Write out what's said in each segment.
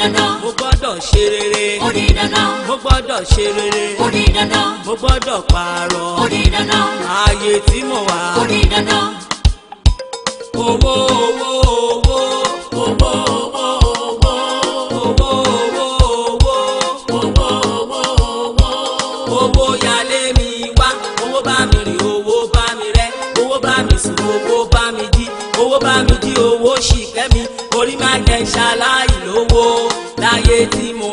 dandan. mo gbọ́dọ̀ ṣe rere. ó di dandan. mo gbọ́dọ̀ ṣe rere. ó di dandan. mo gbọ́dọ̀ pààrọ̀. ó di dandan. ààyè tí mo wà. ó di dandan. owó owó owó owó owó. owó bá mi jí owó ṣìkẹ́ mi orí máa jẹ ṣáláà. último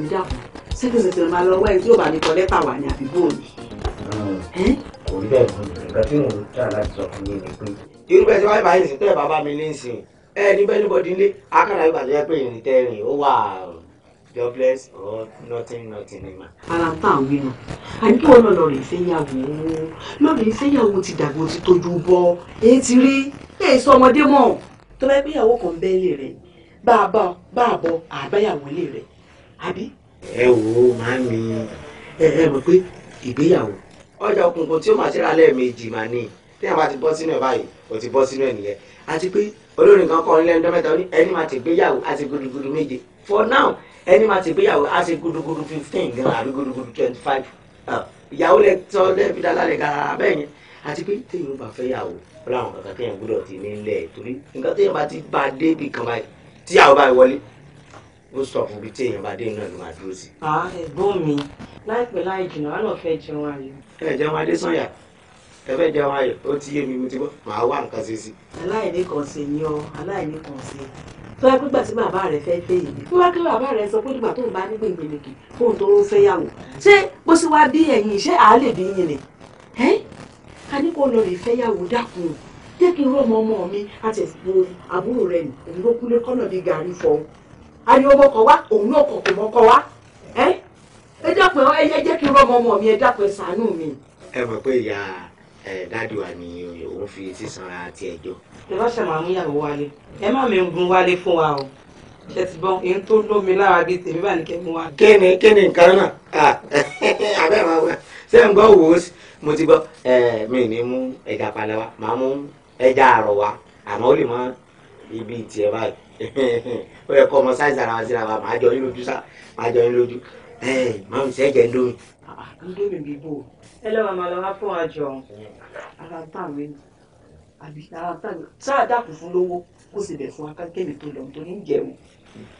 ń jà fún ṣé kí n ṣẹ̀ṣẹ̀ máa lọ wá tí yóò bá mi kọ lẹ́tà wà ní àbíbò mi. kò rí bẹ́ẹ̀ mọ́ nǹkan tí mò ń tà láti sọ fún yín ni pé. irú tí wọ́n bá yín tẹ́ bàbá mi lé nsìn ẹ ní bẹ́ẹ̀ ní bọ́dí lé akara yóò bàjẹ́ pé ìrìn tẹ́rìn ó wà um, jobless or nothing nothing ni ma. ara tá à ń àní kí wọn lọ lọrọ ìfẹyàwó lọrọ ìfẹyàwó ti dàgbò ti tójú bọ èyí ti rí èyí sọ ọmọdé mọ tó bá kan bẹ́ẹ̀ lè rẹ̀ bá a bọ̀ àbáyàwó lè rẹ̀ àbí. ẹ wo màámi ẹ ẹ mọ̀ pé ìgbéyàwó ọjà òkùnkùn tí ó máa ṣẹ́ra lẹ́ẹ̀mejì máa ní téèyàn bá ti bọ́ sínú ẹ̀ báyìí ó ti bọ́ sínú ẹ̀ nìyẹn àti pé olórin kan kọrin lẹ́nu dọ́mẹ́ta ó ní ẹni máa ti gbéyàwó àti gudugudu méje for now ẹni máa ti gbéyàwó àti gudugudu fifteen gan àbí gudugudu twenty five ah, ìyàwó lẹ tọ́ lẹ́ẹ̀fi dá lálẹ́ gara abẹ́ yẹn àti pé téèyàn bá fẹ́ yàwó ọlọ́run kankan téèyàn gbúdọ̀ ti ní ilẹ̀ torí nǹkan téèyàn bá ti bá dé ibì kan báyìí tíyàwó báyìí wọlé ó sọ fún bíi tí èèyàn bá dé náà ló máa dúró sí. Ah, ẹ̀gbọ́n mi láìpẹ́ láì jìnnà wọn náà fẹ́ jẹun ayọ̀. ẹ jẹun adésànyà ẹ fẹ́ jẹun ayọ̀ ó ti yé mi mo ti bọ́ màá wá nǹkan ṣe sí. aláìní kan ṣe ni ọ aláìní kan ṣe tó yẹ pígbà tí bàbá rẹ fẹ́ fẹ́ yìí bí wá kí bàbá rẹ sọ pé nígbà tó ń bá nígbà ìgbìlẹ̀kì fóun tó ń fẹ́ yàwó ṣé bó ṣe wá bí ẹ̀yìn ṣé àá bí yín ni ká ní kó lọ rè fẹ́ yàwó dákun jẹ́ kí n rọ́mọ ọmọ mi àti ẹ̀sìn àbúrò rẹ̀ nì èyí ló kúlé kọ́nà bíi gàrí fọ́ ariwo mọ́kọ̀ wá òun náà kọ̀ kò mọ́kọ̀ wá ẹ dákun ẹ jẹ́ kí n rọ́mọ ọmọ mi ẹ dákun ẹ ṣàánú mi. ẹ mọ̀ pé ìyá dádùn wa ni òun fi sísanra ti ẹjọ́. ẹ bá ṣàmà mú ìyàwó wálé ẹ má mi gun wálé fún wa o ṣe ti bọ́ èyí tó lómi lára bíi tèmi bá ní kẹ́mi wá. kíni kíni nǹkan náà àbẹ́ máa wá ṣé ń gbọ́ wò ó sí mo ti gbọ́ mi ní mú ẹja palẹ̀ wa màá mú ẹja àrọ̀ wa àmọ́ ó lè mọ ibi tiẹ̀ báyìí. ó yẹ kọ́ ọmọ sáìsì ara wa síra wa màá jọ yín lójú sá màá jọ yín lójú màá mi sẹ́jẹ̀ ń lómi. ń lómi bí bò ẹ lọ́wọ́ màá lọ́wọ́ fún wa jọ ara táwọn ẹni àbí ara táwọn sáà dàkú fún lówó kó sì bẹ̀ fún akákẹ́mi tó lọ nítorí ń jẹun.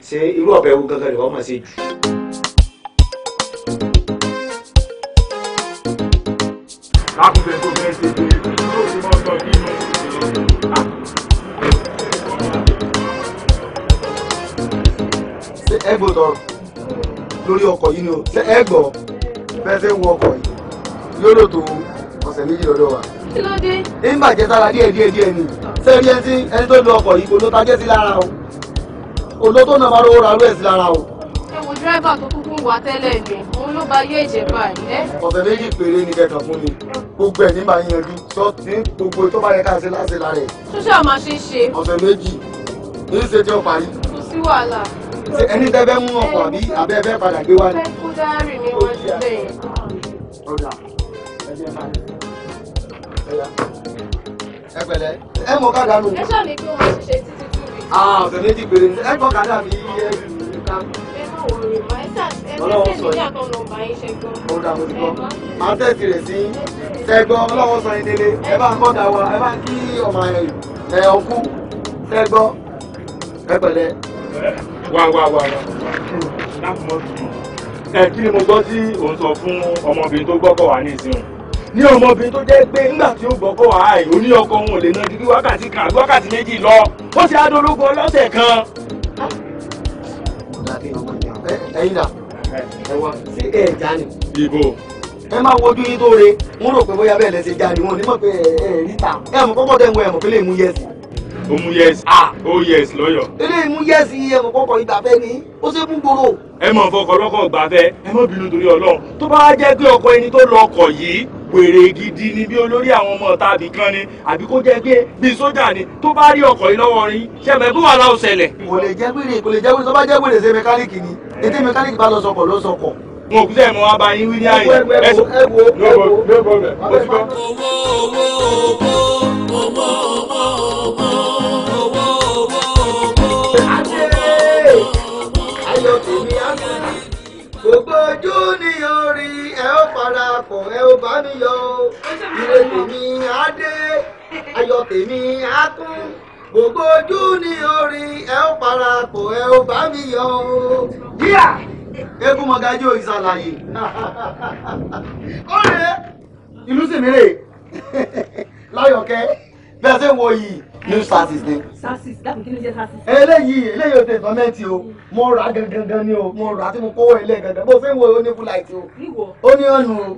ṣé irú ọ̀bẹ wo gangan ni wọ́n máa ṣe jù. láti fẹ́ tó fẹ́ ṣe é. ẹgbò tọrọ lórí ọkọ̀ yìí ni o ṣe ẹgbọ̀ bẹ́ẹ̀ ṣe ń wọ ọkọ̀ yìí yóò lò tó ọ̀sẹ̀ méjì lọ́dọ̀ wa. kí ló dé. ń bàjẹ́ sára díẹ̀ díẹ̀ díẹ̀ ni ṣé ẹni ẹni ẹni tó lo ọkọ̀ yìí kò ló tajẹ́ sí lára o òdo tó nà bàrọ̀ ra lóẹ̀ sí lára o. ẹ wo dírẹ́bà tó kúkú wà tẹ́lẹ̀ ni òun ló ba yé ìjẹ́ báyìí. ọ̀sẹ̀ méjì péré ni kẹtàn fún mi gbogbo ẹ̀ nígbà yanjú sọ́ọ̀tì gbogbo tó bá yẹ ká ṣe láṣẹ lára ẹ̀. ṣúṣà máa ṣe é ṣe. ọ̀sẹ̀ méjì ń ṣe tí ó parí. kò sí wàhálà ẹni tẹ́ fẹ́ mú ọkọ̀ àbí abẹ́ fẹ́ padà gbé wá ní. ẹ pẹ̀lẹ́ ẹ mọ kádà nù. ẹ ṣáà ní kí wọ́n ṣe títí tún mi. ọ̀sẹ̀ méjì péré ẹ gbọ́ kádà bí ẹ fi ká. ẹ má wò rè má ẹ ṣáà ẹ fẹ́ tẹ̀lé ní tẹ̀sí rẹ̀ sí ṣẹ́gbọ́n ọlọ́wọ́ sọ ìdílé ẹ bá ń kọ́ta wa ẹ bá ń kí ọmọ ẹ̀ ọkú ṣẹ́gbọ́n ẹ pẹ̀lẹ́ wá wá wá ẹ ní ọmọbìnrin tó jẹ́ pé nígbà tí ó gbọ́kọ̀ àì ó ní ọkọ òun lè ná ju wákàtí kan àbí wákàtí méjì lọ ó ti adológun ọlọ́sẹ̀ kan. ẹ̀yin náà ẹwà ṣé ẹ já ni. ibo. ẹ máa wojú yín tó re wọn rò pé bóyá bẹ́ẹ̀ lẹ́sẹ̀ já ni wọn ní mọ̀ pé ẹ ẹ ríta ẹ mọ̀ kọ́kọ́ tẹ̀ ń wọ ẹ pé lè mú yẹ sí i ó mú yẹ́sì ah ó yẹ́sì lọ́yọ̀. eléyìí mú yẹ́sì ẹ kò kọ́kọ́ ìgbàfẹ́ ni ó ṣe mú gbòòrò. ẹ mọ̀ fọkọ̀ lọ́kọ̀ gbàfẹ́ ẹ mọ̀ bínú torí ọlọ́run to bá jẹ́ pé ọkọ ẹni tó lọ ọkọ̀ yìí wèrè gidi ni bí olórí àwọn ọmọ ọ̀tá àbí kan ni àbí kó jẹ́ pé bí sójà ni to bá rí ọkọ̀ yìí lọ́wọ́ rin ṣẹ̀mẹ̀ bí wàhálà ó ṣẹlẹ̀. kò lè jẹ́ wèrè kò lè jẹ́ wèrè tó to jẹ́ wèrè ṣe mẹkáníìkì ni ètè mẹkáníìkì bá lọ sọkọ̀ ló sọkọ̀ wọn ò kú sẹ́yìn mọ́ wá bá yín wí ní àyè ẹ̀sùn lóbo lóbo rẹ̀ ó ti bọ́. owó owó owó. bá mi yọ o ire tèmi á dé ayọ̀ tèmi á kún gbogbo ojú ní orí ẹ ó parapọ̀ ẹ ó bá mi yọ o. yíyà eégún mọ̀gájú ìsàlàyé ọ̀rẹ́ ìlú sì mìíràn láyọ̀kẹ́ bí a ṣe ń wo yìí new services ni. services dákun kí ló jẹ́ services. eléyìí eléyìí o tẹ ìfọ̀mẹ́ntì o mo rà gangan ni o mo rà tí mo kówó ilé gangan bó ṣe ń wo oníkú láìtì o. ní ọ̀nù o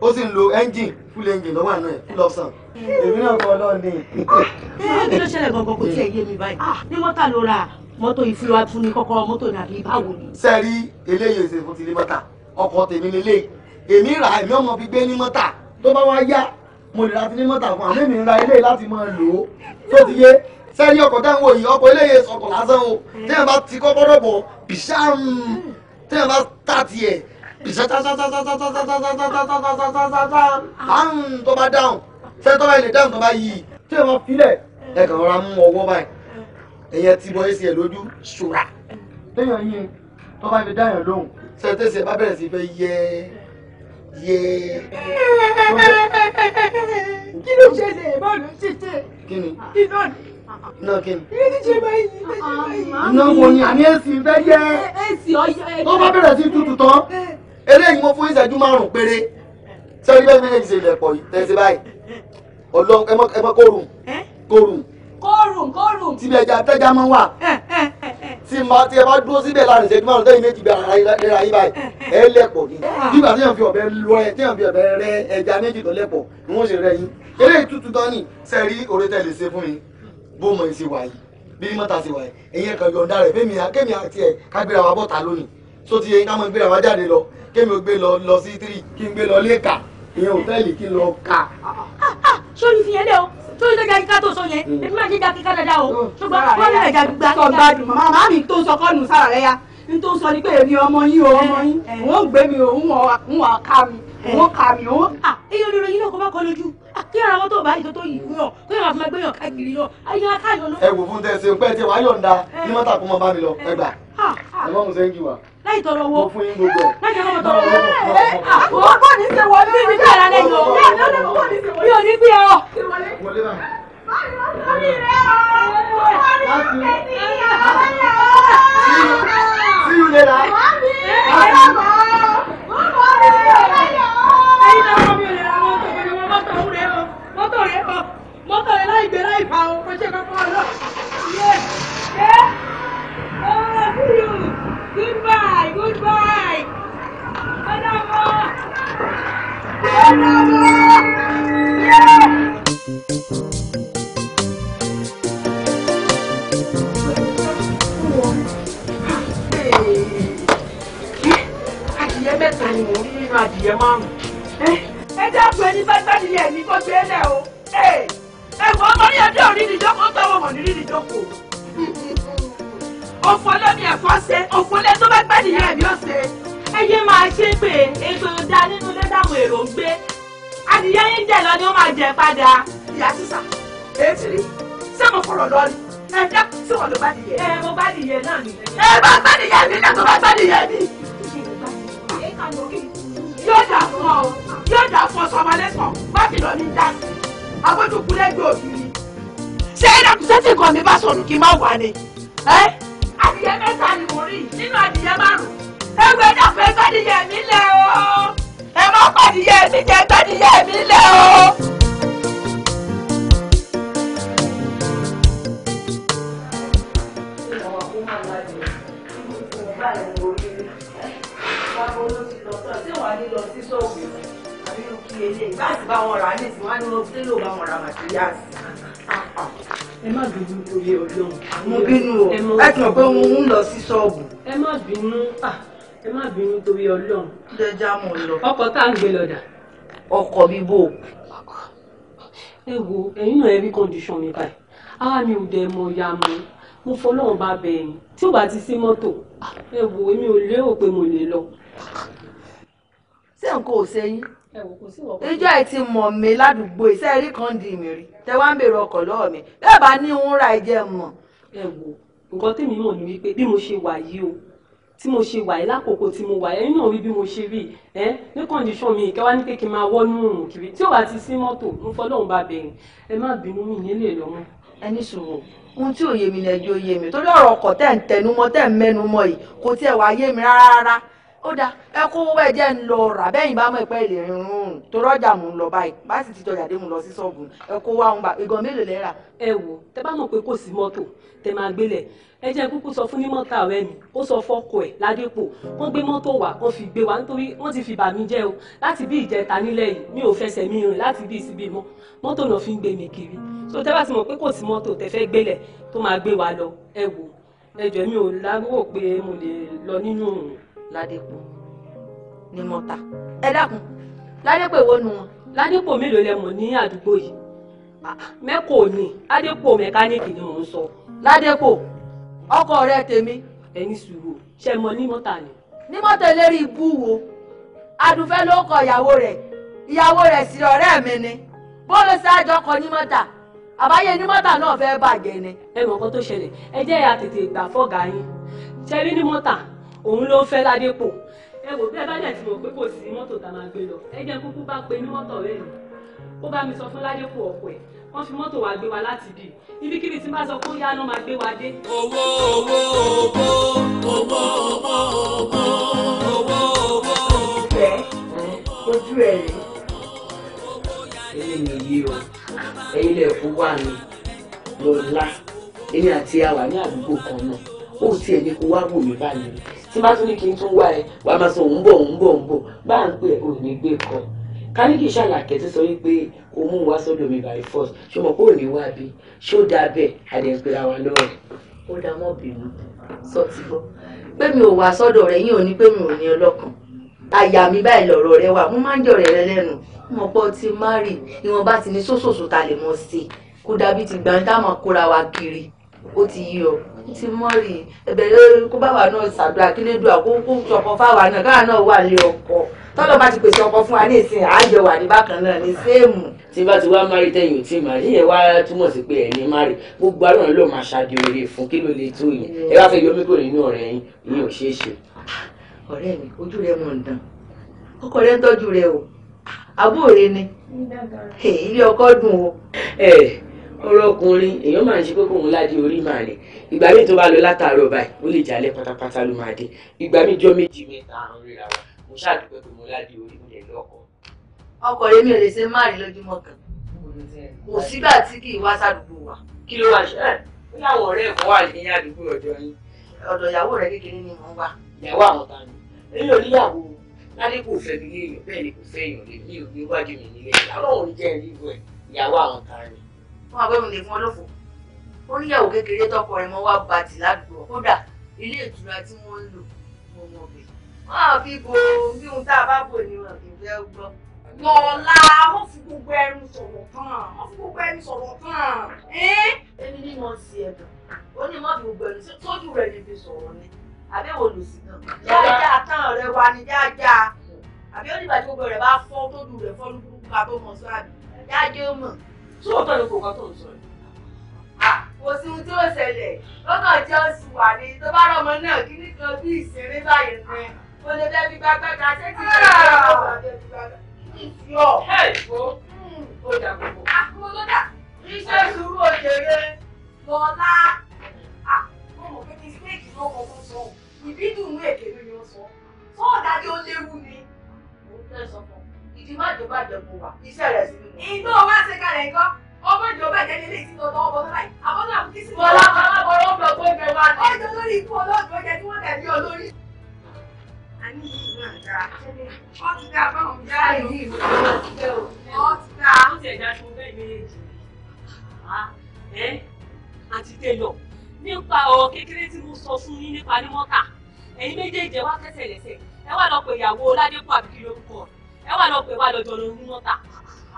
ó sì ń lo engine full engine lọ́wọ́ àná ẹ̀ full option. èmi náà kọ́ ọlọ́run ní. Ah, kí ló ṣẹlẹ̀ gangan kò tí ì yé mi báyìí ah. ní mọ́tà ló ra mọ́tò ìfúnwa fún ní kọ́kọ́rọ́ mọ́tò ní àbí báwo ni. sẹ́ẹ̀rí eléyìí èsè fún tilé mọ́tà ọkọ̀ tèmi lélẹ̀ èmi rà èmi ọmọ fi gbé ní mọ́tà tó bá wá yá mo lè láti ní mọ́tà fún àmì mi ra eléyìí láti máa lò ó tó ti yé sẹ́ẹ̀rí ọkọ̀ dáhùn òyìn ọkọ̀ eléyìí sọkọ̀ lásán o téèyàn bá ti kọ́kọ́rọ́ bọ̀ bìṣáàmù téèyàn bá tà tiẹ̀ àrùn tó bá dáhùn sẹ́ni tó bá ilé dáhùn tó bá yí tí wọ́n filẹ̀ ẹ kàn rọra mú ọwọ́ báyìí ẹ̀yẹ ti bọ ẹsẹ̀ lójú ṣùrà téèyàn yín tó bá ilé dáhùn lóhùn sẹ́ni tẹ̀sẹ̀ bá bẹ̀rẹ̀ sí fẹ́ yẹ yẹ. kí ló ṣẹlẹ̀ bọ́ọ̀lù títẹ iná iná kíni. ilé ti ṣe báyìí ilé ti ṣe báyìí. iná wo ni àní èsì fẹ́ yẹ. èsì ọyẹ. tó bá bẹ̀rẹ̀ sí tutù tán eléyìí mo fún ìṣẹ́jú márùn-ún péré sẹ́yìn bẹ́ẹ̀ méjèèjì ṣe ilẹ̀ pọ̀ yìí tẹ̀sí báyìí ọlọ́run ẹ mọ́ kórùn kórùn kórùn kórùn. tí ẹja tẹja máa ń wà tí ma tí ẹ bá dúró síbẹ̀ láàrin ìṣẹ́jú márùn-ún lẹ́yìn méjì bẹ̀rẹ̀ ayé báyìí ẹ lẹ́pọ̀ ni nígbà tí èèyàn fi ọ̀bẹ lọ ẹ tí èèyàn fi ọ̀bẹ rẹ ẹja méjì tó lẹ́pọ̀ ni wọ́n ṣe rẹ yín eléyìí tútù tán ni sẹ́rí oore tẹ̀lé ṣe fún mi bó mọ̀ ṣe wà yìí bí mọ́ta ṣe wà yìí ẹ̀yin ẹ̀kan yọ̀ǹda rẹ̀ fẹ́mi kémi àti ẹ̀ kágbéra wa bọ́ta lónìí só ti yẹ ká mọ gbéra wa jáde lọ kémi ò gbé lọ lọ sí tírì kí n gbé lọ léka ìyẹn òtẹ́ẹ̀lì kí n lọ kà. Ah, ah, ah, sórí fi yẹn lé o sórí lẹ́jà kíkà tó sọ yẹn hmm. èmi máa ṣe jà kíkà dáadáa o hmm. ṣùgbọ́n wọ́n lè jà gbígbà kíkà. sọgbàdùn màmá mi tó sọ kọ́nù sára rẹ ya n tó sọ ni pé èmi ọmọ yín o ọmọ yín òun ò gbé mi òun wà ká mi wọ́n kà mí ó. iye olóró yìí náà kó má kọ lójú ah, kí ara wọn tó bá ìtọ́tọ́ yìí fún yàn kó yàrá fún ẹgbẹ́ yàn káàkiri yàn ayé wọn káàyàn ló. ẹ wò fún tẹsí pé tí wàá yọ̀ǹda ní mọ́tà kó mọ bá mi lọ ẹ gbà ah, ah. ẹ mọ́ musa ń jì wá. láì tọrọ owó mo fún yín gbogbo ẹ. láì tọrọ owó tọrọ owó. Eh, wọ́n kọ́ ní ṣe wọlé mi ní ara lẹ́yìn o mi ò ní gbé ẹ ọ. See you later ẹ̀yin náà mi lè ra mọ́tò pẹ̀lú wọn mọ́tò rẹ̀ ọ mọ́tò rẹ̀ ọ mọ́tò rẹ̀ láì gbé láì fà ọ ṣe kankan lọ. yẹ ẹ ọ sí you goodbye goodbye ọ̀nà mọ́ ọ̀nà mọ́ ẹ dákun ẹni bá gbádìí ẹ̀mí kó gbé lẹ̀ o ẹ̀wọ̀n ọmọ yẹn bí òrí nìjọ́ kó gbọ́wọ́ mọ̀ nírí nìjọ́ kò òfò lómi ẹ̀fọ́ ṣe òfò lẹ́ tó bá gbádìí ẹ̀mí ó ṣe ẹyẹ máa ṣe pé ètò ìdá nínú lẹ́dàmọ̀ èrò ń gbé adìyẹ yín jẹ lọ ni ó máa jẹ padà ìyá sísà ètì rí sẹ́mo fọ̀rọ̀ lọ ni ẹ dá sí wọn ló bá dìyẹ. ẹ mo bá dìyẹ náà ni. ẹ bá gbádìí ẹ̀mí náà tó bá gbádìí ẹ̀mí. yóò dà fún ọ yóò dà fún ọsọ ọmọlẹ́sàn mákìlọ́ ní dáàsì agbójúkú lẹ́gbẹ̀ẹ́ òbí ṣé ẹ dàkú sẹ́tì kan mi bá sọnù kí n má wà ni. adìyẹ mẹ́ta ni mo rí nínú adìyẹ márùn-ún ẹgbẹ́ dàpọ̀ ẹ gbádìyẹ mi lẹ̀ o ẹ má pàdìyẹ mi jẹ gbádìyẹ mi lẹ̀ o. Thank you eléyìí bá ti bá wọn rà ní ìsìn wọn ni wọn tẹ́lẹ̀ ò bá wọn ra materials. ẹ má bínú oyè ọlọ́run. mo bínú o ẹ tún pé mo ń lọ sí ṣọ́ọ̀bù. ẹ má bínú ẹ má bínú torí ọlọ́run. jẹjá mo lọ. ọkọ̀ tá à ń gbé lọ́dà. ọkọ̀ bíbò. ẹ wo ẹ̀yin náà ẹ rí condition mi báyìí ara mi ò dẹ̀ mọ ya mo mo fọlọ́run bá bẹ̀ ẹ̀yìn tí ò bá ti sí mọ́tò ẹ wo èmi ò lérò pé mo lè lọ. ṣé nǹkan ò ṣe yín ìjọ ẹ ti mọ̀ mi ládùúgbò iṣẹ́ rí kan di mi rí tẹ wá ń bèrè ọkọ̀ lọ́wọ́ mi bẹ́ẹ̀ bá ní òun ra ẹ̀jẹ̀ mọ̀. ẹ wo nǹkan tèmi mọ̀ ni wípé bí mo ṣe wà yìí o tí mo ṣe wà yìí lákòókò tí mo wà yìí náà rí bí mo ṣe rí ẹ ní kọ́ndíṣọ́n mi ìkẹ́wá ní pé kí n máa wọ́nú òun kiri tí ò bá ti sí mọ́tò ń fọlọ́run bá bẹ̀yìn ẹ má bínú mi nílé lọ́wọ́ ohun tí ò mi lẹ́jọ́ yé mi torí ọ̀rọ̀ ọkọ̀ tẹ̀ ń tẹnumọ́ tẹ̀ ń mẹ́numọ́ yìí kò tiẹ̀ wá yé mi rárá rárá ó dáa ẹ kó wẹ́ jẹ́ ń lọ rà bẹ́yìn bá mọ̀ ìpẹ́ ìlẹ̀ rírun tó rọ́jà mò ń lọ báyìí bá sì ti tọ́jà dé mò ń lọ sí ṣọ́ọ̀bù ẹ kó wá ń gbà ìgàn mélòó lẹ rà. ẹ wo tẹ bá mọ̀ pé kò sí mọ́tò tẹ máa gbélẹ̀ ẹ jẹ́ kúkú sọ fún nímọ̀ta ọ̀rẹ́ mi ó sọ fọ́kọ ẹ̀ ládépò wọ́n gbé mọ́tò wá wọ́n fi gbé wa nítorí wọ́n ti fi bà mí jẹ́ o láti bí ìjẹta nílẹ̀ yìí mi ò fẹsẹ̀ mi rìn láti bí síbi mọ́ mọ́tò náà fi ń gbé mi kiri so tẹ́ bá ti mọ̀ pé kò sí mọ́tò tẹ́ fẹ́ gbélẹ̀ tó máa gbé wa lọ ẹ wò ẹ jọ̀ọ́ mi ò lágbó pé mo lè lọ nínú ládépò ní mọ́ta ẹ dákun ládépò èwo nu wọn ládépò mélòó lẹ mọ̀ ní àdúgbò yìí mẹ́kò ní ládépò mẹkáníìkì ni mò ń sọ ládépò ọkọ rẹ tèmi ẹni sùúrù ṣe mọ ní mọ́ta ni. ní mọ́ta eléré ibú wo adùnfẹ́ ló kọ ìyàwó rẹ̀ ìyàwó rẹ̀ sì ọ̀rẹ́ mi ni bóòlù ṣáájú ọkọ ní mọ́ta àbáyé ní mọ́tà náà fẹ́ bàjẹ́ ni. ẹ mọ̀ nǹkan tó ṣẹlẹ̀ ẹ jẹ́ ìyá tètè gbà fọ́gà yín ṣe ní mọ́tà òun ló fẹ́ ládépò ẹ wò bẹ́ẹ̀ bá dẹ̀ ti mọ̀ pé kò sí mọ́tò tá a máa gbé lọ ẹ jẹ́ kúkú bá pe ní mọ́tò rẹ̀ ni ó bá mi sọ fún ládépò ọ̀pọ̀ ẹ̀ wọ́n fi mọ́tò wa gbé wa láti bì ibikíbi tí n bá sọ pé ó yá náà máa gbé wa dé. owó owó owó owó owó owó owó owó. ìfẹ́ ojú ẹ̀ rí èmi nìyí o ẹ̀yin lè kó wà ní lọ́la èmi àti àwa ní àdúgbò kan náà ó tiẹ̀ ní kó wá wò mí báyìí tí má tún ní kí n tún wá ẹ wà á máa sọ òun bọ̀ òun bọ̀ òun bọ̀ bá à ń pè ò ní gbé kọ ká ṣàlàkẹ́ tó sọ wípé kò mú wá sọ́dọ̀ mi by force ṣé mo kó ò ní wá bí ṣé ó dáa bẹ́ẹ̀ àdẹ̀ǹpẹ̀ra wa lọ́rẹ̀. ó dá mọ́ bínú sọ ti bọ́ pé mi ò wá sọ́dọ̀ rẹ̀ yín ò ní pé mi ò ní ọlọ́kàn àyà mi báyìí lọ̀rọ̀ rẹ wà mo máa ń jọ̀rẹ̀ rẹ lẹ́nu mo pọ̀ ti má rì ìwọ̀nba ti ní sóṣòṣò ta lè mọ̀ sí kó dàbí ti gbàǹdà kóra wa kiri ó ti o ó ti mọ́rì ẹ̀bẹ̀ kó bá wa náà ṣàdúrà kí lè dùn àkókò ọkọ̀ fáwa náà káwa náà wà lé ọkọ̀ tọ́lọ̀ bá ti pèsè ọkọ̀ fún wa ní ìsìn àjọ wà ní bákan náà ní séèmù. tí bá ti wá mari tẹ̀yìn tí màá yíyẹ wá túmọ̀ sí pé ẹ̀yin mari gbogbo àrùn ló máa ṣàdìrere fún kí ló lè tó yẹn ẹ wá fẹ́ yọmí kò nínú ọ̀rẹ́ yín ìyẹn ò ṣeé ṣe. ọ̀rẹ́ mi ojú rẹ mọ̀ ń dán ọkọ rẹ ń tọ́jú rẹ o àbúrò rẹ ni ilé ọkọ dùn o. ẹ ọ̀rọ̀ ọkùnrin èèyàn máa ń ṣe kókó òun ládìí orí màá ní ìgbà míì tó bá lọ látàárọ̀ báyìí ó lè jalè pátápátá ló máa dé ìgbà míì jọ méjì mẹ́ta àrùn ríra wa mo ṣàdúpẹ́ pé mo ládìí orí mi lè lọ́kọ. ọkọ rẹ mi ò lè ṣe má rí lójúmọ́ kan kò sígbà tí kì í wá sádùúgbò wa. kí ló wá ṣe ẹ ó láwọn ọ̀rẹ́ ẹ̀kọ́ wà ní àdúgbò ọ̀dọ̀ yín. ọ̀dọ̀ ìyàwó rẹ kékeré ni mò ń ìyàwó àwọn ta ni èyí ò níyàwó ládé ni kò fẹ́ èèyàn lè ní fún agbẹ́mi lè fún ọlọ́fọ̀ ó níyàwó kékeré tọkọ rẹ̀ mọ́ wá bàtì ládùúgbò kódà ilé ìtura tí wọ́n ń lò mọ́ ọmọ ọbẹ̀ wọ́n á fi bo bí ohun tá a bá bò ní wọn kì í fẹ́ gbọ́. lọ́la wọ́n fi gbogbo ẹnu sọ̀rọ̀ kan wọ́n fi gbogbo ẹnu sọ̀rọ̀ kan. èmi ni mo sì ẹ̀dùn ó ní mọ́ fi gbogbo ẹnu sójú rẹ̀ níbi sọ̀rọ̀ ni àbẹ̀wò lòsì náà jájá tán rẹ̀ wà ní jájá àbí tí wọ́n tọ́ ní kò kọ́ tó ń sọ yìí. kò sí ohun tí ó ṣẹlẹ̀ lọ́kàn jẹ́ oṣù wà ní tó bá rọmọ náà kí nìkan bí ìṣeré báyìí ni mo lè bẹ́ẹ̀ bí gbàgbàgbà ṣé kí n lè bẹ́ẹ̀ bí gbàgbàgbà kí n fi ọ̀. ẹ ìfọ ó dà gbogbo. àkókò ló dà iṣẹ́ sùúrù òjèrè lọ́lá mo mọ̀ pé ló kọ́ fún sọ ìbídùn mú èkèrè ni ó sọ gidi má jọ bàjẹ́ mo wà iṣẹ́ rẹ̀ sí mi. ìgbó wa ṣe kalẹ̀ ńkọ́ ọmọ ìjọba ìjẹ́ nílé ìsìn tó tọwọ́ bọ́tọ́ báyìí àbọ̀tọ́ àbúkí sí. Ah, ẹ̀yin méjèèjì wá fẹsẹ̀ ẹ wá lọ pé ìyàwó ládépọ̀ àbíkí lórúkọ rẹ̀ ẹ wà lọ pé wà lọ jọlọ orí mọ́tà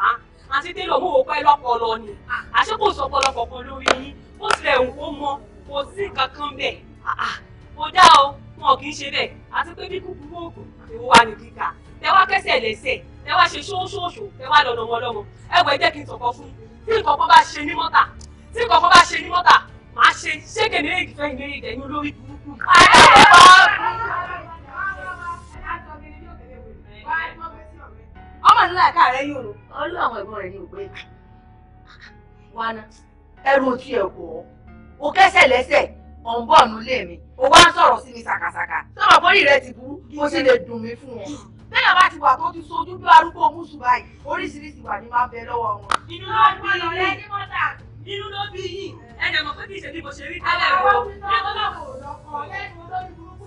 ah, àti tẹ́lẹ̀ òun ò pẹ́ lọ́pọlọ ni ah, àṣé kò sọ ọ̀pọ̀lọpọ̀ kan lórí yín bó tilẹ̀ ń kó mọ kò sí nǹkan kan bẹ̀ kò ah, dá o wọn kì í ṣe bẹ́ẹ̀ àti pé bí kúkú oògùn ìwọ wà ní kíkà tẹ wá kẹsẹ̀ lẹ́sẹ̀ tẹ wá ṣe ṣóṣóṣó tẹ wá lọ́nà wọn lọ́mọ ẹgbẹ́ jẹ́ kí n sọ̀kọ fún tí nǹkan kan bá ṣe ní mọ́tà tí nǹkan kan bá ṣe ní mọ́tà máa ṣe ṣé kèmí èyí fẹ́ ìmẹ́rẹ́ lẹ́yìn òru wọ́n lé àwọn ẹ̀gbọ́n rẹ̀ ní òpè wánà ẹrù ojú ẹ̀ wọ̀ ọ́ o kẹ́sẹ̀ lẹ́sẹ̀ ọ̀ ń bọ̀ nulé mi o wá ń sọ̀rọ̀ sí mi ṣàkàṣàkà sọ̀rọ̀ bọ́lì rẹ ti burú mo sì lè dùn mí fún wọn bẹ́ẹ̀ bá ti wà tó ti sojú bí arúgbó mùsù báyìí oríṣiríṣi wà ní máa ń bẹ lọ́wọ́ wọn. inú ló ń bí lọ lẹ́ni mọ́tà inú ló bí yìí ẹ̀jẹ̀ mọ̀ pé kì í ṣe bí mo ṣe rí tẹ́lẹ̀ o nígbà tó kò lọ́kọ̀ lẹ́nu olórí burúkú.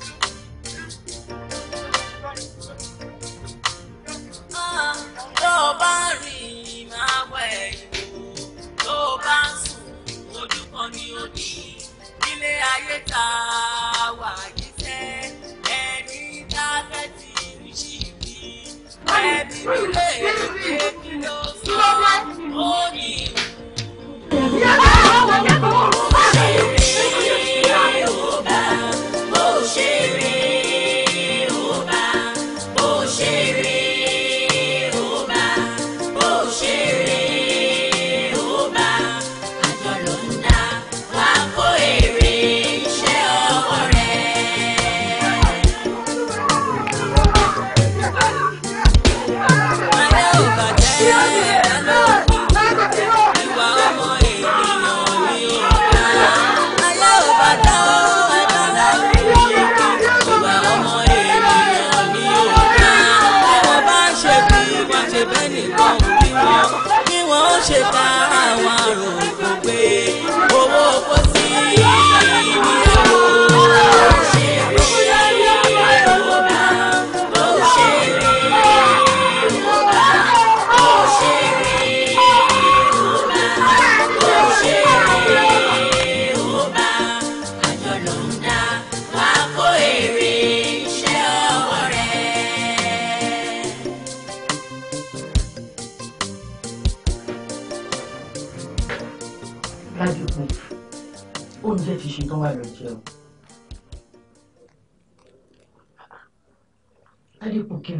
Ah, tó bá rìn máa wẹ̀ ìwò tó bá sùn ojú kan ni ó ní nílé ayé tá a wà yìí tẹ́ ẹni tá a fẹ́ ti rí sí ibi ẹbí nílé ìwé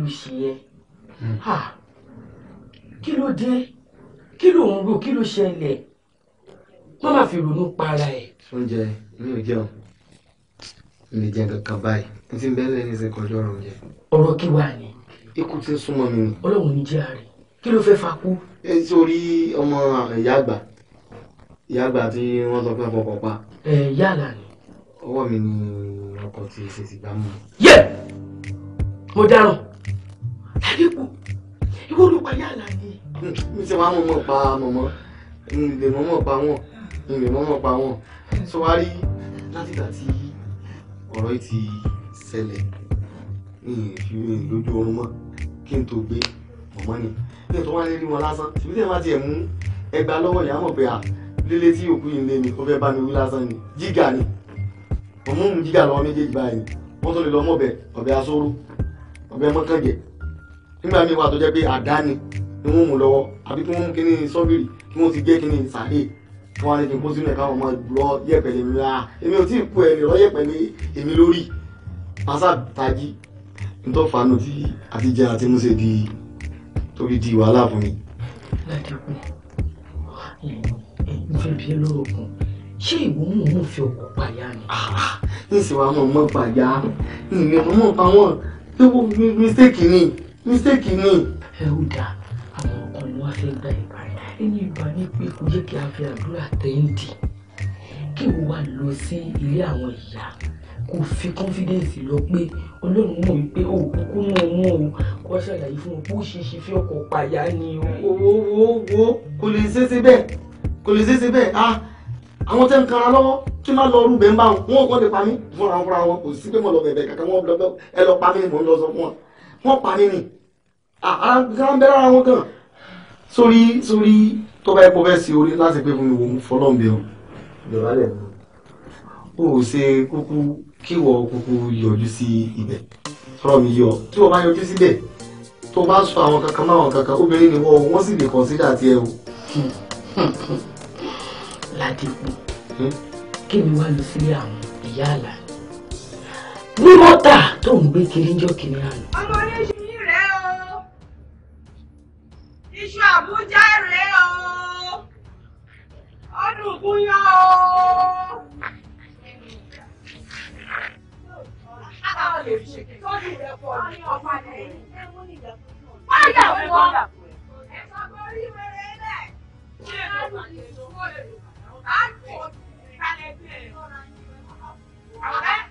ló ṣe yẹ hmm. kí ló dé kí ló ń rò kí ló ṣẹlẹ̀ má má fi ronú para ẹ̀. oúnjẹ mi ò jẹun mi jẹ kankan báyìí n ti bẹ́ẹ̀ lẹ́yìn ṣe kọjú ọ̀rọ̀ oúnjẹ. ọ̀rọ̀ kí wàá ni. ikú ti ń súnmọ́ mi ni. ọlọ́run ní jẹ́ àárẹ̀ kí ló fẹ́ fakú. ẹ sórí ọmọ ìyá àgbà ìyá àgbà tí wọ́n sọ pé ọkọ̀ pa. ẹ yálà ni. ọwọ́ mi ni ọkọ̀ ti ṣèṣì gbámú. yẹ mo dáràn sẹ́ríkù ìwọ ló pa yàrá ni. mi ti wá mọ̀mọ́ pa mọ̀mọ́ n lè mọ̀mọ́ pa wọ́n n lè mọ̀mọ́ pa wọ́n sọ wá rí láti ìgbà tí ọ̀rọ̀ yìí ti ṣẹlẹ̀ mi ì fi mi lójú oorun mọ́ kí n tó gbé mọ̀mọ́ ni ní ìtọ́ wá lérí wọn lásán ṣùgbọ́n tí ẹ tiẹ̀ mú ẹgbàá lọ́wọ́ ìyá mọ̀ pé à lílé tí òkú yìí ń lé mi ó fẹ́ bá mi wí lásán ni jígà ni mọ̀mọ́ mu jígà lọ́wọ́ méjèèjì báyìí wọ́n tó lè lọ mọ̀ bẹ́ẹ̀ ọ̀bẹ asóró ọ̀bẹ mọ́kànjẹ́ nígbà míì wà tó jẹ́ pé àdáni ni wọ́n mú lọ́wọ́ àbí kí wọ́n mú kíní sọ́bìrì kí wọ́n ti gé kíní sàárè kí wọ́n á ní kí n kó sínú ẹ̀ka ọmọ lọ yẹ̀pẹ̀ lèmi ra ah, èmi ò tí ì kó ẹni lọ yẹ̀pẹ̀ lé èmi lórí pásá tají nítorí fanu tí àti jẹ àti mú ṣe di tó fi di wàhálà fún mi. ládàkùn mo fẹ́ bí ẹ lọ́rọ̀ kan ṣé ìwọ mò ń fi ọkọ̀ pàyà ni. Ah, ah, ní ìsìnwá mọ̀ mọ̀ pàyà ní ìrìn mọ̀ mọ̀ pa wọ́n tó mistake ni mistake ni. ẹ ò dáa àwọn ọkùnrin wa fẹ́ gba ìgbà rẹ̀ ẹni ìgbà ní pé kò yẹ kí a fi àdúrà tẹ́ǹdì kí o wá lọ sí ilé àwọn ìyá kò fi confidence lọ pé ọlọ́run mọ̀ wípé o kúkú mú ọmọ o kó ṣàlàyé fún un bó ṣe ṣe fi ọkọ̀ pàyà ni o. wo wo wo kò lè ṣe é bẹ́ẹ̀ kò lè ṣe é bẹ́ẹ̀ ah àwọn tẹ́ ń kanra lọ́wọ́ tí má lọ rú bẹ́ẹ̀ ń bá wọn wọn kò lè pa mí fúnra fúnra wọn kò sí pé mo lọ bẹ̀bẹ̀ kankan wọn lọ bẹ́ẹ̀ ẹ lọ pa mí mò ń lọ sọ fún wọn wọ́n pa ní ni àgbẹ̀rẹ̀ ara wọn kàn sórí sórí tọ́ba ẹ̀kọ́ fẹ́ sí orí láti pé fún mi òun fọlọ́ǹbẹ o. o ò ṣe kúkú kíwọ kúkú yọjú sí ibẹ̀ sọ̀rọ̀ mi yọ tí wọ́n bá yọjú síbẹ̀ tó bá sọ àwọn kankan máwọn kankan obìnrin ni wọ́n wọ́n sì lè kọ́nsídà tiẹ̀ o. ládìpọ̀ hm? kí mi wá lọ sílé àwọn ìyá àlàyé ní mọ́tà tó ń gbé kiri jọ́ kiri àná. ọmọ oníṣìí rèé o iṣu àbújá rèé o ọdún kúnyán o. Fáyà wọn! Ẹ̀sọ́ kò rí wẹ̀rẹ̀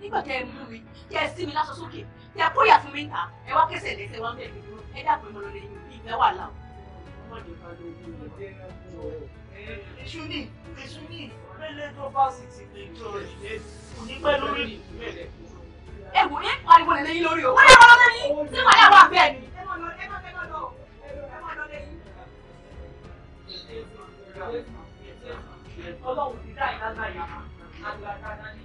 nígbà tẹ ẹ mú mi tẹ ẹ sí mi láṣọ sókè tẹ ẹ kóyà fún mi ta ẹ wá kẹsẹ̀ lẹ́sẹ̀ wá ń bẹ̀ mí dúró ẹ dàgbé mo lọ lè yìn wà láwù. ṣúní ṣúní pélé tó bá sì ti lè jọ ìdílé kò ní pẹ́ lórí ìdílé. ẹ wò ní pariwo lè lẹ́yìn lórí o wọ́n yẹ kọ́ lọ́dẹ yìí tí màá yà wà bẹ́ẹ̀ ni. ẹ má lọ ẹ má lọ ẹ ọlọ́run ti dá ìlànà yìí àgbàdá ní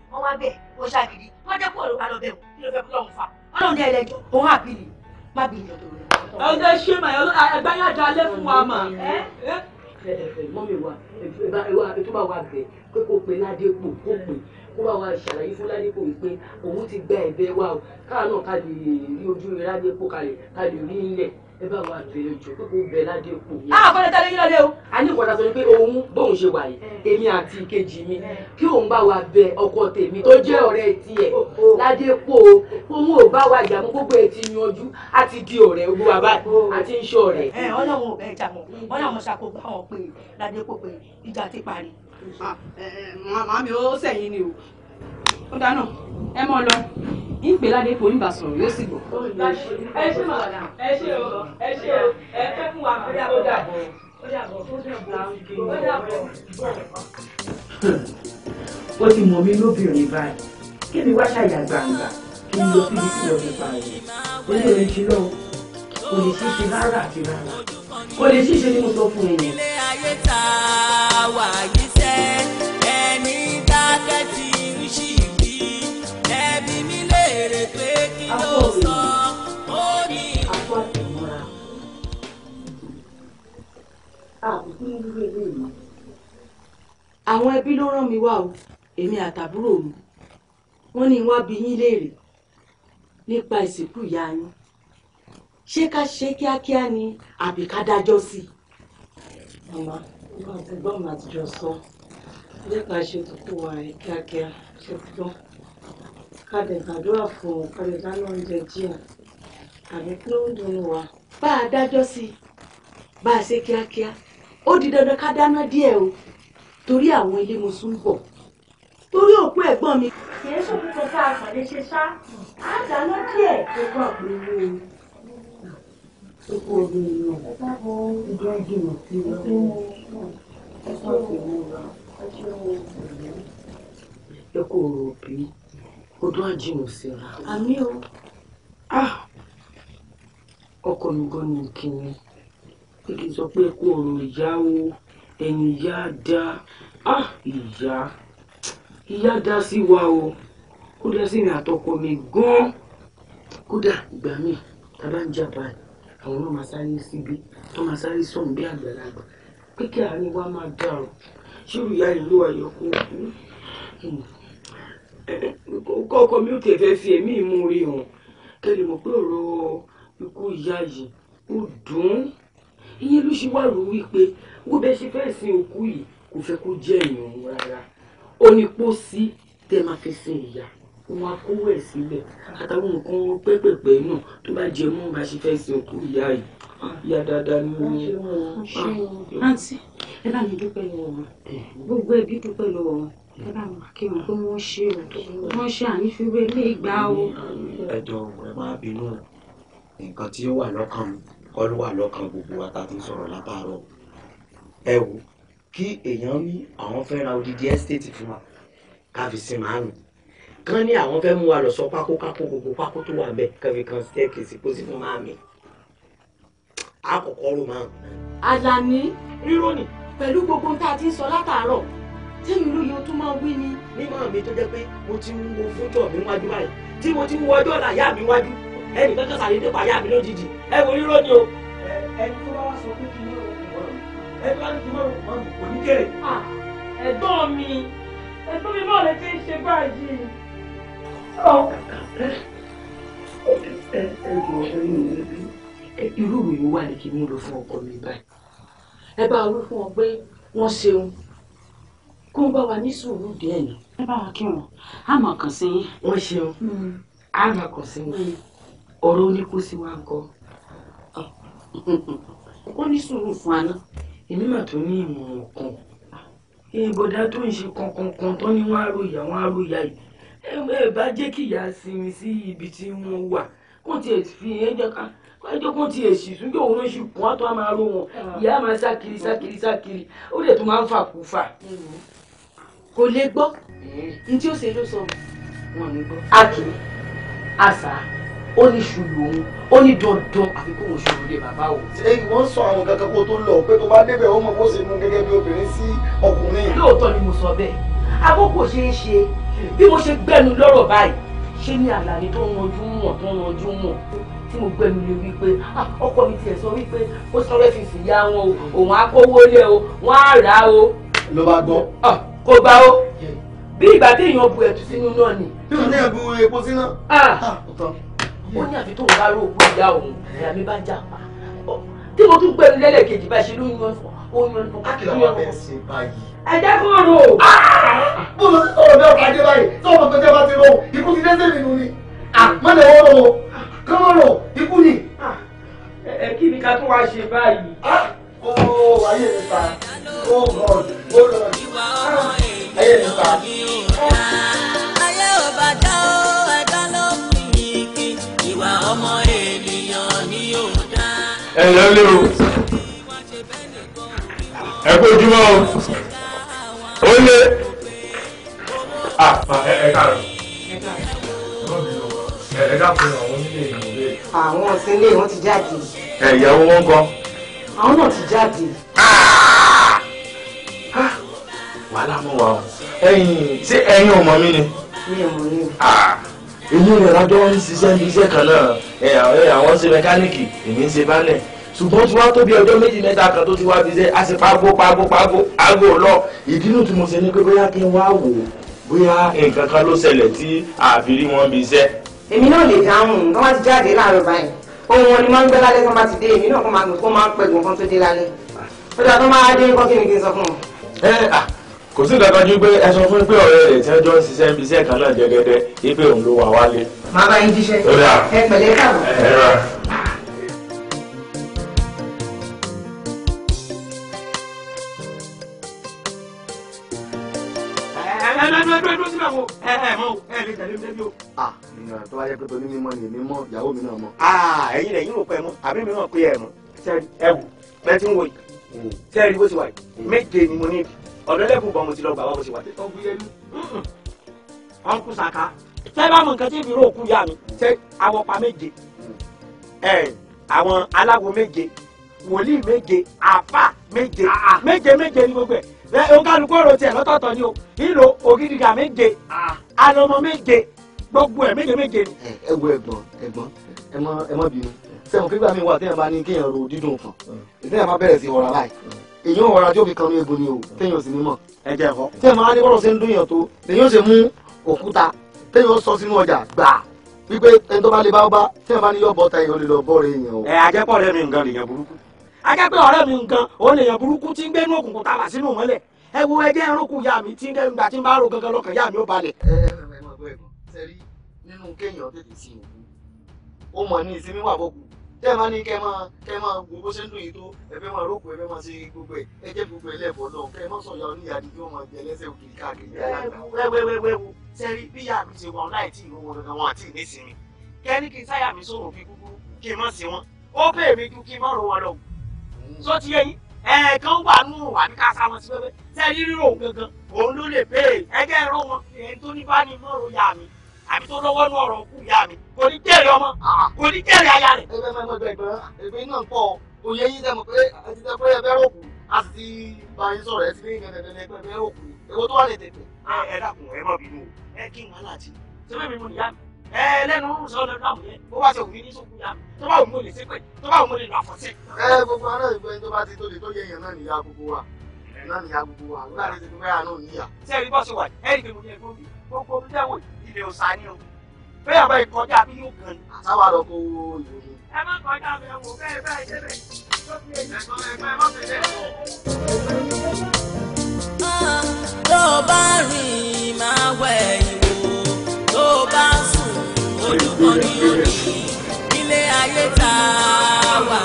wọ́n wá bẹ̀ ó ṣàgídí wọ́n jẹ́ kó ọ̀rọ̀ wa lọ bẹ̀ wọ́n kí ló fẹ́ kó lọ́hùn fa ọlọ́run ní ẹlẹ́jọ́ òun àbí ni má bí ìjọ tó rẹ̀. ọ̀dẹ ṣe mà ẹgbẹ́ yẹn da alẹ́ fún wa mà. mọ́mí wa ẹ tó bá wa bẹ̀ pé kó pe ládé pò kó pe kó bá wa ṣàlàyé fún ládépò wípé òun ti gba ẹ̀bẹ̀ wa o káà náà ká lè rí ojú rẹ ládépò kalẹ̀ ká lè rí ilẹ̀ ẹ bá wa bẹ̀rẹ̀ jù pé kó bẹ̀ ládépò yẹn. àwọn afọlẹ́ta lè yí lọ́dẹ o. a ní ìkọ́ta sọ pé òun bóun ṣe wà yìí eh. èmi àti ìkejì mi eh. kí òun bá wa bẹ̀ ọkọ tèmi tó jẹ́ ọ̀rẹ́ tiẹ̀ oh, oh. ládépò òun ò bá wa jà mú gbogbo ẹ̀ ti yanjú á ti di ọ̀rẹ́ ogun wa báyìí àti oh. ń ṣe ọ̀rẹ́. ẹ eh, ọlọ́run ò bẹ́ẹ̀ jà mọ́ wọn làwọn ṣàkóbá wọn pé ládépò pé ìjà ti parí Ah, eh, eh, màmá mi ó sẹ̀yìn ni o ó dáná ẹ mọ lọ yín pé ládé kò ní bá sọ̀rọ̀ yóò sì gbọ́. ẹ ṣe mọ̀ ẹ ṣe o ẹ ṣe o ẹ fẹ́ fún wa pé ó dàbọ̀ ó dàbọ̀ ó dàbọ̀. ó ti mọ̀ mí lóbìnrin báyìí kí ni wá ṣàyà gbangba kí n lọ síbi tí ọdún bá rẹ̀ ó lè rìn jí lọ́wọ́ kò lè ṣíṣe rárá àti rárá kò lè ṣíṣe ni mo sọ fún yín. ilé ayé ta wà yìí. ló sọ ó ní ìwọ. àwọn ẹbí ló rán mi wá o èmi àtàbúrò mi wọ́n ní wá bi yín léèrè nípa ìsìnkú ìyá yín ṣé ká ṣe kíákíá ni àbí ká dájọ́ sí i. màmá ìgbà tí gbọ́n mi àtijọ́ sọ nípa ìṣètò kó wa rẹ̀ kíákíá ṣe ti gbọ́n ká dẹ̀ gbàdúrà fún un ká lè dáná oúnjẹ díẹ̀ àbí kí ló ń dunnú wa. bá a dájọ́ sí i bá a ṣe kíákíá ó di dandan ká dáná díẹ̀ o torí àwọn ilé mo sún bọ̀ torí òkú ẹ̀gbọ́n mi. kìí ṣòkú tó ká àpàdé ṣe ṣá á dáná díẹ̀ tó gbọ́ pé wo oko omi inú ìjọ ìgbìmọ̀ sí i lọ́wọ́ ẹ̀kọ́ òrò òbí ọdún àjìnà síra. àmì o ah! ọkọ mi gan ni kìnìún pé kí n sọ pé kó ọ̀rọ̀ ìyá o ẹ̀yìn ìyá dá ah! ìyá ìyá dá sí wa o kó dá sí ìrìn àtọkọ mi gan kódà ìgbà míì tá a bá ń jà báyìí àwọn náà máa sáré síbi tó máa sáré sọ̀rọ̀ bí àgbàlagbà pé kí àárín wa máa dà o ṣé olùyá ìlú ayọ̀kọ̀ kú. Hmm kọ́kọ́ mi ò tẹ̀ fẹ́ fi èmi ìmú rí hàn kẹ́lẹ́ mọ̀ pé ọ̀rọ̀ ikú ìyá yìí ó dùn ún ìyẹn ló ṣe wá rò wípé bó bẹ́ẹ̀ ṣe fẹ́ sin òkú yìí kò fẹ́ kó jẹ́ èèyàn òun rárá ó ní pósí tẹ́ máa fi sin ìyá òun akówó ẹ̀ sílẹ̀ àtàwọn nǹkan pẹ́pẹ̀pẹ́ náà tó bá jẹ mọ́ bá ṣe fẹ́ sin òkú ìyá yìí ìyá dáadáa ni wọ́n ṣe wọ́n. àǹtí ẹ bá mi dúpẹ́ lọ́wọ́ wọn eh. gbogbo ẹbí dúpẹ́ lọ́wọ́ wọn ẹ̀bá mi kí n kó wọ́n ṣe o wọ́n ṣe ànífiwé lé ìgbà o. ẹjọ ẹ máa bínú nǹkan tí ó wà lọ́kàn mi kọ́ ló wà lọ́kàn gbogbo wa ta ti ń sọ̀rọ̀ látàárọ̀ ẹ wò kí èèyàn ní àwọn fẹ́ ra odidi ẹ́stéètì fún wa ká fi sin màánù kán ní àwọn fẹ́ mú wa lọ sọ pákó kápó gbogbo pákó tó wà bẹ́ẹ̀ kán fi kan stẹ́ẹ̀kì kó sí fún màámi àkọ́kọ́ ló máa. Àlàní rírọ́ pẹ̀lú gbogbo tá a ti ń sọ látàárọ̀ tẹ́mi lóye o tún máa wí ni. nígbà mi tó jẹ́ pé mo ti ń wo fótó mi wájú báyìí tí mo ti ń wo ọjọ́ ọ̀la ìyá mi wájú ẹnì kankan sàlẹ̀ nípa ìyá mi lójijì ẹ wo rírọ́ ni o. ẹni tó bá wá sọ pé kí ni o mọ̀ ẹ bá ní kí n má rò kò ní kéré. ẹ̀gbọ́n mi ẹ̀gbọ́n mi bọ́ọ̀lù ti ń ṣe báyìí. irú mi wà ní kí n mú lọ fún ọkọ mi báyìí ẹ bá wí fún ọ pé wọ́n ṣeun kó bá wa ní sùúrù díẹ̀ nù. ẹ bá wa kí wọn a máa kàn sí yín. wọ́n ṣeun hmm. a máa kàn sí wọn hmm. ọ̀rọ̀ oníkó sí wa ń kọ́ ah. ó ní sùúrù fún aná èmi mà tó ní ìmọ̀ràn kan ìbọ̀dá tó ń ṣe kankankan tó ní wọ́n á ro ìyá yìí ẹ bá jẹ́ kí ìyá sinmi sí ibi tí wọ́n wà kó tiẹ̀ fi ẹjọ́ ká ẹjọ́ kó tiẹ̀ sì tún yóò rán ṣùkùn á tó máa ro wọn ah. ìyá máa sá kiri sá kiri sá kiri ó dẹ̀ tó máa ń fà kú fà. Hmm kò lè gbọ́ hmm. ní tí ó ṣe ló sọ wọn ní gbọ́. akin asa ó ní ṣùlù òun ó ní dandan àfi kóun ṣùlù lè bàbá o. ṣẹ́yìn wọ́n sọ àwọn kankan kó tó lọ pé tó bá débẹ̀ ó mọ̀ bó ṣe mú gẹ́gẹ́ bí obìnrin sí ọkùnrin. lóòótọ́ ni mo sọ bẹ́ẹ̀ àkókò ṣeé ṣe bí mo ṣe gbẹnu lọ́rọ̀ báyìí ṣé ní àlàyé tó ń ranjú mọ̀ tó ń ranjú mọ̀ tí mo gbẹnu lé wípé ah, ọkọ mi tiẹ̀ sọ wípé kó sọ́rẹ́ fi fìyà wọn o òun á kówó lé o wọ́n á rà á o. ló bá gbọ́. Ah, kò bá ó bí ìgbà tí èèyàn bu ẹ̀tù sínú náà ni. bí òun náà bu epo síná. Ah! Ah, ah, ó ní àfi tóun bá rò òkú ìyá òun ìyá mi bá jà pa tí mo tún gbẹnu lẹ́lẹ̀kejì bá ṣe lóyún ọ̀fọ̀ oyún ọ̀fọ̀ káàkiri ọ̀fọ̀. kí ló wà bẹ́ẹ̀ ṣe báyìí. ẹ jẹ́ kó rò. bó ló ti sọ̀rọ̀ bẹ́ẹ̀ pàdé báyìí sọ̀rọ̀ tó jẹ́ bá ti rò ikú ti dẹ́sẹ̀ nínú ni. mọ̀lẹ́ wọ́n rò kí wọ́n rò ikú ni. ẹ kí ni ká tún wá ṣe báyìí. Oh, ayé mi pa ó oh, lord ó oh, lord ayé mi pa. ayé ò bá dá ó ẹ̀dá ló fi igi ìwà ọmọ ènìyàn ni ó dá. ẹ lọ lé o ẹ kó jùmọ̀ o ó lé ẹ káàárọ̀ ẹ dákun àwọn onílé ìlú rẹ. àwọn ọ̀sẹ̀ ilé wọn ti jáde. ẹ̀yàwó wọn gan àwọn náà ti jáde. wàhálà mọ wa o ẹ̀yin ṣé ẹ̀yin ọmọ mi ni. mi ò mọ yín. èmi rẹ̀ rájọ́ ń ṣiṣẹ́ ní iṣẹ́ kan náà àwọn ṣe mẹkáníìkì èmi ń ṣe bálẹ̀ ṣùgbọ́n tí wọ́n tó bí ọjọ́ méjì mẹ́ta kan tó ti wá bí ṣe a sì pagó pagó pagó pagó lọ ìdínú tí mo ṣe ni pé bóyá kí n wá wò ó bóyá nǹkan kan ló ṣẹlẹ̀ tí àfi rí wọn bí iṣẹ́. èmi náà lè dáhùn wọn ti jáde láàárọ̀ báyìí ohun wọn ni máa ń gbé lálẹ́ tó máa ti dé èmi náà kó máa gbé kó máa ń pẹ̀gùn kan tó dé lálẹ́ ó dà tó máa dé kọ́ kí ni kí n sọ fún un. ẹ à kò sí ìdájọ́ ju pé ẹ sọ fún pé ọ̀rẹ́ rẹ̀ tí ẹjọ́ ń ṣiṣẹ́ ibi iṣẹ́ kan náà jẹ́gẹ́dẹ́ pé òun ló wà wálé. màá bá yín jíṣẹ́ ẹ pẹ̀lẹ́ káàbọ̀. o ẹ ẹ mọ o ẹ lè tẹ̀lé mi débi o. a ìyàn tó wáyé pé torí mímọ̀ ni èmi mọ̀ ìyàwó mi náà mọ̀. a ẹ̀yin lẹ́yìn rò pé mọ̀ àbí mi mọ̀ pé ẹ mọ̀ sẹẹri ẹ wù bẹ́ẹ̀ tí ń wo yìí sẹẹri bó ti wà yìí méje saka sẹ bá mọ nǹkan tí ìbí ròkú yá mi sẹ awọpa méje ẹ àwọn aláwo méje wòlíì méje àfà méje ah, ah. méje méje bẹ́ẹ̀ o kálukú ọ̀rọ̀ tiẹ̀ lọ́tọ̀ọ̀tọ̀ ni o ìlò ògidìgà méje alọmọ méje gbogbo ẹ̀ méje méje ni. ẹ wo ẹ̀gbọ́n ẹ̀gbọ́n ẹ mọ ẹ mọ bínú sẹ́wọ̀n kígbà mi wà téèyàn bá ní kéèyàn ro dídùn kan ìtẹ́yàn bá bẹ̀rẹ̀ sí wọra láì èyàn wọra tí ó fi kan ní egbò ni o téèyàn sì ní mọ̀. ẹ jẹ́ ẹ̀fọ́. téèyàn máa ní bọ́lọ̀ sí ń dún yàn tó lèyàn ṣe mú òkúta téèyàn sọ sínú ọjà gbà wípé ẹni tó bá lè bá ó bá téèyàn bá ní yọ̀ bọ́ta èèyàn lè lọ bọ́ọ̀rẹ̀ èèyàn o. ẹ àjẹpọ̀ rẹ̀ mi nǹkan lèèyàn burúkú akẹ́pẹ́ ọ̀rẹ́ mi nǹkan òun lèèyàn burúkú tí ń gbénú òkùnkùn tàbà sínú mọ́lẹ̀ ẹ wo ẹjẹ́ ẹranko ya mi tí ń gbà tí ń bá ro gangan lọ́kàn ya mi ó balẹ̀. ẹ ẹ ẹ mọ ẹgbẹ ẹgbọn sẹrí nínú kéèyàn tètè sí ìlú ó mọ ní ìsinmi wà bọkù tẹ máa ní kẹ máa kẹ máa gbogbo ṣe yìí tó ẹ máa rókò ẹ máa ṣe gbogbo ẹ ẹ jẹ gbogbo ẹ lẹbọ lọ kẹ máa sọ ya oníyàdí yóò máa jẹ lẹsẹ òkìrì káàkiri yàrá. wẹ́wẹ́wẹ́wẹ́ sẹ́rí bí yàrá mi ṣe wọn láì tí ìwọ wọn gangan wọn àti ìnísìnyí kẹ́ni kí sáyà mi sọ̀rọ̀ fi kúkúrú kí n má sí wọn ó bèèrè ju kí n má ro wọn lọ sọ ti yẹyin ẹ̀ẹ̀kan wà nù àbí ká sa wọn sí pẹ́pẹ́ tẹ́ rírí òun gangan òun ló lè béèrè ẹgẹ́ ẹ̀rọ wọn èyí tó ní bá ní inú ọ̀rọ̀ ìyá mi àbí tó lọ́wọ́ nú ọ̀rọ̀ òkú ìyá mi kò ní jèrè ọmọ kò ní jèrè aya rẹ̀. ẹgbẹ́ mẹ́mọ́jọ ìgbọ́n ẹgbẹ́ náà pọ̀ òye yín sẹ́mu pé ẹ ti sẹ́ pé ẹ fẹ́ rò kù a sì ti bá yín sọ̀rọ̀ ẹ ti ní ìgbẹ́gbẹ́gbẹ́ ẹgbẹ́ rò kù ẹ lẹ́nu sọ̀rọ̀ láwùjọ yẹn bó bá ṣe òfin ní sókun yá tó bá òun mo lè ṣépè tó bá òun mo lè lọ àfọ̀sí. ẹ gbogbo aná ìgbẹ́ tó bá ti tó lè tó yẹ yẹn náà nìyá gbogbo wa náà nìyá gbogbo wa nígbà tí ti fẹ́ àánú níyà. ṣé ẹni bọ́sẹ̀ wà ẹ rí gbogbo ẹgbẹ́ mi gbogbo mi dẹ́wò ilé ọ̀sà ni o bẹ́ẹ̀ àbá ìkọjá bí yóò gan ni. àtàwọn àlọ́ kó ìlú mi. ẹ má kọjá bẹ́ẹ̀ wò bẹ́ẹ̀ bẹ́ẹ̀ ṣe bẹ́ẹ̀ ah, tó fi ẹ̀jẹ̀ ẹgbẹ́ mọ́tò ẹ̀ lọ́ọ̀ bá rìn máa orí orí ilé ayé ta wà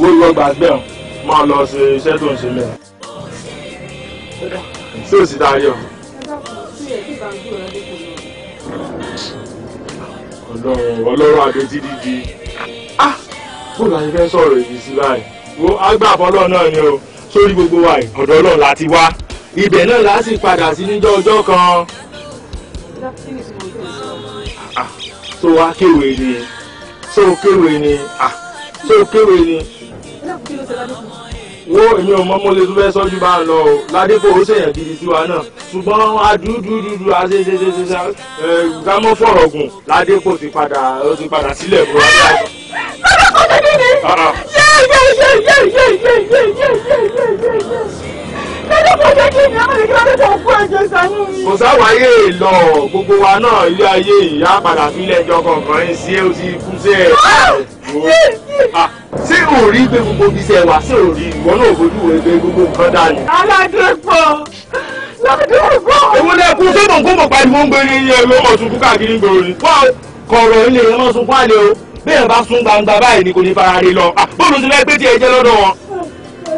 ọ̀ máa lọ ṣe iṣẹ́ tó ń ṣe mẹ́ta tó sì dáa yọ̀. ọlọ́run àdótí dídí ah bóòlù àyè fẹ́ sọ̀rọ̀ èyí sí láì wo àgbà àfọlọ́ náà ni o sórí gbogbo wa ọ̀dọ̀ ọlọ́run la ti wá ibẹ̀ náà la sì padà sí níjọ́ ọjọ́ kan. Ah, so wá kéwèé ni so kéwèé ni ah so kéwèé ni wo èmi ò mọ lè tún fẹ́ sọ́jú bá lọ o ládépò ó ṣèyàn gidi sí wa náà ṣùgbọ́n adúdúdúdú aṣeṣeṣeṣe ẹ gámọ́ fọ̀rọ̀ gùn ládépò ti padà ó ti padà sílẹ̀ fún wa. bàbá kò tó nílé ládépò jẹ́ kí ni àwọn ènìyàn lọ́dọ̀ fún ẹ̀jẹ̀ sànú kò sáwáyé lọ gbogbo wa náà ilé ayé ìyá padà sílẹ̀ jọ kọ̀ọ̀kan ẹ̀ sí ẹ̀ ti kú sí ẹ̀ ṣé o rí pé gbogbo iṣẹ́ wa ṣé o rí ìwọ náà fojú wo ẹgbẹ́ gbogbo nǹkan dání. aládé pọ̀ lọ́dún pọ̀. èwo lẹ kú ṣé mò ń kó mọ̀ pàdé mò ń gbé ní iye lọ́mọ̀ sunkún káàkiri gbòòrò ni. wọ́n kọ̀rọ̀ ilé wọn lọ sunkún àlè o bẹ́ẹ̀ bá sún gbangba báyìí ni kò ní fara rí lọ. bóòlù ti fẹ́ gbé tiẹ̀ jẹ́ lọ́dọ̀ wọn.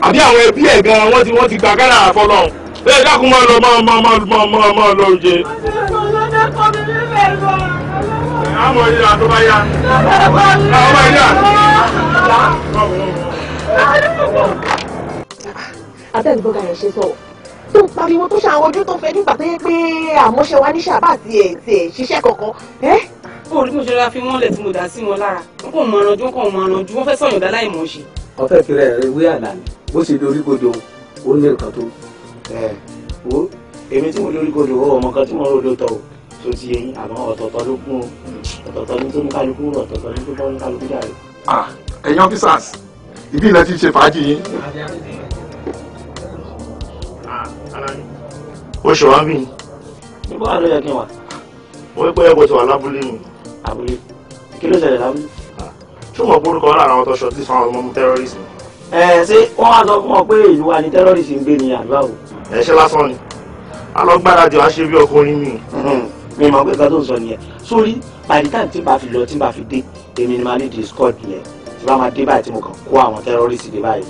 àbí àwọn ẹbí ẹ̀ gan wọ́n ti wọ́n ti gbà kára àfọlọ́hún. bẹ́ẹ̀ dákun máa lọ máa máa máa máa lọ jẹ. ọ̀sẹ̀ àmọ̀ ìyá tó bá yá àwọn bá yá. abẹ́rù bọ́gà yẹn ṣe sọ tó ń pariwo tó ṣe àwọn ojú tó fẹ́ nígbà tó yẹ pé àmọ́ṣe wa ní sábà ti ẹ̀ ti ẹ̀ ṣiṣẹ́ kankan. bó o rí mo ṣe ra fi wọ́n lẹ̀ tí mo dá sí wọn lára wọn kò mọ ọ̀rànjú wọn kò mọ ọ̀rànjú wọn fẹ́ sọ̀yàn dá láì mọ̀ ṣe. ọ̀fẹ́ kiri ẹ̀ wí àlà ni bó ṣe dorí kodò ó ní nǹkan tó ẹ̀ wo èmi tí mo dorí kodò ọmọ kan tí mo rò lóòótọ́ o tó ti yẹ yín àmọ́ ọ̀tọ̀ọ̀tọ̀ ló kún o ọ̀tọ̀ọ̀tọ̀ ní tó ní kálukú ọ̀tọ̀ọ̀tọ̀ ní tó tọ́ ní kálukú jàre. ẹ̀yin officers ibi ilẹ̀ ti ṣe fàájì yín. o ṣe wá ń bì. níbo wà ló yẹ kí n wà. mo wí pé ẹ kò ti wà lábúlé mi. àbúlé kí ló ṣẹlẹ̀ lábúlé. ṣé mo gbórúkọ wọn àwọn tó ṣọtí fún àwọn ọmọ tẹ́rọ́rìsì. ẹ ṣé wọn wá sọ fún ọ pé ìlú wa ni tẹ́rọ́rìsì ń gbé ni àdúrà o. ẹ ṣe lásán ni a lọ gbáradì wá ṣe bí ọkùnrin mi mi mọ̀ pé kan tó ń sọ nìyẹn sórí by time tí n bá fi lọ tí n bá fi dé èmi ni màá ní di squad yẹn tí bá máa dé báyìí tí mo kàn kó àwọn terrorist dé báyìí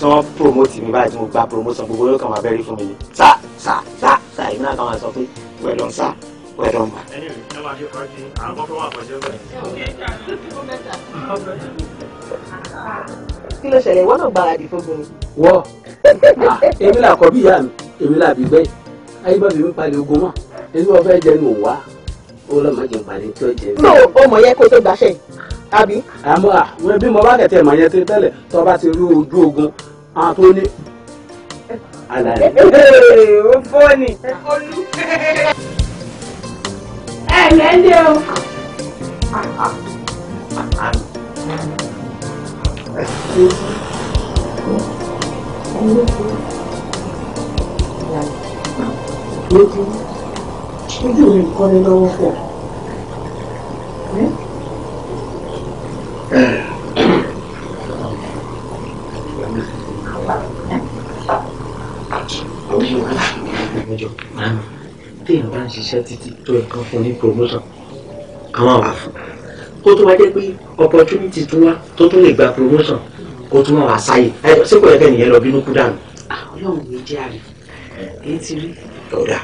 tí wọ́n promote mi báyìí tí mo gba promotion gbogbo yóò kàn máa bẹ́rí fún mi ni sá sá sá sá èmi náà kàn máa sọ pé wẹ̀ lọ sá wẹ̀ lọ mà. kí ló ṣẹlẹ̀ ìwọ náà gbáradì fógun ni. wọ́ọ̀ ah, èmi là bí ìyá mi èmi là bí ayébábi mi palẹ̀ ogun mọ́ èyí wọ́n fẹ́ jẹ́ nù wá ó lọ́ máa jẹ ìpàdé tí ó jẹ. mo ò mọ̀ yẹ kó tó gbàṣẹ́ àbí. àmọ́ àwọn ẹbí mo bá kẹ̀tẹ̀ ìmọ̀ yẹn tẹ́lẹ̀ tó bá ti rí ojú ogun àwọn tó ní. ó fọ́ ni. ẹ lẹ́lẹ́ o. Thank you lójú lójú mi kọ́ ni lọ́wọ́ pọ̀. téèyàn bá ń ṣiṣẹ́ títí tó nǹkan fún ní promotion àwọn wà fún kó tó wá jẹ́ pé opportunity tó wá tó tún lè gba promotion kó tún wá wà sáyè ṣé kò yẹ kẹ́ nìyẹn lọ bínú kú dànù. Ah, ọlọ́run mi jẹ́ àrè èyí ti rí lọ́dà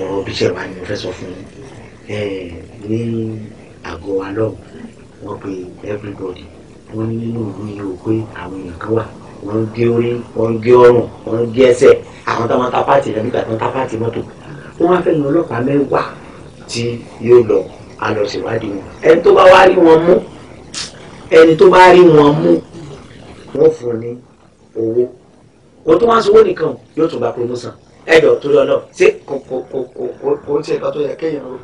ọ̀rọ̀ bíṣẹ̀ wa ni mo fẹ́ sọ fún yín ní àgọ́ wa wọ́n pe everybody wọ́n nínú ìlú yìí o pé àwọn èèyàn kan wà wọ́n gé orí wọ́n gé ọrùn wọ́n gé ẹsẹ̀ àwọn táwọn ta páàtì rẹ̀ nígbà tí wọ́n ta páàtì mọ́tò wọ́n wá fẹ́ yan ọlọ́pàá mẹ́wàá tí yóò lọ alọ̀síwádìí wọn ẹni tó bá wá rí wọn mú ẹni tó bá rí wọn mú wọ́n fún un ní owó o tó wá sanwó nìkan yóò tún gba promotion ẹjọ torí ọlọ ṣé kò kò kò kò kò ń ṣe nǹkan tó yẹ kéèyàn o.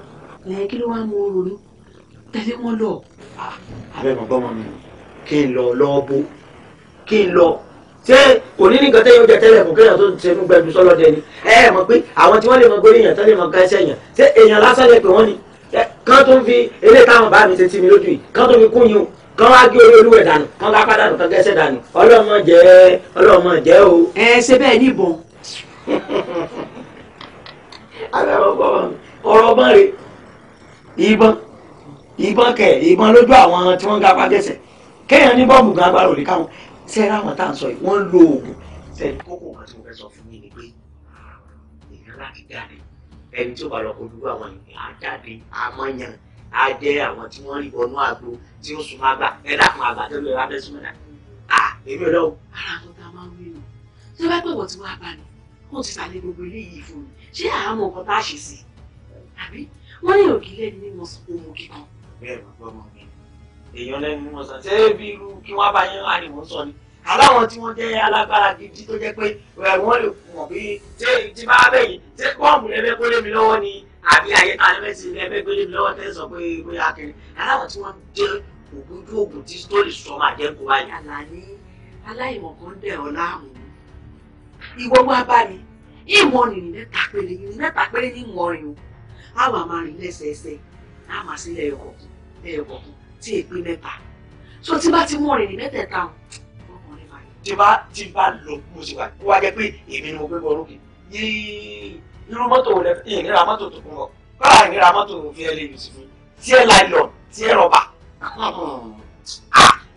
ẹ kí ló wá mú ronú tẹ̀lé wọn lọ. Ah, abẹ́ mọ̀ gbọ́mọ mi kí n lọ lọ́ọ́bù kí n lọ ṣé kò ní nìkan tẹ́yìn jẹ tẹ́lẹ̀ kò kéèyàn tó ń ṣe nígbà ìlú ni ẹ ẹ mọ̀ pé àwọn tí wọ́n lè mọ gbórí èèyàn tẹ́lẹ̀ mọ gáṣẹ́ èèyàn ṣé èèyàn lásán lè pè wọ́n ni kán tó ń fi eléyìí táwọn bá mi ṣe sí mi lójú yìí kán tó fi kún yín o kán wá gé orí olúwẹ̀ dànù kán bá pàdánù kán gẹ́sẹ̀ dànù ọlọ́mọ jẹ́ ọlọ́mọ jẹ́ o. ẹ ṣe bẹ́ẹ̀ ní ìbọn ọ̀rọ̀ ọgbọ́n rẹ̀ ìbọn ìbọn kẹ̀ ìbọn lójú àwọn tí wọ́n ń gapá gẹ̀ẹ́sẹ̀ kéèyàn ní bọ́ọ̀mù gan agbára òde káwọn ṣe é ráwọn tá à ń sọ yìí wọ́n ń lo oògùn ṣe kókó kan tí mo fẹ́ sọ fún yín ni pé èèyàn láti jáde ẹni tí ó bá lọ kojú àwọn èèyàn àjáde amọ́yàn á jẹ́ àwọn tí wọ́n rí bọnú àgbo tí ó sùn àgbà ẹ dákun àgbà tẹ́lẹ̀ ẹ bá fẹ́ sùn mẹ́ta à èmi ò lọ́wọ́ a máa ń wí nù tí wọ́n bá pẹ̀wọ̀ tí wọ́n ti sàlẹ̀ gbogbo eléyìí fún mi ṣé àmọ́ nǹkan tá a ṣe sí àbí wọ́n ní òkè lẹ́nu ní wọ́n sọ pé mo kíkan. bẹ́ẹ̀ bàbá ọmọ mi èèyàn lẹ́nu ní wọ́n sọ ṣé bí irú kí wọ́n bá yẹn hàn ní wọ́n sọ ni aláwọn tí wọ́n jẹ́ alágbára gidi tó jẹ́ pé wọ́n lè mọ̀ pé ṣé ti bá bẹ̀yìn ṣé bọ́ọ̀mù lẹ́fẹ́ kó lé mi lọ́wọ́ ni àbí àyíká lẹ́fẹ́ lẹ́fẹ́ gbé lé mi lọ́wọ́ tẹ́ sọ pé bóyá kiri aláwọn tí wọ́n jẹ́ ògùn tó ògùn tí tó lè sọ máa jẹ́ kó ìwọ wá bá mi ìmọ̀ nìrìn mẹ́ta péré nìrìn mẹ́ta péré ní ìmọ̀ rìn o á wà máa rìn lẹ́sẹẹsẹ á máa sí lẹ́yọkọ̀ọ̀kan lẹ́yọkọ̀ọ̀kan tí èpè mẹ́ta so tí bá ti mọ̀ rìnrìn mẹ́tẹ̀ẹ̀ta o ọkùnrin máa yẹ. tí bá tí bá lọ mo sì wà kó wá jẹ pé èmi ni mo gbé bọ lókè yéé irú mọ́tò rẹ ìnira mọ́tò tó kún ọ kọ́lá ìnira mọ́tò fi ẹ lè lù sí fún tí ah, ẹ láìlọ tí ẹ rọ̀bà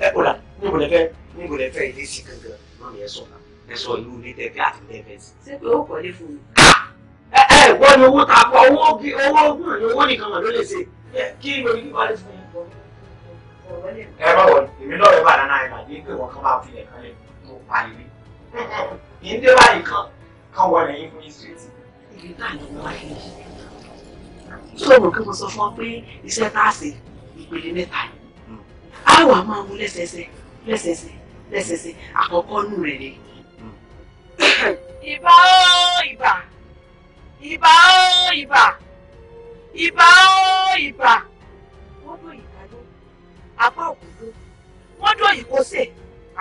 ẹ kò là níbo lẹ níbo lẹ ilé sí gangan mọ́mi ẹ sọ̀rọ̀ ẹ sọ ìlú ní tẹ̀fẹ́ àti tẹ̀fẹ́ sí. ṣé pé ó kọ́lé fún mi. ẹ ẹ wọ́n ní owó tàbí owó owó ògùn ní owó nìkan ló lè ṣe kí ni orí kíkọ́lé fún mi. ẹ bá wọ èmi náà ẹ bá dáná ẹ bàjẹ́ pé wọn kàn bá fi ilẹ̀ kan lẹ̀ mo pa ilé. yìí ń dé báyìí kan kan wọ ẹ̀yìn fún yín street. ibi táyà ló wáyé sọ̀rọ̀ kí mo sọ fún ọ pé iṣẹ́ tá a ṣe ìpele mẹ́ta ni hmm. a wà máa mú lẹ́sẹẹsẹ lẹ́sẹẹsẹ lẹ́sẹẹsẹ àkọ́kọ́ nù rẹ̀ ni ìbà ó ìbà ìbà ó ìbà ìbà ó ìbà wọ́n dún ìbà ló apá òkú ló wọ́n dún òyìnbó sè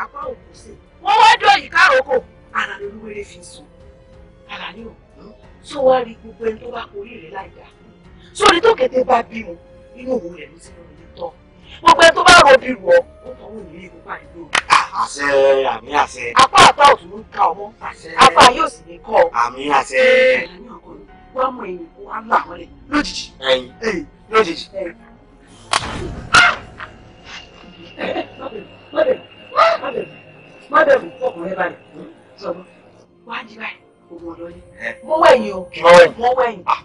apá òkú sè wọ́n wá dún òyìnká àròkò ara lolúwere fi sùn ara ní òkú tó wá rí gbogbo ẹni tó bá korí rẹ̀ láì dá sórí tó kété bá bí wọn inú òun rẹ̀ ló ti lóore tọ́ gbogbo ẹni tó bá rọ ó tọ́ wọn ní ikú pàdé lóore àṣẹ àmì àṣẹ. apá àtà ò tún ń ka ọmọ apá yóò sì ní kọ. àmì àṣẹ. ìlànà ọkọ rẹ wá mọ ẹ̀yìn kó wá là wọlé lójijì. ẹ̀yìn ẹ̀yìn lójijì. mọ́dẹ̀mù fọkùnrin balẹ̀ sọ̀rọ̀ wá di báyìí òun ọ̀dọ́ ni. mo wẹ̀yìn o mo wẹ̀yìn mo wẹ̀yìn. Ah.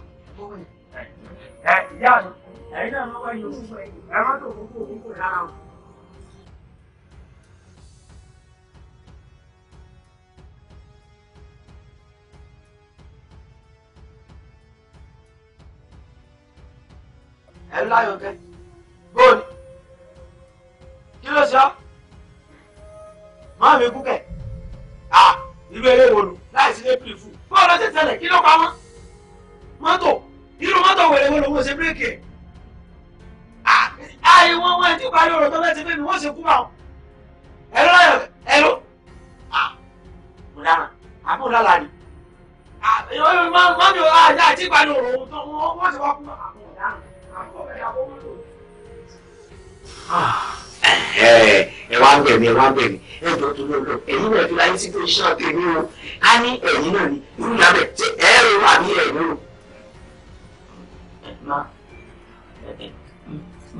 ìyá mi ẹ̀yin náà ló wẹ̀yìn o ẹ má tó kókó kókó lára o. ẹ̀rú láyọ̀kẹ́ bóòlù kí ló sọ máa mi kú kẹ̀ à irú eléwo lu láìsí lébìlì fún bóòlù ọtí tẹlẹ kí ló pa wọn mọ́tò irú mọ́tò wèrè wo lòun ò ṣe bírèkì à àyè wọn wọn ti parí ọ̀rọ̀ tó bẹ́ẹ̀ ti fẹ́ mi wọ́n ṣe kú bá wọn ẹ̀rú láyọ̀kẹ́ ẹ̀rú à mo dáná àbúrò lálàá ni àti ìwé mi máa ń gbọ́dọ̀ àti àti ìpàdé òòrùn tó wọ́n ti wá kú àwọn ọ̀daràn. Ah, eh, ẹ wá ń bẹ̀ mí ẹ wá ń bẹ̀ mí ẹ jọ tó lọ lọ ẹ̀yin náà fi láyé sí pòṣíṣàn tèmi o ká ní ẹ̀yin náà ni irú lábẹ́ tí ẹ rò wà ní ẹ̀yin o.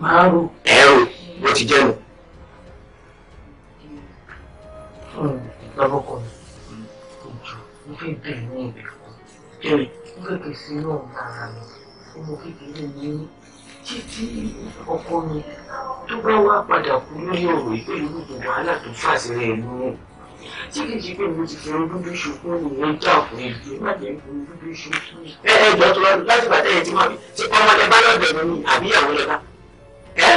máa rò. ẹ rò bó ti títí ọkọ mi tó bá wá padà kú lórí ọ̀rọ̀ ìpele gbogbo wàhálà tó fà sí rẹ̀ mú un tí kì í ṣe pé mo ti fi ọdún bí ṣubú ìyẹn já òkú ìlú má jẹ́ ọdún bí ṣubú. ẹ ẹ jọ tó wá láti bàtà ẹ ti máa bí tí ọmọdé bá lọ́dọ̀ mi ni àbí ìyàwó lè bá ẹ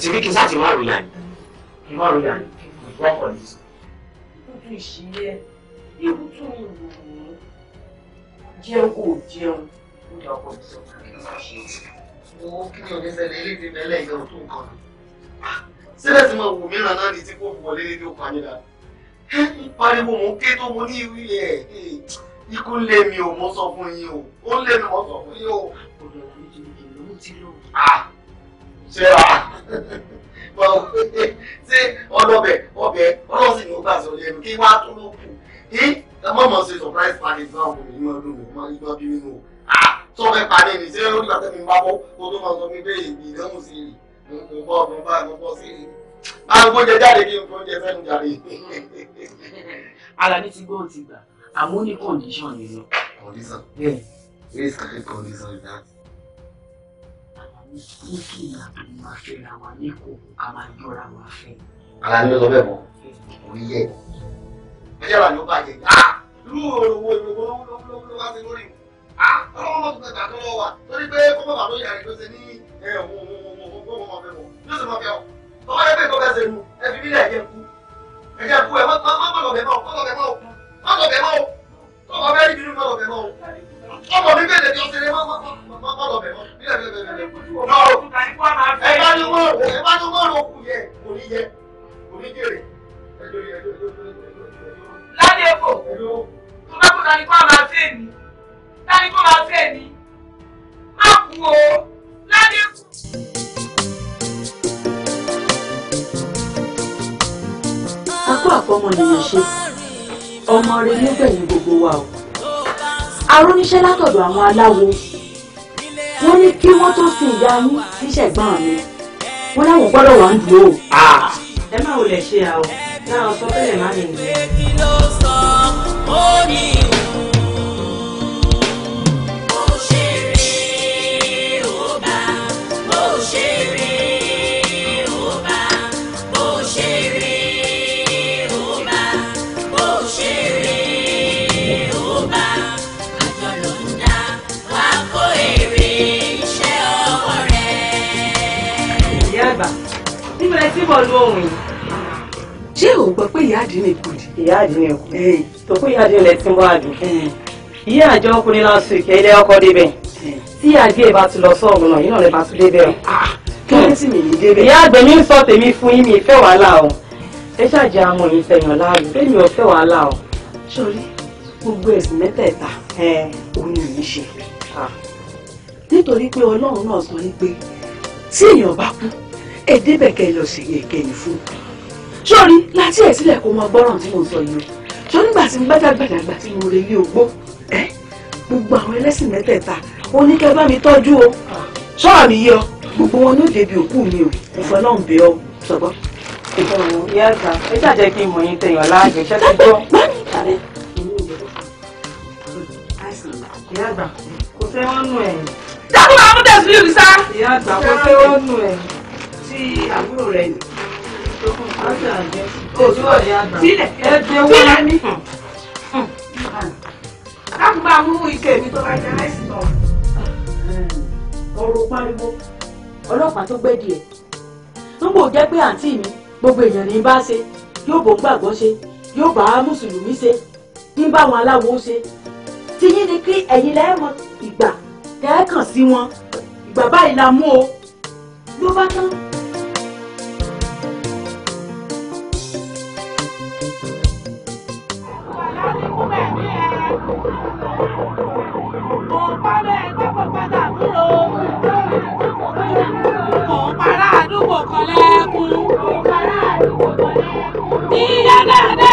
ti rí kí sá ti má ròyà ni kí má ròyà ni kí wọ́n kọ̀ ní. kúndùn ìṣiyẹ irú tó ń wò ó jẹun kò jẹun ó dà ọkọ mi sọ fún mi owó kí ni oníṣẹ́lẹ̀ ilé ti bẹ́lẹ̀ yẹ òtún nǹkan ni ah, sílẹ̀ tí mo wù mìíràn náà ni tí kò wọlé ní ó pàmì dà ẹ ń pariwo mo ké tó mo ní ìwé ẹ ikú ń lé mi ò mọ sọ fún yín o ó ń lé mi mọ sọ fún yín o. ọ̀dọ̀ àlejò ìlú ti lò. Ah, ṣé wàá ṣé ọlọ́bẹ̀ ọbẹ̀ ọlọ́sìn ni ó gbà sọ lẹ́nu kí wàá tó ló kù. ẹ má mọ̀ ṣe surprise party fún àwọn ènìyàn lónìí wọ́n máa ń gbọ́ bí nínú o tó fẹ́ parí ni ṣé ó dìgbà tẹ́mi bá bọ́ kó tó máa sọ mi pé èmi ìdánwò sí rí mo bọ́ mo bá mo bọ́ sí rí. máa ń gbóúnjẹ jáde kí n gbóúnjẹ sẹ́nu jáde. Alani ti gbóhùn ti gbà àmọ́ ní condition nínú. condition bẹ́ẹ̀ bẹ́ẹ̀ sàlẹ̀ condition ìdá. Alani ní kí ìyàtọ̀ máa fẹ́ra wa ní kò ká máa yọra wa fẹ́. Alani ló sọ bẹ́ẹ̀ mọ́ orí yẹ. ẹjẹ́ wà ló bàjẹ́ ah! irú òòrùn wo ìgbòho ló wá sí lórí mi. Ah, ọlọ́wọ́ mọ̀ tó lọ ní kó àmà fèèmí tani kó máa fẹ́ mi má kú o ládé kú. akó àpọ́mọ nìyẹn ṣe ọmọ rẹ nígbẹ̀yìn gbogbo wa o aróníṣẹ́ látọ̀dọ̀ àwọn aláwo wọ́n ní kí wọ́n tó sin ìyá yín níṣẹ̀gbọ́n mi wọ́n láwọn gbọ́dọ̀ wà ń dùn ó. ẹ má wulẹ̀ ṣe àwọn náà sọ bẹ́ẹ̀ má mi nìyẹn. bẹ sí bọ̀lú ohun yìí. ṣé o gbọ́ pé ìyá àdín nìkú di. ìyá àdín nìkú tó kó ìyá àdín lẹ ti ń bọ́ àdùn. ìyá àjọ ọkùnrin last week ilé ọkọ débẹ̀ tí àdín ìbá ti lọ sọ́ọ̀rùn náà yìí náà lè bá tún débẹ̀ o. Ah, kí ló sì mí yìí débẹ̀. ìyá àgbẹ̀ mi ń sọ tèmi fún yín mi ìfẹ́ wàhálà o ẹ ṣàjẹ́ àmọ́ yìí fẹ̀yàn láàrú pé mi ò fẹ́ wàhálà o. sọrí gbogbo ẹ̀sùn mẹ́tẹ̀ẹ̀ta òun ò ní ṣe ah. nítorí pé ọlọ́run náà sọ wípé tí èèyàn bá ẹ débẹ̀ kẹ́ ẹ lọ ṣèyí ìkẹyìn fún un sórí láti ẹ̀ sílẹ̀ kó mọ gbọ́ràn tí mo sọ yìí o sọ nígbà tí mo bá dàgbàdàgbà tí mo lè rí ogbó ẹ gbogbo àwọn ẹlẹ́sìn mẹ́tẹ̀ẹ̀ta ó ní kẹ́ bá mi tọ́jú o sọ́ọ̀ mi yọ gbogbo wọn ní òde bí òkú mi o ìfọ́ náà ń bẹ ọ sọ́gbọ́n. ìdánwò yẹ́ta ẹ ṣàjẹ́ kí n mọ̀ yín tẹ̀yàn láàgbẹ̀ ṣẹ́ ti gbọ́. ìyá àgbà kò fẹ́ wọ́n nù ẹ̀yìn. dákúrò àwọn tẹ̀sùn yìí sá. ìyá àgbà kò fẹ́ wọ́n nù ẹ̀yìn sí àbúrò rẹ ni. kò sí òde àgbà sílẹ̀ ẹgbẹ́ owó la ní. láti bá mú ike mi tó bá jẹ láìsí tán. ọ̀rọ̀ pariwo ọlọ́pàá tó gbé díẹ̀ nígbò jẹ́ pé àǹtí mi gbogbo èèyàn ní bá ṣe yóò bò ń gbàgbọ́ ṣe yóò bá mùsùlùmí ṣe ní báwọn aláwo ṣe tiyín ni kí ẹ̀yin lẹ́ẹ̀mọ ìgbà kẹ́ẹ̀kan sí wọn ìgbà báyìí la mú o ló bá tán. Tira nada.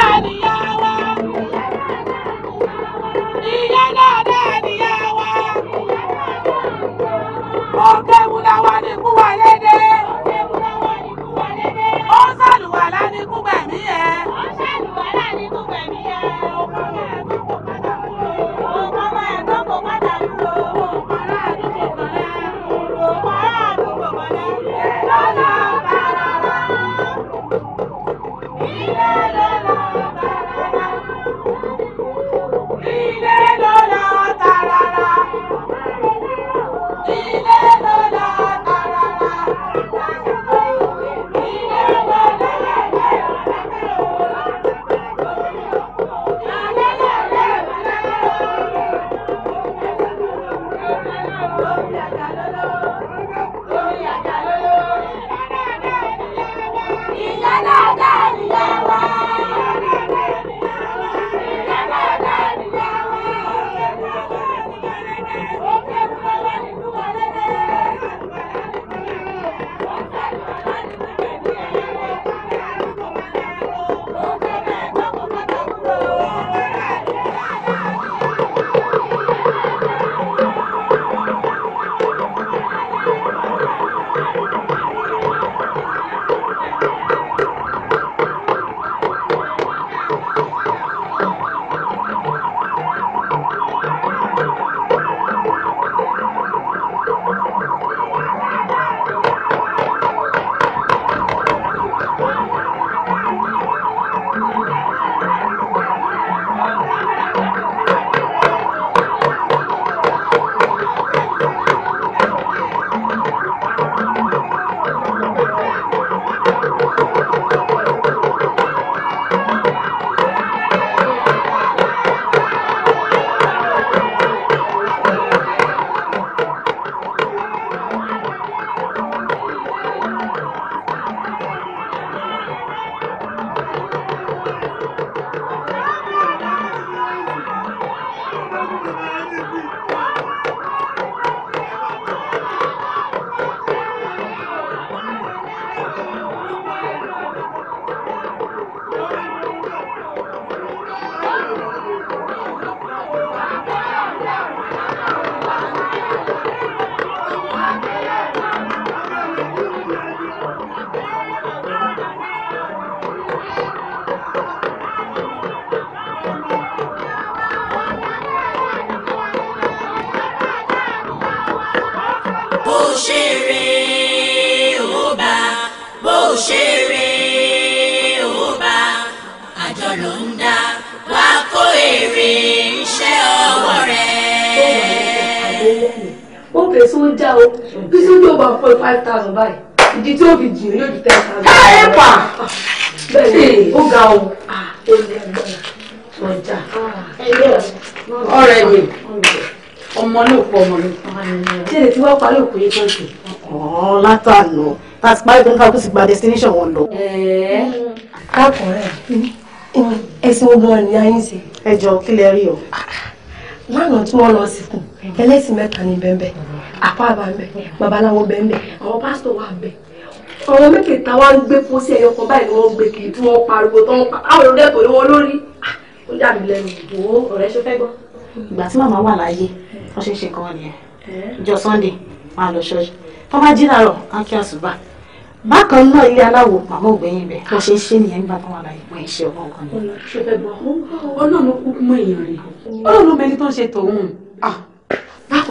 fẹ́ sójà o bí sójà ò bá fọ́ five thousand báyìí ìdí tí ó fi jìn yóò di ten thousand. ẹ pa ah, bẹ́ẹ̀ ó ga o ah, sójà ah, ọ̀rẹ́ mi ọmọ ló pọ̀ ọmọ ló pọ̀. ṣé èdè tí wọ́n parí òkú yìí tó ń sè. ọ̀ọ́ látàánú láti parí tó ń ká kó sì gba destination wọn lọ. kákùnrin ẹsìn ogun ọ̀nì ayé ṣe. ẹ jọ kí lè rí o. lánàá tí wọ́n lọ sí kù ẹlẹ́sìn mẹ́ta ní bẹ́ẹ̀ bẹ́ẹ̀ àpá bá ń bẹ babaláwo bẹ ń bẹ àwọn pásítọ̀ wà ń bẹ àwọn mẹ́tẹ̀ẹ̀ta wá ń gbé pósí ẹyọ kan báyìí ni wọ́n ń gbé kiri tí wọ́n pariwo tó ń pa àwọn olóde kò ní wọn lórí ah, ó yà mí lẹ́nu ìwò ọ̀rẹ́ ṣe fẹ́ gbọ́. ìgbà tí màmá wà láàyè wọ́n ṣe ń ṣe kan nìyẹn ìjọ sunday máa lọ ṣọ́ọ̀ṣì tó bá jí láàárọ̀ á kí àṣùbà bákan náà ilé aláwo màmá ò gbẹ̀yìn bẹ̀ wọ́n ṣe ń ṣe nìyẹn nígbà tó wà láàyè wọ́n ń ṣe ọgbọ́n kan. ọlọ́run kúkú mọ èèyàn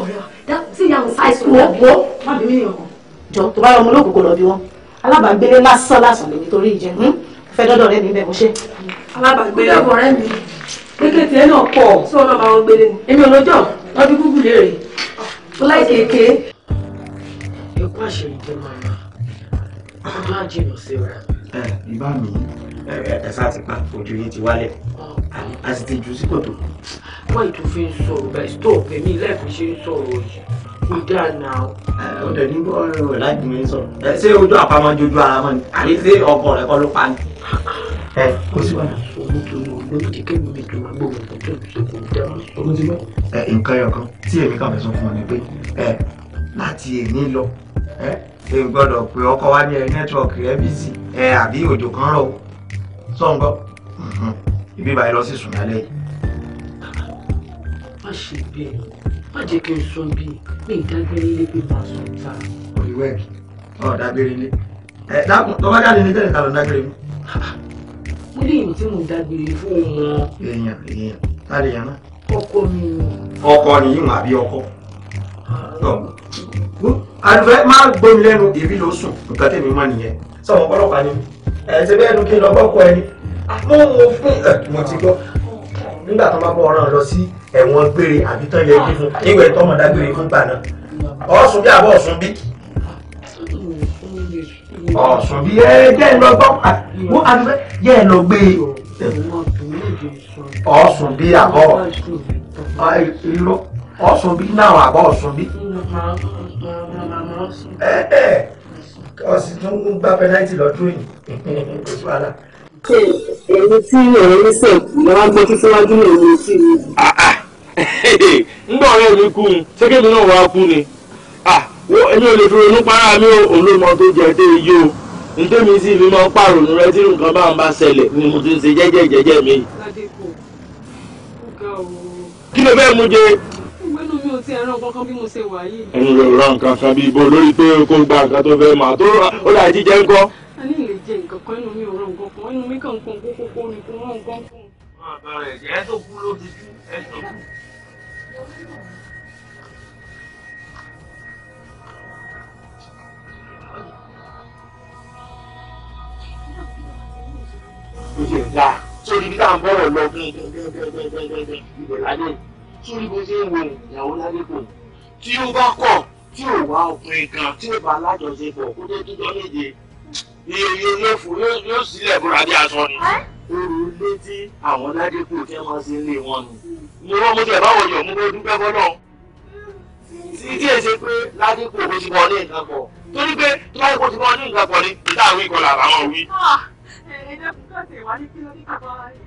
ọ̀rẹ́ wa dákun sí ìyá òun ṣàìsàn wọ́n wọ́n má bí mí nìyàn kan. jọ tó bá yọ ọmọ olókùnkùn lọ bí wọn alábàágbélé lásán lásán lèmi torí ìjẹun hm? fẹ́ dọ́dọ̀ rẹ mi bẹ́ẹ̀ mo ṣe. alábàágbélé ọ̀rẹ́ mi kékeré náà pọ̀ sí ọ̀nà àwọn gbélé ni èmi ọlọ́jọ́ lọ́dún gúgù léèrè ó láì kéèké. ẹkún àṣírí jẹ́ máa ń bá ọdún àjìnà síra ìbá mi ẹ̀sà ti pa ojú yìí ti wálẹ̀ a sì ti jù sí kòtò. wọ́n ìtú fi ń sọ̀rọ̀ bẹ́ẹ̀ stop èmi lẹ́ẹ̀kan ṣe ń sọ̀rọ̀ yìí kò dáa náà. ọ̀dẹ̀ ní bọ́ọ̀lù rẹ̀ láti mi ń sọ̀rọ̀ ẹ ṣé ojú àpamọ́ jojú ara mọ́ ni àbí ṣé ọkọ rẹ̀ kọ́ ló pa ni. ẹ kò sí wàhálà. omi tó mọ omi ti kébì mi tó máa gbóhùn tó tó tó kò dáa. omi ti bọ́. ẹ nǹkan ẹyọ kan tí èmi kàn sọ fún ọ ni pé ẹ láti èmi lọ ẹ ẹ gbọ́dọ̀ pé ọkọ wa ní ẹ nẹ́tíwọ̀kì rẹ bí sí ẹ àbí òjò kan rọ̀ sọ̀ǹgọ́ ibi ìbàyẹ lọ sí sùn lálẹ́ yìí. má ṣe bẹ́ẹ̀ má jẹ́ kí n sọ bí mi ìdágbére ilé bí màá sùn ta. olùwẹ́ẹ̀kì ọ̀ dágbére ilé ẹ dákun tó bá jáde ní tẹ́lẹ̀ ta ló ń dágbére mi. mo ní ìmọ̀ tí mo dágbére fún wọn. èèyàn èèyàn tá lè yàn náà. ọkọ mi ni. ọkọ nìyí wọn àbí ọkọ. Ah àlùfẹ́ má gbómi lẹ́nu èmi ló sùn nǹkan tẹ̀mí mọ́ nìyẹn sọ̀rọ̀ ọ̀pọ̀lọpàá ni ẹ̀ ṣe bẹ́ẹ̀ nu kí n lọ bọ́kọ ẹni ah, mo wo fún ẹ̀ eh, mo ti gbọ́ nígbà tó bá bọ́ ọ̀ràn lọ sí ẹ̀wọ̀n gbére àbí tán ilé ẹbí fún ìwé tọmọ dágbére fún gbà náà ọ̀sùn bí àbọ̀ ọ̀sùn bí ọ̀sùn bí ẹ jẹ́ lọ gbọ́ ah, mo àlùfẹ́ yẹ́ ẹ lọ gbé ọ̀sùn bí àbọ̀ ìlú ọ̀sùn bí náà àbọ̀ ọ̀sùn bí. ẹ ẹ ọ̀sìn tún ń gbá pẹ́nàtì lọ́dún yìí kò sí wàhálà. èmi tí ọ̀rẹ́ mi sẹ̀ ni wọ́n gbé títí wájú mi èmi tí mi. ńgbà ah, ah. ọ̀rẹ́ mi kú un ṣékèmí náà wàá kú ni ah, èmi ò lè fi ronú para mi ò olómọ tó jẹ dé iye o ntẹ́mi sì fi máa ń pàrònú rẹ tí nǹkan bá ń bá ṣẹlẹ̀ ni mo ti ń ṣe jẹ́jẹ́ jẹ́jẹ́ mi. kí ló fẹ́ mu jẹ ò tí ẹ rán kankan bí mo ṣe wà yìí. ẹ̀yin ló rán nǹkan kan bí ibo lórí pé kó gba nǹkan tó fẹ́ mà tó rà ó láì jíjẹ ńkọ́. a ní lè jẹ nǹkan kan inú mi ò rán nǹkan kan inú mi kàn ń kó kókó ni kó rán nǹkan kan. bàbá rẹ̀ ẹ tó kú ló ẹ tó kú. ó ṣe ń bọ̀rọ̀ lọ gbìn ìbò ládé sórí bó ṣe ń wo ìyàwó lálébò tí ó bá kọ̀ tí ò wá ọkùnrin kan tí ò bá lájọṣepọ̀ kó tó dúdọ́ méje iye yóò fún yóò sílẹ̀ múra bí aṣọ ni. oru ilé àwọn ládépò tí wọ́n ṣe lé wọn nù mo rán mo tẹ̀ báwo yọ̀ mú kó dúpẹ́ bọ́lọ̀ títí èsè pé ládépò kò ti wọlé nǹkan pọ̀ torí pé tó bá yẹ kó ti wọlé nǹkan pọ̀ ni ìta ìkọlà làwọn wí. ẹ ẹ dẹ́kun káàtì ìwádìí kí ló ní kí wọ́n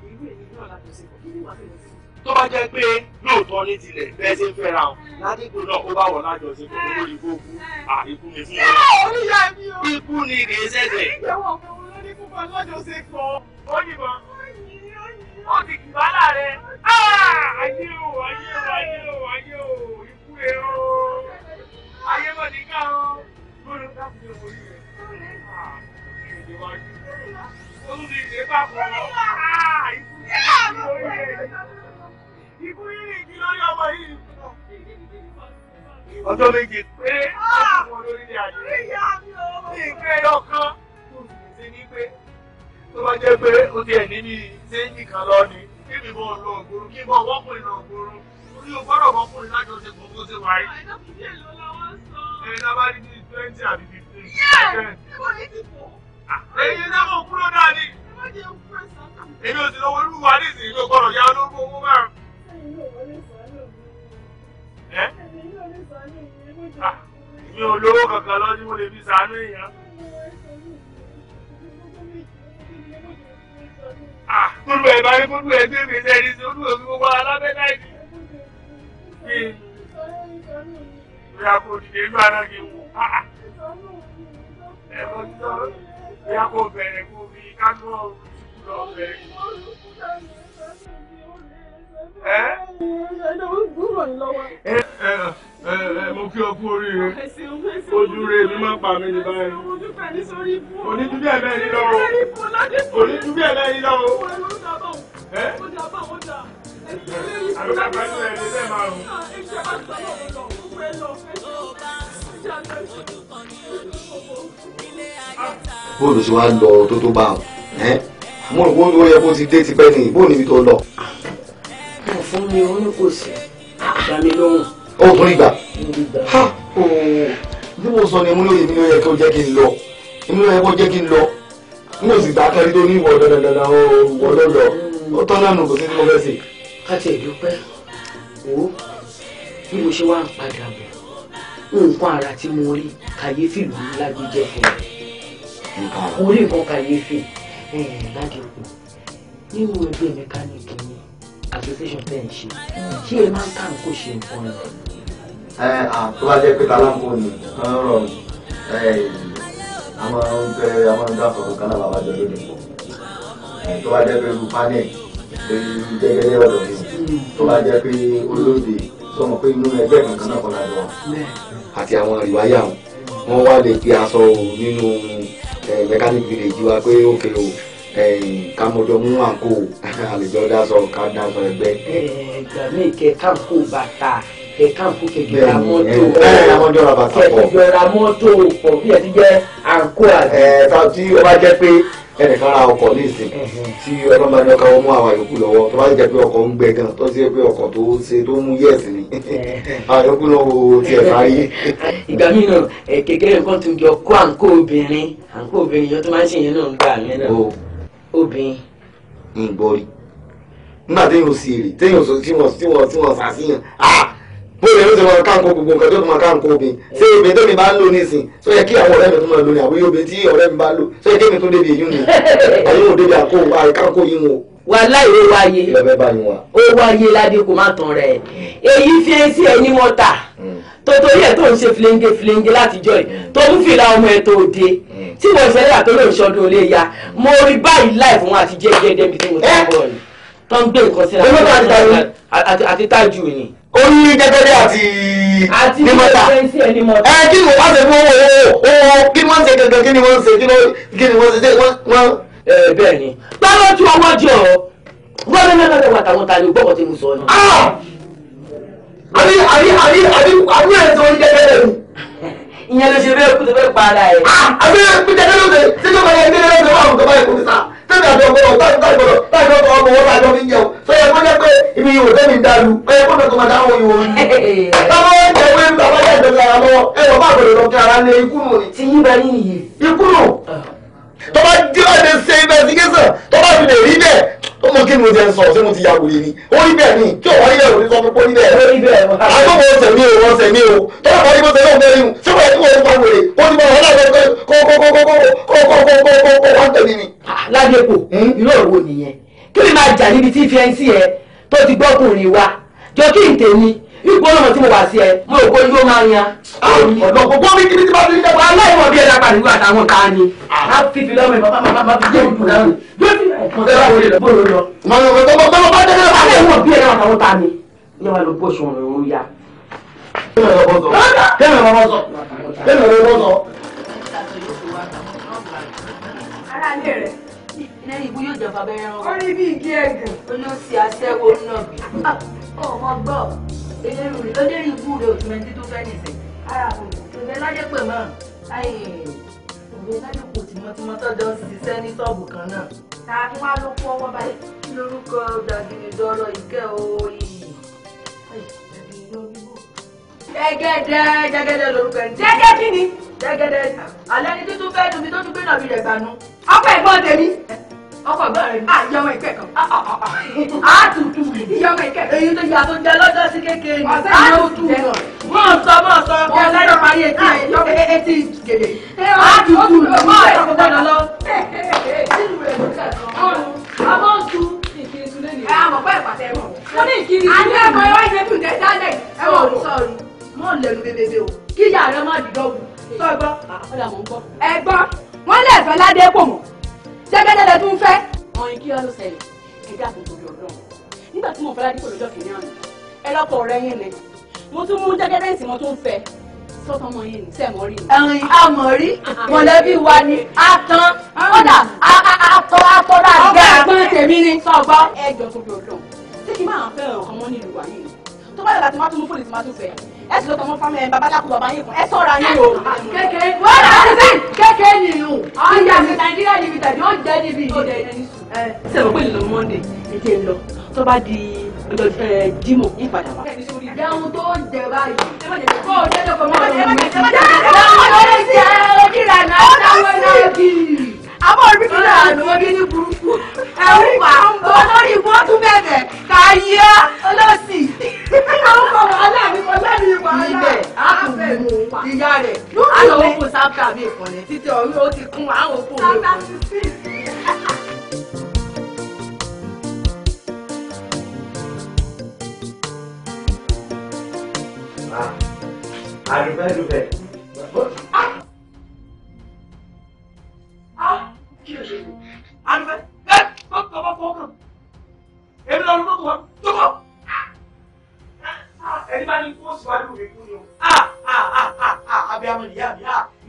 tó bá jẹ́ pé lóòótọ́ ní tilẹ̀ bẹ́ẹ̀ ṣe ń fẹ́ra o ládìgbò náà ó bá wọ̀ lájọ ṣe kò lórí ikú òkú àìkú mi fún ọ. ikú ni kì í ṣẹ̀ṣẹ̀. ìyàwó ọ̀gbìn wọn ló ní kú bá lájọṣe pọ̀ ó yìnbọn ó ti kì bálà rẹ̀ ayé o ayé o ayé o ayé o ikú ẹ o ayé mọ̀ ní ká o gbọ́dọ̀ dákú ní orí rẹ̀ ó tún ti ṣe é bá pọ̀ ọ́ ikú ẹ o ikú yìí kí lórí ọmọ ọjọ́ méje pé ọmọ ah! lórí ayé ní ìpè ọkàn tó sì ṣe ní pé tó bá jẹ́ pé ó ti ẹ̀ ní ní séjì lọ ni kí ni lọ ògbóró kí mo wọ́pọ̀ ìlọ ògbóró orí o gbọ́dọ̀ wọ́pọ̀ lájọṣepọ̀ bó ṣe wáyé. ẹ̀ẹ́dá bá ní ní twenty àbí fifteen. yẹ́ẹ̀ náà mo kúrò náà ni èmi ò sì lọ́wọ́ olúwa nísìnyí ló gbọ́dọ̀ yá ológun owó márùn Ah, mi ò lówó kankan lọ ni mo lè fi ṣàánú èèyàn. Ah, gbogbo ẹ̀ bá rí gbogbo ẹ̀ gbé mi sẹ́ni sí olúwo mi gbogbo alábẹ́ náà ni. ìyá kò dìde inú àná kí n wò. Ah, ẹ mọ sí sọ ìyá kò bẹ̀rẹ̀ kó fi ká gbọ́ òun lọ bẹ̀rẹ̀ mo kí ọ kú oríire ojú rẹ mi máa pa mí ní báyìí onídùú bí ẹ̀bẹ̀ yìí lọ́wọ́ onídùú bí ẹ̀bẹ̀ yìí lọ́wọ́ àlùkàgbà ní ẹni bẹ́ẹ̀ máa rùn. bóòlù tí wàá lọ tó tó bá wọn mo rò pé ó yẹ kó ti dé tipẹ́ nìyí bóòlù ibi tó lọ kò fún mi ó ní kò sí dání lóhùn. ó tún ìgbà bí mo sọ ni mo lóye mi ló yẹ kó jẹ́ kí n lọ mi ló yẹ kó jẹ́ kí n lọ n ò sì gbà kárí tó ní ìwọ dandandandan ó wọ lọ́lọ́ ó tán náà nù kó sí tí mo fẹ́ sè. ká tiẹ̀ dúpẹ́ wò ó bí mo ṣe wá ń padà bọ̀ nǹkan ara tí mo rí kàyéfì ló ń lágbèjẹ fún mi orí nǹkan kàyéfì ẹ̀ẹ́dàgẹ̀kọ̀ nínú ẹgbẹ́ mẹkáníìkì mi conversation tẹ́ ń ṣe ṣé ẹ máa ń ká nǹkó ṣe nǹkan rẹ. ẹ àtọ́ ajẹ́ pé kálákùn ni wọ́n rọ̀ a máa ń fẹ́ a máa ń dá àfọ̀kọ́ kan náà bàbá jọ lónìí pọ̀ tó bá jẹ́ pé irú panel lórí jẹ́gẹ́dẹ́ ọ̀dọ̀ mi tó bá jẹ́ pé olóde tó mọ̀ pé inú ẹgbẹ́ kankan náà kọ́ la jọ àti àwọn ìwáyà wọn wá lè pe aṣọ nínú mechanic village wa pé ó kéré o kámọjọ mú àǹkó àlejò dáṣọ ká dáṣọ ẹgbẹ́. gàmí kẹ káǹkó bàtà kẹ káǹkó kẹjọ ra mọ́tò kẹjọ ra mọ́tò pọ̀ bí ẹ ti jẹ́ àǹkó àti. ẹ ta tí ó bá jẹ́ pé ẹnìkan ra ọkọ̀ ní ìsìn tí ọlọ́mọ ẹni ọkọ̀ wọn mú àwọn àyòkù lọ́wọ́ tó bá jẹ́ pé ọkọ̀ ń gbẹ gan tó sì pé ọkọ̀ tó ṣe tó mú yẹ́ẹ̀sì ni àyòkù náà wo tiẹ̀ fáyé. ìgbà mìíràn kékeré nǹkan tó jọ kó àǹkó obìnrin àǹkó obìnrin yẹn tó máa ń ṣèyẹn náà ń gbà mí náà obìnrin. ń gbọ́ rí nígbà téèyàn sì èrè téèyàn sọ tí wọ́n tí wọ́n tí wọ́n ṣàṣìyàn bóyá ló ti máa káńkó gbogbo nǹkan tó máa káńkó obìnrin ṣé obìnrin tó mi bá ń lò nísìn tó yẹ kí àwọn ọ̀rẹ́ mi tó máa lò ní àwòyé obìnrin tí ọ̀rẹ́ mi bá lò tó yẹ kí èmi tó débi èyí nù àyè ò débi àkó àríkáńkó yìí wọn. wàláhì ó wáyé ó wáyé ládé kò má tán rẹ̀ èyí fi ẹ́ sí ẹ ní mọ́tà hmm tó tó yẹ tó ń ṣe filenge filenge látijọ́ yìí tó ń fìlà ọmọ ẹ̀ tó dé mm. tí mo ṣe nígbà tó lè ṣọdún olè ya mm. mo rí báyìí láì fún wọn àti jẹ́ jẹ́ débi tí mo ti bọ̀ eh? ni tó ń gbé nǹkan síra àti tájú ni. ó ní jẹgẹdẹ àti nímọta ẹ kí ni wọ́n ṣe fún owó owó kí wọ́n ṣe gẹ́gẹ́ kí ni wọ́n ṣe eh, kí ni wọ́n ṣe wọ́n. ẹ bẹ́ẹ̀ ni báwo tí owó jọ ọ gbọ́dọ̀ mẹ́ta tẹ wà táwọn ta ni gbọ́kọ̀ tí mo sọ ni. Ah! àbí àbí àbí àbí àbí ẹ̀ tó ń jẹ́jẹ́ rẹ̀ mi. ìyẹn ló ṣe bẹ́ẹ̀ kú tó fẹ́ pa ara ẹ̀. àbí ẹ̀ kú jẹ́jẹ́ lóde ṣé tó báyẹn ní ẹ̀rọ ìwà àwùjọ báyìí kò fi sá tẹ́lẹ̀ àti ọgbọ́n ọ̀tá ìgbà ìgbọ̀dọ̀ láti ọgbọ̀n ọgbọ̀n wọn láti ọgbọ̀n ìjẹun tó yẹ kó jẹ́ pé ibi ìwò tẹ́mi dalu ó yẹ kó mẹ́kọ máa dáhùn ìwò yìí. báwo ń jẹ pé bàbá yà ìjọba ara lọ ẹ wọ bá àgbọ̀dọ̀ lọ kí ara lé ikú nù ni. ti yín bá yín nìyẹn. ikú nù. tó bá dé wá lè ṣe investigation tó bá fi lè rí bẹ́ẹ̀ ó mọ kí ti ẹ sọ ṣé mo ti ya wòye ni ó rí bẹ́ẹ̀ ni kí ọ̀wá ilé ìròyìn sọ pé ó rí bẹ́ẹ̀. ó rí bẹ́ẹ̀ wọn. àtọ́wọ́ ọ̀sẹ̀ mi ò wọ́n ọ̀sẹ̀ mi ò tọ́lá bá yíbo sẹ́yìn ọ̀gbẹ́rin mu ṣé wọ́n yẹ kí wọ́n wèrè kó ní báwọn ọ̀la lọ kó wọ́n tẹ̀lé ni. ládépò irú òwò nìyẹn kí ni máa jà níbi tí fi ẹ́ ń sí ẹ tó ti gbọ́kùnrin wa jọ kí n tèmi ipò ọlọmọ tí mo wà sí ẹ mo ò kó yóò máa yan. ọ̀dọ̀ gbogbo mi kiri tí bá fi ń dẹ́gbọ́ aláìmọ̀ bí ẹ̀dá pàdé wíwá àtàwọn kan ni. a ah. fi fi lọ́mọ ìbá bá bá fi jẹ́ ìkú náà ni. yóò ti bẹ́ẹ̀ bá wọlé lọ. mo lọ. mo lọ bọ́ bọ́ bọ́ bọ́ dẹ́gbẹ́ bá lè wọ̀ bí ẹ̀dá àtàwọn kan ni. yóò wá lọ bó sùn òun ya. kẹ́mi ọ̀rọ̀ sọ. kẹ́mi ọ̀rọ̀ sọ. aráalé rẹ̀ lẹ́yìn ibú yóò jọba abẹ́rẹ́ wọn. ó rí bí igi ẹ̀gàn. olóòsì aṣẹ́wó náà bí. ọmọ ah, gbọ́ eléru rí lóde rí ibú rẹ òtún ẹni tó fẹ́ nìsín ara kò tòlẹ́ ládépè mọ́ ayé òwe ládépò tìmọ́tìmọ́tọ́ jọ ṣiṣẹ́ ní ṣọ́ọ̀bù kan náà ta kí wọ́n á ló kó ọwọ́ báyìí lórúkọ dàgìrì dọ́lọ́ ìkẹ́ òòyì jẹgẹdẹ jẹgẹdẹ lórúkọ ẹni jẹgẹ kí ni jẹgẹdẹ alẹ́ ni títún fẹ́ dùn mí tó tún gbé nàbí rẹ̀ gbànú ọ̀pọ̀ ẹ̀gbọ́n tèmi ọkọ ìgbà rẹ à yọmọ ìkẹkọọ à tutù yọmọ ìkẹkọọ èyí tó yà tó jẹ lọ́jọ́ sí kékeré ní à tutù náà mọ̀ sọ sọ mọ̀ ẹ̀ kọ́ gbọ́dọ̀ lọ. àmọ́ tu ìkiri sunlé ni. ẹ àmọ̀ pẹ́ ìpàtẹ ẹ̀ mọ̀. mo ní ìkiri sunlé ni. àlẹ́ ẹ̀mọ ìwádìí ẹ̀kú ìjẹ́ sọ ẹ gbọ́ ẹ gbọ́ wọ́n lẹ̀ fẹ́ ládé pò mọ́ ṣẹ́gẹ́dẹ́ lẹ tún fẹ́. ọ̀yin kí ló ṣẹlẹ̀ ẹ dákun torí ọ̀dọ́ nígbà tí mo fẹ́ ládìpọ̀ lọ́jọ́ kìíní àná ẹ lọ́kọ̀ ọ̀rẹ́ yín ni mo tún mú jẹ́gẹ́dẹ́ ìsìn mo tún fẹ́ sọ́tọ̀ ọmọ yẹn ní sẹ́mọ̀ rí. ẹ̀rín àmọ̀ rí mọ̀lẹ́bí wa ni a tán kódà atọ́ atọ́ dáadáa. ọgbà tèmi ni. sọ̀gbọ́ ẹjọ́ torí ọ̀dọ́ tí kì í máa fẹ́ràn ọmọ nílùú wa yìí tó bá yàrá ẹ sì ló tọmọ fámẹ ẹ bàbá dákú bàbá yìí fún ẹ sọra ní o. kékeré wọ́n rà á sí kékeré ni o ìyá mi nàìjíríà níbi tàbí ó jẹ́ níbi ìdíje ẹni sùn. ẹ sẹ́wọ̀n pé lọ monday ètè lọ tó bá di jimo ìpadà wa. ìdáhùn tó ń jẹ báyìí kó o jẹ́ mọ́ ọ̀rọ̀ mi. ìdáhùn tó ń jẹ ojúlànà àtàwọn náà kì í abọ́ orí fi náà ló ní ní burúkú ẹ̀rù pa olórí ibú tún bẹ̀bẹ̀ káyé ọlọ́sì ọkọ̀ aláàbí ọlọ́ni ìwà Ah, ló ṣe fún àlùfẹ́ ẹ má bàbá fọ́ kàn èmi lọ lọ́dún wọn tó bọ̀ ẹni bá ní kó síwájú rẹ Ah, ah, ah, ah, ah. mi ah,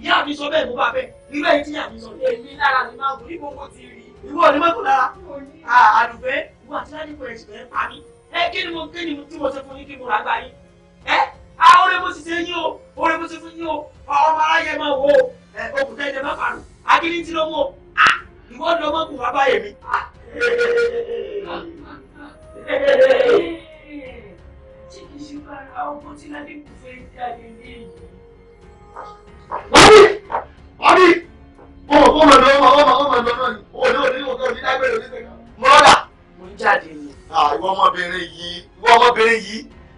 ìyá mi sọ bẹ́ẹ̀ mo bá bẹ́ẹ̀ irú ẹ̀yìn tí ìyá mi sọ ní èmi lára mi máa wò ní gbogbo ti rí ìwọ ni Ah, lára àlùfẹ́ ìwọ àti láti fọ ẹ̀sìn ẹ̀ pa mí ẹ kí ni mo kí ni tí mo ṣe fún yín ah, mo rà gbá yín ẹ àwọn ah, ọ̀rẹ́ mo sì ṣe yín o ọ̀rẹ́ mo sì fún yín o ọmọ aráyé máa wò ó òkùnkẹ́ ẹ̀jẹ̀ má fàánù akíní tí ló mú o ìwọ ni ọmọ kù wá báyè mi. Ah. ṣé kìí ṣe bára ọmọ tí ládé kò fẹ́ ni mo ń ni. Ah, ìwọ ọmọbìnrin yìí ìwọ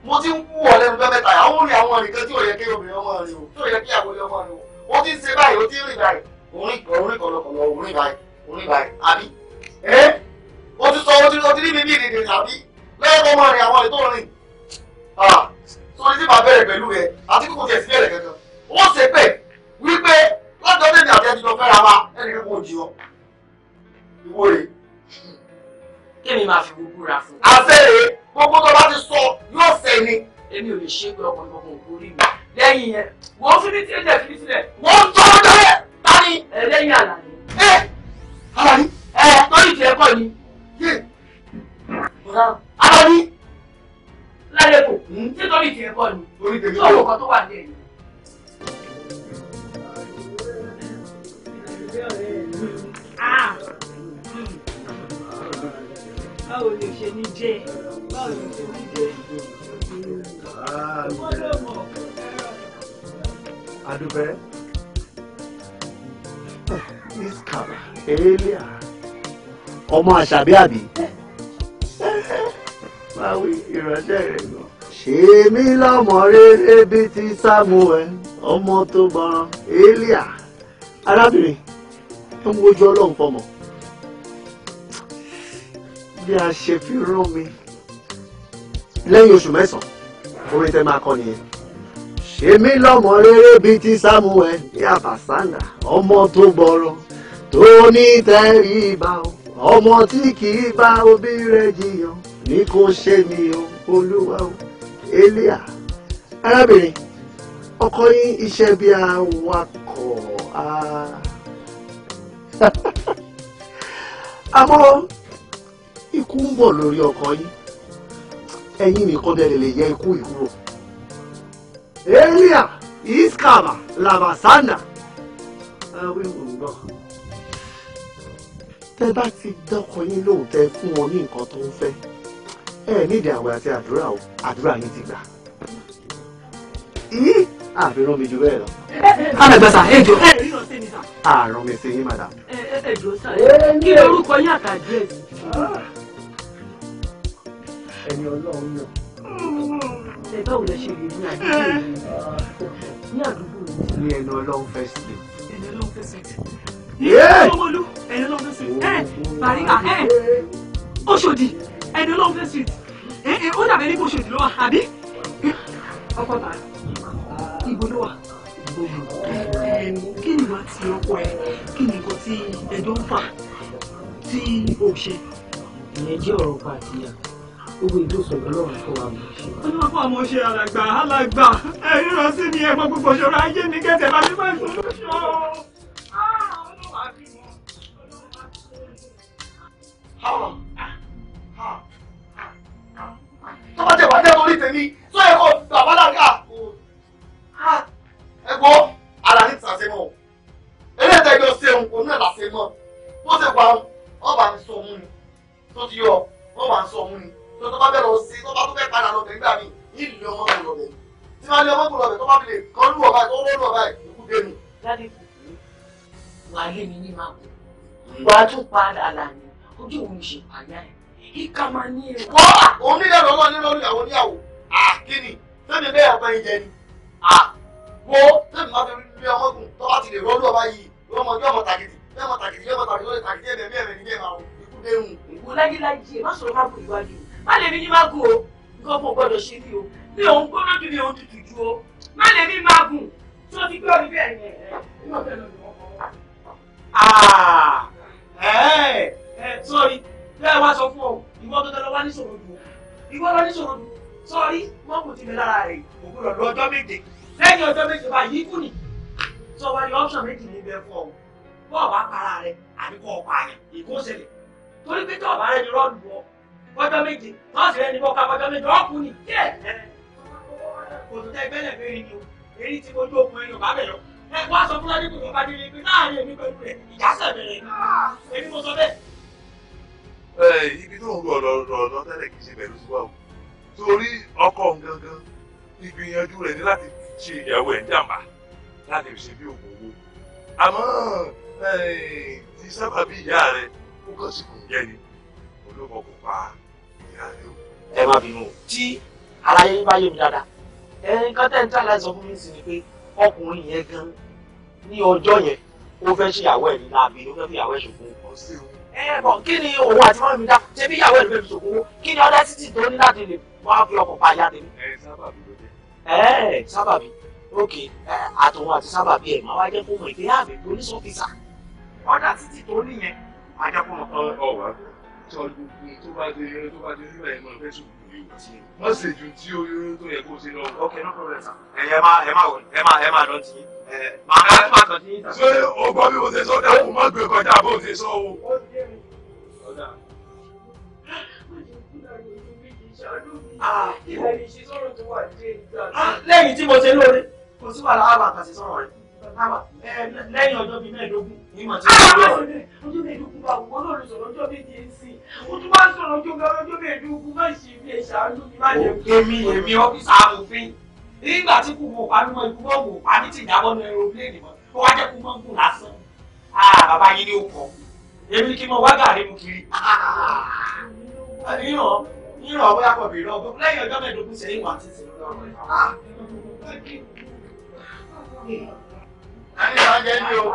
mo ti ń wú ọ lẹ́nu lọ́mẹ́ta àwọn orin àwọn nǹkan tí ò yẹ kí obìnrin ọmọ rìn o tí ò yẹ kí àwọn ọmọ rìn o ti ń ṣe báyìí ti ń rìn orin kọlọkọlọ orin báyìí orin báyìí àbí ẹ o sọ o ti o àbí lẹ́yìn tó máa àwọn ètò rìn sórí tí màá bẹ̀rẹ̀ pẹ̀lú rẹ àti kókò tiẹ̀ sí kankan ó ṣe pé wípé lọ́dọ̀ tèmi àti ẹni lọ fẹ́ra wa ẹni kankan jí ọ ìwọ rẹ. kémi máa fi gbogbo ra fún. àfẹ́rẹ́ gbogbo tó bá ti sọ yóò fẹ́ ni. èmi ò lè ṣe é pé ọkùnrin kankan ò kórìí mi lẹ́yìn yẹn wọ́n fi ní yín. ẹlẹ́yìn àlàyé. ẹ àlàyé. ẹ torí tiẹ̀ kọ́ ni. àlàyé. lálẹ́ kò kún ṣé torí tiẹ̀ kọ́ ni. orí tèmi kọ́. tó o kọ́ tó wà ní ẹ̀yìn. Ah! báwo lè ṣe ní jẹ báwo lè ṣe ní jẹ ah, adúbẹ́ ọmọ àṣàbí àbí máa wí ìránṣẹ́ rẹ̀ lọ. ṣèmi lọ́mọ rere bíi ti samuel ọmọ tó bọ̀ràn elia arábìnrin ẹ ń wojú ọlọ́run fọmọ bí a ṣe fi rán mi lẹ́yìn oṣù mẹ́sàn-án orin tẹ́ máa kọ nìyẹn èmi lọ́mọ rere bíi ti Samuel ní Abasana ọmọ tó gbọ́rọ̀ tó ní tẹríba o ọmọ tí kì bá òbí rẹ̀ jiyàn ní kò ṣe mí o olúwa o elia arábìnrin ọkọ yín iṣẹ́ bí awakọ̀ a àmọ́ ikú ń bọ̀ lórí ọkọ yín ẹ̀yin nìkan dẹ̀ lè yẹ ikú ìkúrò elia iskaba labasana awéwòrán tẹ bá ti dọkọ yín lóhùn tẹ fún wọn ní nǹkan tó ń fẹ́ ẹ nídìí àwẹ̀ àti àdúrà o àdúrà yín ti gbà yìí àfihàn mi jù bẹ́ẹ̀ lọ. alàgbàsà ẹ jọ ẹ rí lọ sí mi sà. àrùn mi sí yín madam. ẹ ẹ jọ sà kí orúkọ yín àtàdé ẹni ọlọ́run náà ẹ báwo lẹ ṣe lè ní àdúgbò eh. ní àdúgbò ní ẹnu ọlọ́run fẹsẹ̀ ẹnu ọlọ́run fẹsẹ̀ ẹnu ọmọlú ẹnu ọlọ́run fẹsẹ̀ ẹ bàríkà ẹ Ọ̀ṣọ́dì ẹnu ọlọ́run fẹsẹ̀ ẹ ẹ ó dàbẹ níbo Ọ̀ṣọ́dì ló wà àbí ọkọ bàá ibo ló wà eh, kí ni wàá ti ọkọ ẹ kí ni nǹkan tí ẹjọ́ ń fà tí o ṣe. ìyẹn jẹ́ ọ̀rọ̀ pa gbogbo ìjọsìn ọlọ́run fún wa mọ̀ ṣe. ọlọ́run ṣe alàgbà alàgbà ẹ ríran sí ni ẹ̀gbọ́n gbogbo ṣọ́ra ayé mi kẹ́tẹ̀ bá mi máa sọ lóṣù tọ́ba tẹ̀ yọ sẹ́hun òun náà ń sọ mú mú ni tó bá bẹ̀rẹ̀ sí tó bá tó fẹ́ padà lọ bẹ̀ nígbà mi yìí lè ọmọ kò lọ bẹ̀ tí wọ́n lé ọmọ kò lọ bẹ̀ tó bá fi lè kọ́ lù ọ̀bá tó rọ́ lù ọ̀bá ìkú dé mi. jáde kò pé wàá lé mi ní màbò wàá tún pa àlàní ojú òun ṣe pàyà ẹ̀ kíkà máa ní ewu. wọ́n à òun nílẹ̀ lọ́wọ́ nínú ìyàwó níyàwó àkíní sẹ́mi bẹ́ẹ̀ ọmọ ìjẹ ni wo sẹ́mi máa fi rí ọmọkùn tó bá ti lè rọ́ọ̀lù ọba yìí lọ́mọ ọjọ́ ọmọ tàkìtì lọ́mọ tàkìtì lọ́mọ tàkìtì lọ́mọ tàkìtì ẹ̀mẹ̀mí ẹ̀mẹ̀ nígbẹ̀ẹ́ máa wọ ikú dé hùn. ìwúláyé láyé má sọ̀rọ̀ má bù ìwádìí má lè mi ní má gùn o nǹkan mo gbọ́dọ̀ ṣe bí o mi ò ń gbóná ju mi ò ń tutù ju o má lè mi má gùn tó ti gbọ́ mi bẹ́ẹ̀ yẹn ẹ̀ ẹ̀ ní ọ̀tẹ̀ lọ́dún wọn kọ́ ẹ ẹ ah, sọrí bẹ́ẹ̀ wá sọ fún ọ ìwọ tó tẹ́lẹ̀ wá níṣòro dùn ìwọ lọ níṣòro dùn sọrí wọn kò ti bẹ lára rẹ òkú lọ ọjọ́ méje lẹ́yìn ọjọ́ méje bá yìí kù ní sọ wá ní option méjì ní ibẹ̀ fún ọ bọ́ọ̀ bá para rẹ àbí kọ́ ọ̀pá yẹn ìkó torí pé tọ́ọ̀bá rẹ ni rọ́ọ̀lù wọ ọjọ́ méje tọ́sí rẹ ní bọ́ ká ọjọ́ méje ọ̀kú ni díẹ̀ kò tó tẹ́ gbẹ́lẹ̀ fẹ́ rí ni o èyí tí mo jó okùnrin yorùbá bẹ̀ lọ ẹ wá sọ fúlàní kò tó bá délé pé láàrin èmi pẹ̀lú rẹ̀ ìjásẹ̀ bẹ̀rẹ̀ èmi mo sọ bẹ́ẹ̀. ẹ ibi tó ń lọ lọ́dọ̀ tẹ́lẹ̀ kì í ṣe pẹ̀lú tiwa o torí ọkọ gangan ìgbìyànjú rẹ̀ ní láti ṣe ìyàwó ẹ̀ jàǹbá láti ṣe bí òkú owó àmọ́ ti sábà bí ìyá rẹ̀ ó kàn sí kò ń jẹ́ ni olóko kò pa á ẹ má bínú tí ara bá yé mi dáadáa ẹ nǹkan tẹ́ ń tà láti fún mi sí ni pé ọkùnrin yẹn gan ní ọjọ́ yẹn ó fẹ́ ṣe ìyàwó ẹ̀ nínú àbí ó fẹ́ fi ìyàwó ẹ̀ ṣògùn ẹ bọ̀ kí ni òun àti mọ́mí dá ṣe bí ìyàwó ẹ̀ ló fẹ́ fi ṣògùn owó kí ni ọdẹ títì tó ní láti lè wá fi ọkọ̀ pa ìyá tèmi. ẹ sábàbí ló dé. ẹ sábàbí ok àtòun àti sábàbí ẹ tọ́ gbogbo tó bá di irun tó bá di irun ẹ̀ mọ̀ tó gbogbo wọ́n sì ju tí oyún tó yẹ kó ti lọ. ok no problem sir. ẹ̀yin ẹ ẹ máa wọlé ẹ máa ẹ máa dán màá ká má tọ́ tiyín. ṣé o gbọ́ bí mo ṣe sọ dáàbò má gbé kọjá bó ṣe sọ o. Ah, lẹ́yìn tí mo ṣe lóore kò sí wàhálà àbàkàṣe sọ̀rọ̀ rẹ̀ lẹ́yìn ọjọ́ bíi mẹ́ẹ̀ẹ́dógún ìmọ̀ tí wọ́n lọ. ọjọ́ mẹ́ẹ̀ẹ́dógún bá wọ́n lọ́ọ́ sọ̀rọ̀ ọjọ́ méje sí i ó tún bá sọ̀rọ̀ ọjọ́ ọjọ́ mẹ́ẹ̀ẹ́dógún má ṣe bí ẹ̀ṣà ló fi má jẹ. èmi èmi ọ́fíìsì amòfin nígbà tí kò mọ̀ pàdé mọ́ ikú bọ́ọ̀mù pàdé ti jábọ́ ní aeroplane mọ́ ó wá jẹ́ kó mọ́ gùn lásán. Ah, bàbá yín ni ó kọ̀ èmi kí n mọ wá gàrí mu kiri. ìrọ̀ ah, ìrọ̀ bóyá pọ̀ bèrè ọgbọ́n lẹ́yìn ọjọ́ mẹ́ẹ̀ẹ́dógún sẹ́yìn wà títí. Ah, ẹni ìrọ̀ jẹ́ o.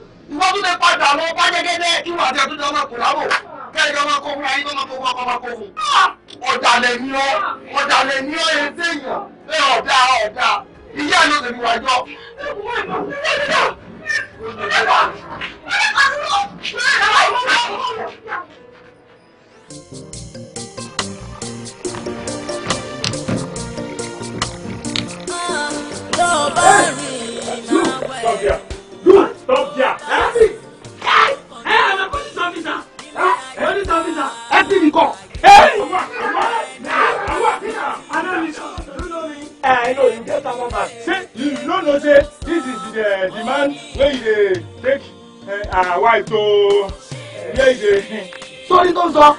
ìwọ tún lè padà lọ bá jẹgẹdẹ kí wọn àti ẹtúndà ọmọ kò lábò kẹrin ọmọ kò fún ayé ọmọ kò fún ọmọ kò fún. Ah! ọ̀dàlẹ̀ ni ọ́ ọ̀dàlẹ̀ ni ọ́ yẹn téèyàn ẹ ọ̀dà ọ̀dà ìyá ló lè mú àjọ. Thank you. lọ bá rìn náà wẹ̀. Hey, I'm a police officer. Police officer. That's it, Nicole. I know you. You know I know you. Get that man. Say, you don't know say this is the uh, the man you take uh, wife to uh, where you. Sọ́rí tó ń sọ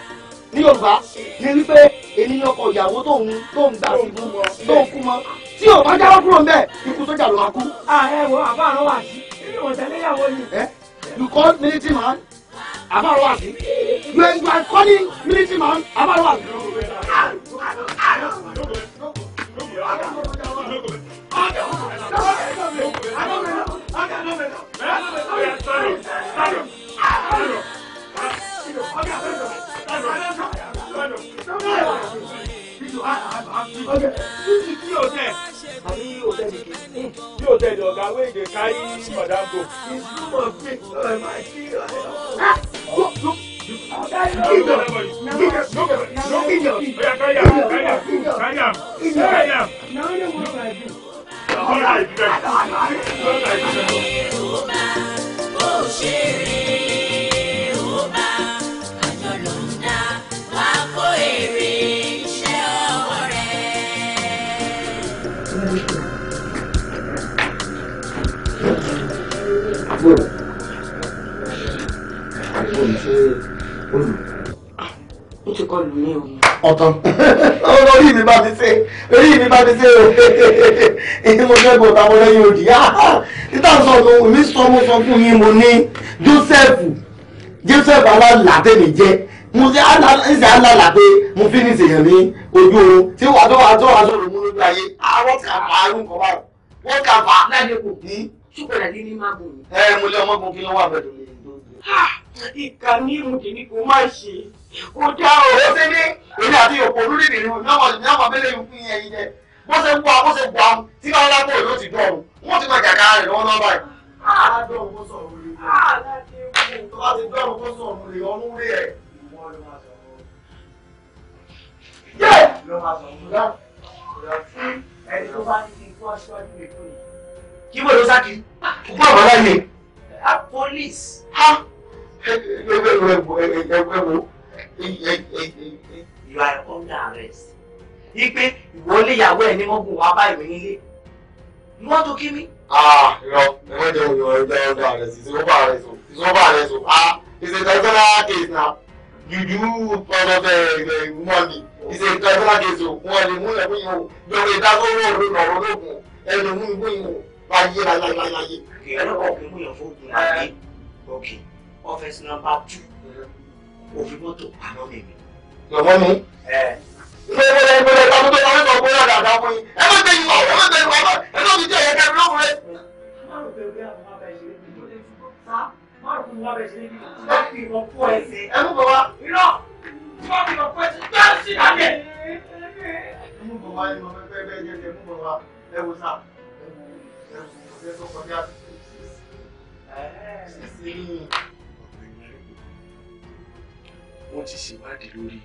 ní Yorùbá ni wípé ènìyàn kọ ìyàwó tóun tóun gbà sí fún tóun kú mọ́ tí o bá jáwọ́ kúrò mbẹ́ ikú sójà ló máa kú. ẹ wo àbá àrọ wà sí nínú ọ̀tẹ̀lẹ́yàwó ni. ẹ you call military man àbá àrọ wà sí you are you are calling military man àbá àrọ wà sí. Thank you àti ọ̀dẹ̀ kí ọ̀dẹ̀ àbí ọ̀dẹ̀ nìkan kí ọ̀dẹ̀ ni ọ̀gá wey dey carry madam go is too much pay ọ̀ máa kí ọ̀dẹ̀. All right, o ti kọlù mí o. ọ̀tàn orí mi bá ti ṣe orí mi bá ti ṣe o èyí mo fẹ́ bọ̀ táwọn lẹ́yìn òdì ah, ah. títà sọ nù mí sọ mo sọ fún yín mo ní Joseph Joseph alálàtẹ̀mí jẹ́ mo ṣe ṣe alálà pé mo fi ní ṣèyàn ní ojú oorun tí wàá tó wàá tó wàá sọ̀rọ̀ mú lójú ayé àwọn kà fà á lóko báyìí wọ́n kà fà á. láti kò bí ṣùgbọ́n ẹ̀dín ní má bò mí. ẹ mo lé ọmọ gun kí ló wà bẹ́ẹ̀ ìkà ní ìmùdí ni kò má ṣe kò dá o. ó ti ní èmi àti òkò lórí ìrìn náà náà máa bẹ́lẹ̀ ìlú fún ẹyin jẹ bó ṣe ń wá bó ṣe gbà ọ́n tí káwọn lápò yóò ti dọ̀rùn wọ́n ti máa jàkà rẹ̀ lọ́wọ́ lọ́wọ́ báyìí. àádọ́rùn kó sọ̀rọ̀ rẹ̀ tó bá ti dọ̀rùn kó sọ̀rọ̀ rẹ̀ ọ̀run rí ẹ̀. kí wọ́n lọ sákì gbọ́ ọ̀rọ̀ láyé. A police. you are under arrest. ipe ìwọ lé ìyàwó ẹ ní wọn gùn wá bá ìwé nílé you want to kill me. ah irọ́ ẹ má jẹun ìwọ ẹ jẹ under arrest it's over arrest oh. it's over arrest oh. ah it's a personal case now you do part of the the money it's a personal case o oh. wọn lè mú ẹkún yìí o lọ́wọ́ ìdásọ́wọ́ òru nọ̀rọ̀ lóògùn ẹ lè mú ìgbóyin o láyé láyé láyé ẹ̀rọ ọ̀gbìn mú yàn fóògùn àbí ọ̀kì ọ̀fẹ́sì nọ́mbà tù òfin mọ́tò àná mi. lọ́mọ mi. gbẹgbẹrẹ gbẹgbẹrẹ ìgbà gbogbo ìgbà gbogbo ìgbà dàgbà fún yín ẹ má gbẹ̀yìn wọ ẹ má gbẹ̀yìn wọ ẹ má mi jẹ ẹyẹ kẹrin lọkùnrin. má rò pé bóyá mo má bẹ ṣe é bí mo lè fún ọ sá má rò pé mo má bẹ ṣe é bí mo lè fi ìwọ̀n fún ẹsẹ̀ ẹ mú bọ̀ wá. irọ́ má fi ìwọ̀n fún ẹsẹ̀ gbá sí ìdájẹ́. ẹ mú bọ̀ wá ẹ mú bọ̀ wá wọ́n ti ṣèwádìí lórí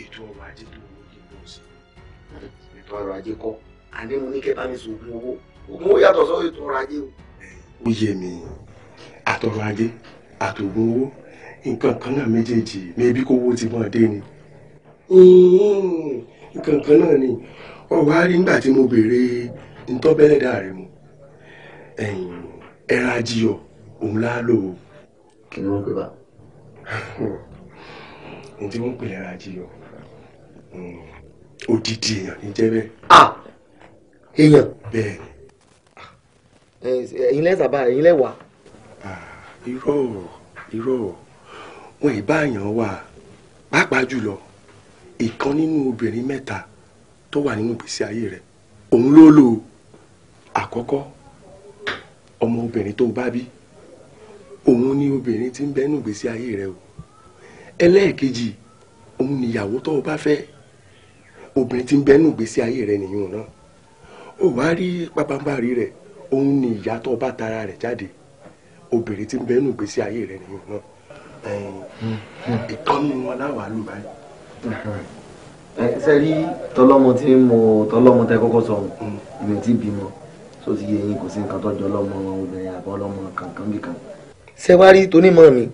ètò ọrọ̀ ajé tó wọ́n yé bọ́ sí. ètò ọrọ̀ ajé kọ́ àní mo ní kẹ́ bá mi sọ oògùn owó oògùn owó yàtọ̀ sọ ètò ọrọ̀ ajé o. ó yé mi àtọrọ̀ ajé àtògùn owó nǹkan kan náà méjèèjì mébí kówó ti mọ̀ dé ni nǹkan kan náà ni ọ̀rọ̀ wa rí nígbà tí mo béèrè ntọ́bẹ́lẹ́dà rẹ̀ mu ẹran ajiyọ òun láá lò ó. kí ni wọ́n pè bá. ní tí wọ́n pè lẹ́ran ajiyọ hmm, odidi èèyàn ní jẹ́ bẹ́ẹ̀. a èèyàn. bẹ́ẹ̀ ni. ẹ̀yin lẹ́ sábà ẹ̀yin lẹ́ wà. irọ́ irọ́ wọn ì bá èèyàn wà pàápàá jùlọ ìkan nínú obìnrin mẹ́ta tó wà nínú ìgbésí ayé rẹ̀ òun ló lò àkọ́kọ́ ọmọ obìnrin tó bá bí òun ni obìnrin tí ń bẹ́nu gbèsè ayé rẹ o ẹlẹ́ẹ̀kejì òun nìyàwó tó o bá fẹ́ obìnrin tí ń bẹ́nu gbèsè ayé rẹ nìyẹn náà o wá rí pápánbárì rẹ òun ni ìyá tó o bá tara rẹ jáde obìnrin tí ń bẹ́nu gbèsè ayé rẹ nìyẹn náà ìtọ́nu wọn láwàá lù báyìí. ẹ ṣe rí tọlọ́mọ tí mo tọlọ́mọ tẹ kọ́kọ́ sọ hmm. mi ò tí bímọ tó ti yé yín kò sí nǹkan tọ́jú ọlọ́mọ obìnrin àbọ̀ ọlọ́mọ kankan bí kan. sẹ́wárí tóní mọ́ mi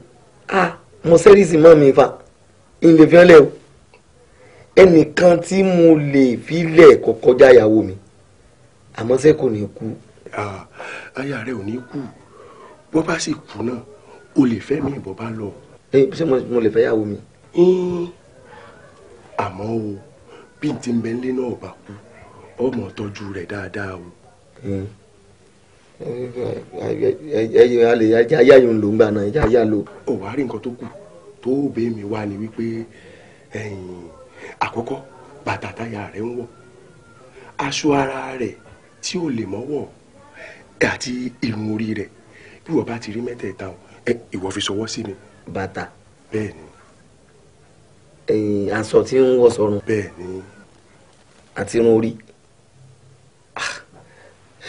a ah, mo sẹ́rìsì mọ́ mi fa ilé fiọ́lẹ̀ o ẹnìkan tí mo lè fi lẹ̀ kọ́ kọjá ìyàwó mi àmọ́ sẹ́ kò ní kú. aya rẹ ò ní kú bó bá sì kú náà o lè fẹ́ mi bó bá lọ. ṣé mo lè fẹ́ ìyàwó mi. àmọ́ o bí n ti ń bẹ nílé náà bá kú ọmọ tọ́jú rẹ̀ dáadáa o ayé ayé ń lò ń gbà náà ayé ayé lò. ò wá rí nǹkan tó kù tó bẹ mi wá ni wípé àkọ́kọ́ bàtà táyà rẹ̀ ń wọ̀ aṣọ ara rẹ̀ tí ò lè mọ́wọ́ àti irun orí rẹ̀ bí wọ́n bá ti rí mẹ́tẹ̀ẹ̀ta o ìwọ fi ṣọwọ́ sí mi. bàtà. bẹ́ẹ̀ ni. aṣọ tí ń wọ̀ sọ́run. bẹ́ẹ̀ ni. àti irun orí. ah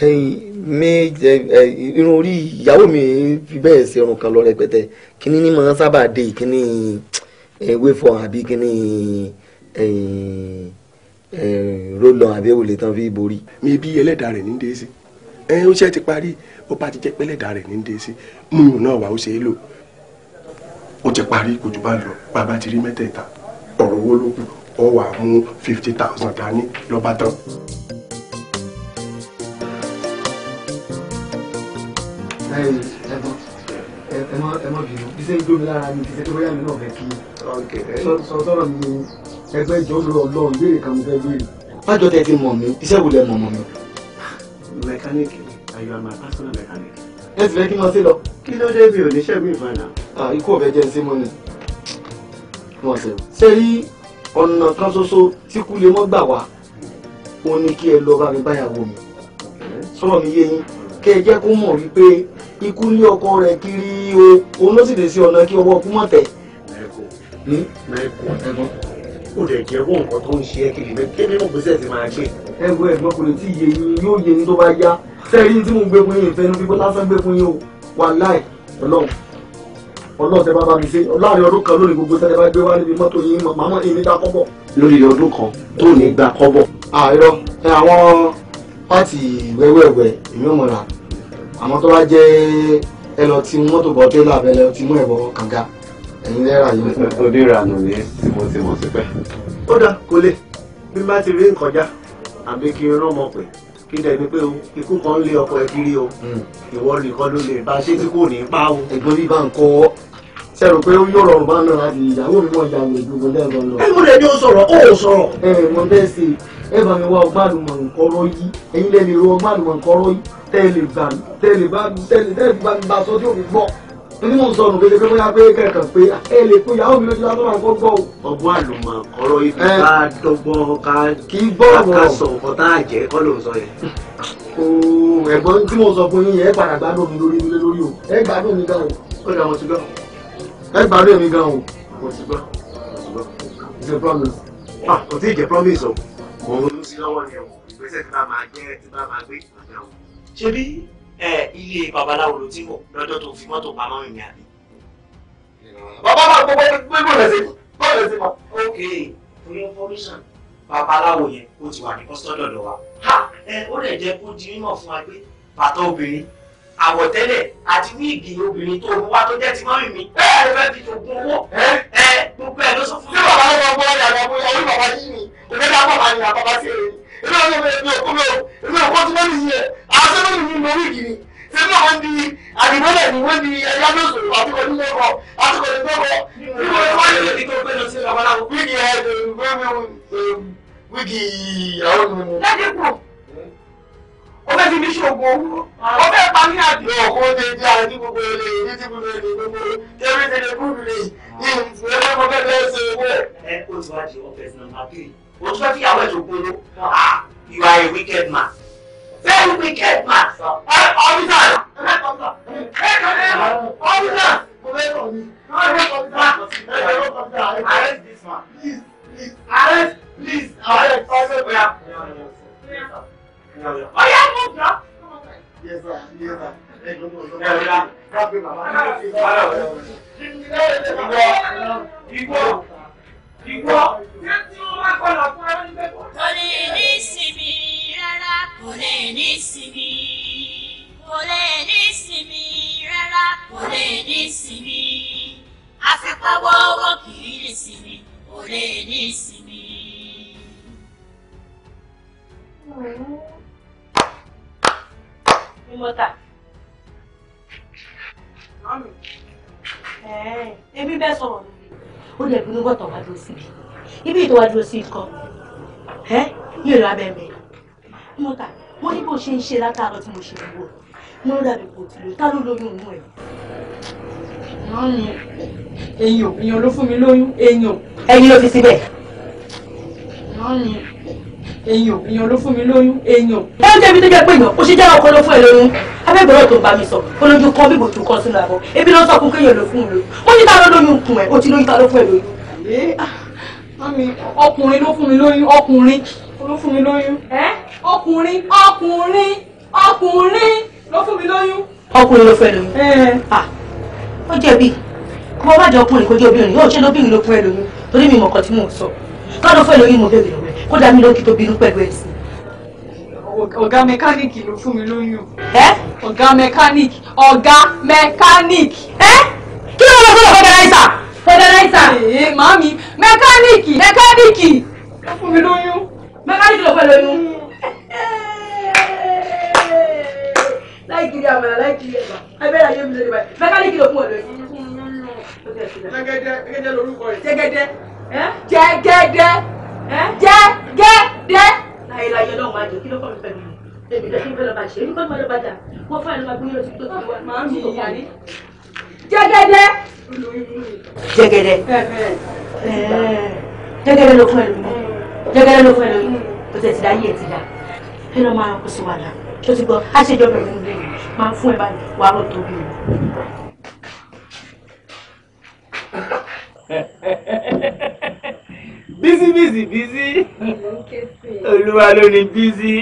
mi eh, eh, irun orí ìyàwó mi fi bẹ́ẹ̀ ṣe irun kan lọ rẹpẹtẹ kíní ní máa sábà dé kíní eh, wéfọ àbí kíní rólọ àbí òwòlè tán fi borí. mi bí ẹlẹ́dàá rẹ̀ ní dèéṣe ẹ ó ṣe ti parí ó bá ti jẹ́ pé rẹ̀ ní dèéṣe mú ìwọ̀n náà wà ó ṣe é lò ó ti parí kò jù lọ ti rí mẹ́tẹ̀ẹ̀ta ọ̀rọ̀ owó ló kù wà fifty thousand dání lọ́ba tán. báyìí ẹ̀gbọ́n ẹ má bínú bí sẹ́yìn gbómi lára ni kí sẹ́yìn bóyá mi náà fẹ́ kí sọ̀tọ̀rọ̀ mi ẹgbẹ́ ìjọ lọ ọlọ́run léèrè kan mo fẹ́ léèrè. májọ tẹ ti mọ̀ mí iṣẹ́ wo lẹ mọ̀ mọ̀ mi. mẹkáníìkì ayọ̀ àmà pásítọ̀ Mechanic. ẹ sì fẹ́ kí n lọ sí lọ. kí ló dé bí oníṣègùn ìfànà. Ah, ikú ọ̀bẹ jẹ́ sí mọ́ni. wọ́n sẹ́ ṣe rí ọ̀nà kan ṣoṣo tí kú lè mọ́ gbà wá ó ní kí ẹ lọ bá mi báyàwó mi. sọ̀rọ̀ mi yé yín kẹ́ ẹ jẹ́ kó mọ̀ wípé ikú lé ọkọ rẹ̀ kiri o òun ló sì dé sí ọ̀nà kí ọwọ́ ọkú mọ̀tẹ̀. Hmm? ó dẹ̀ jẹ́ wọ́n nǹkan tó ń ṣe ẹ́ kiri mẹ́kẹ́ nínú gbèsè ti máa gbé. ẹ wo ẹ̀gbọ́n kò lè tí ì yé yín yóò yé yín tó bá yá sẹ́yìn tí mo gbé fún yín ìfẹ́ nu bíbọ́ lásán gbé fún yín o wà láì ọlọ́run ọlọ́run tẹ bá bá mi ṣe láàrin ọdún kan lónìí gbogbo tẹ́lẹ̀ bá gbé wá níbi mọ́tò yín màmá èmi dá kọ́bọ̀. lórí ọdún kan tó ní gba kọ́bọ̀. àìrọ àwọn pàtì wẹ́wẹ́wẹ́ èmi àmọ́ tó bá jẹ́ ẹ lọ ti mọ́tò bọ́ tẹ́lá abẹ́lẹ́ ti mú ẹ̀bọ kànga ẹ̀yin lẹ́ra yìí. òde ìrànà ni tí mo ti mọ̀ sí pẹ́. ó dà kó lè bí bá ti rí nkọjá àbí kí n rán mọ pé kí dẹ̀ ni pé o ikú kan lé ọkọ ẹ kiri o hmm. ìwọ nìkan ló lè bá ṣé tí kò ní í pa o. ẹ̀gbọ́n bíbá nǹkan ṣe rò pé yóò rọrùn bá láti ìyàwó mi mọ̀ ìyàwó ìdúró lẹ́ẹ̀kan lọ. ẹ mo lè ní o sọ̀rọ̀ o sọ̀rọ̀. ẹ mo bẹ́ẹ̀ ṣe ẹ bá mi wá ọgbà àlùmọ̀ nkọ́rọ́ yìí ẹ̀yin lè lè ro ọgbà àlùmọ̀ nkọ́rọ́ yìí tẹ́lẹ̀ bá tẹ́lẹ̀ bá tẹ́lẹ̀ bá bá sọ tí òfin gbọ́ ní mò ń sọnù pé pé bóyá pé kẹ̀kẹ́ pé ah, ẹ lè kú ìyàwó mi lójú lọ́wọ́ kó gbọ́ o. ọgbọ́n àlùmọ̀ ọ̀rọ̀ ibi ká dọ́gbọ́n ká kí gbọ́rọ̀ ẹ bá rí èmi gan o. mo ti gbọ́ ṣe promise. ah kò tí ì jẹ́ promise o. mo ń sí lọ́wọ́ ni o ìgbésẹ̀ tí bá máa jẹ́ tí bá máa gbé ìgbà o. ṣé bí ilé babaláwo ló ti mọ̀ lọ́jọ́ tó fi mọ́tò pamọ́ ìrìn àbí. bàbá máa gbọ́ pé bó lè ṣe bó lè ṣe mọ́. ok for your information babaláwo yẹn ó ti wà ní kọ́sítọ́dọ̀ lọ wa. ó lè jẹ́ kó di mímọ̀ fún wa pé bàtà obìnrin àwọ̀tẹ́lẹ̀ àti wíìgì obìnrin tó mú wá tó jẹ́ ti mọ́mì mi bẹ́ẹ̀ ló fẹ́ fi jogún owó ẹ gbogbo ẹ̀ ló sọ fún mi. bí bàbá ló máa ọ̀dà àgbà bóyá orí bàbá yìí ni èmi náà bàbá ni àbàbá sí èrè èmi náà mi ò kó mi ò èmi tí wọ́n nìyí ẹ̀ àṣẹ ló ní mo wíìgì ni ṣé bí wọ́n di àdìmọ́lẹ̀ ni wọ́n di ẹ̀yà lóṣù àtúkọ̀ nínú ọkọ̀ àtúkọ̀ nínú ọkọ̀ nínú ọkọ̀ nínú ọkọ̀ nínú ọkọ̀ nínú ọkọ̀ o fẹ́ fi mí ṣògo owó o fẹ́ pa mí àbí. yóò kó de di àwọn ní gbogbo ilé ní ti gbogbo ilé gbogbo kébí ti lè gbúdú lè ní ìfúnlẹ́fẹ́ mo fẹ́ fẹ́ ṣe owó. ẹ kó ìwádìí ọ̀fẹ́sì nọ́mbà three o tún fẹ́ fi àwọn ẹ̀jọ̀ gbolo ah you are a wicked man very wicked man ọ̀fíìsà ọ̀fíìsà arrest this man please please arrest please arrest ọyá mo gbà. Ìwọ ìwọ ṣé tí wọ́n bá kọ́nà fún ẹni pé kò. Kò lè rárá, kò lè ní ìsinmi, rárá, kò lè Àfipáwọ́ ọwọ́ kì í lè sinmi, Mm-hmm ní mọ́tà. ebi bẹ́ẹ̀ sọ̀rọ̀ mi. ó dẹ̀ bínú gbọ́tọ̀ wá dúró síbi ibi ìtọ́ wá dúró sí nǹkan mi ò lọ abẹ́ mi. mọ́tà mo ní bó ṣe ń ṣe látàárọ̀ tí mo ṣe ń wò mo ń dàbí kò tìlú tá ló lóyún mú ẹ. wọ́n ní èèyàn èèyàn ló fún mi lóyún èèyàn. ẹyin ló fi síbẹ̀. wọ́n èèyàn èèyàn ló fún mi lóyún èèyàn. ó ń jẹ́ mi tó jẹ́ pé èèyàn ó ṣe jẹ́ ọkọ ló fún ẹ lóyún abẹ́gbẹ̀rẹ̀ tó ń bá mi sọ ó lójú kan bíbò tó kọ́ sínú àbọ̀ ebi ló sọ fún kéèyàn ló fún un lóyún mo ní ta ló lóyún kùn ẹ̀ ó ti lóyún ta ló fún ẹ lóyún. Ah, ọkùnrin ló fún mi lóyún ọkùnrin ló fún mi lóyún. ọkùnrin ọkùnrin ọkùnrin ló fún mi lóyún. ọkùnrin ló fẹ́ lóyún. ó jẹ̀bi kó má jẹ́ ọkùnrin kó jẹ́ obìnrin yóò ṣe lóbìnrin ló fún ẹ lóyún torí mi mọ̀ọ́kọ́ tí mò ń sọ ká ló fẹ́ lórí mo bẹ̀rẹ̀ rẹ̀ kó dá mi lókì tó bínú pẹ̀lú ẹ̀sìn. ọ̀gá mẹkáníìkì ló fún mi lóyún. ẹ ọ̀gá mẹkáníìkì ọ̀gá mẹkáníìkì. ẹ kí ló lọ fún fọdẹ́láìsà fọdẹ́láìsà. ee màámi mẹkáníìkì mẹkáníìkì ló fún mi lóyún. mẹkáníìkì ló fẹ́ lóyún. láì àmàlà láì kiri ẹ̀bà ayé mi lórí báyìí mẹkáníìkì ló fún ọ lóyún. jẹgẹdẹ jẹgẹdẹ lórúkọ rẹ. jẹgẹdẹ. Eh? jẹ́gẹ́dẹ́ eh? jẹ́gẹ́dẹ́. láyé láyé ọlọ́run máa jẹ kí ló kọ́ mi pẹ̀lú mi èmi lè kí n fẹ́ lọ́ba ṣe èmi kọ́ ni mo lọ́ba jà wọ́n fún àlọ́ máa gbé yọ̀ọ́ sí tó ti wá máa ń bí ìyá rí. jẹ́gẹ́dẹ́ jẹ́gẹ́dẹ́ eh, jẹ́gẹ́dẹ́ ló fún ẹ lómi hmm. jẹ́gẹ́dẹ́ ló fún ẹ lómi kò tẹ̀ sí láyé ẹ̀ ti dá ẹ lọ́ máa kó sí wàhálà tó ti gbọ́ á ṣèjọ́ bẹ̀rẹ̀ nílé yìí máa fún ẹ báyìí wàá rò tóbi o. bísí bísí bísí olúwa ló ní bísí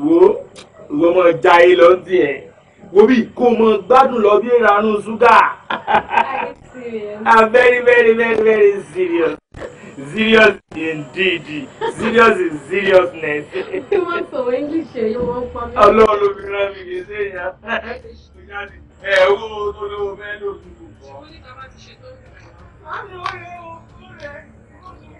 wo ìwọ mọ jayé lọ ń tiẹ̀ wo bí kò mọ gbádùn lọ bí ìranú ṣúgà I'm very very very very serious serious indeed serious is seriousness. kí wọ́n sọ english ẹ̀ yóò wọ́n pa mí. ọlọ́run ló fi rán mi kì í ṣe èèyàn ẹ̀ owó olówó fẹ́ lò ó dúró. ṣùgbọ́n nígbà máa ti ṣe tó ń bẹ̀rẹ̀.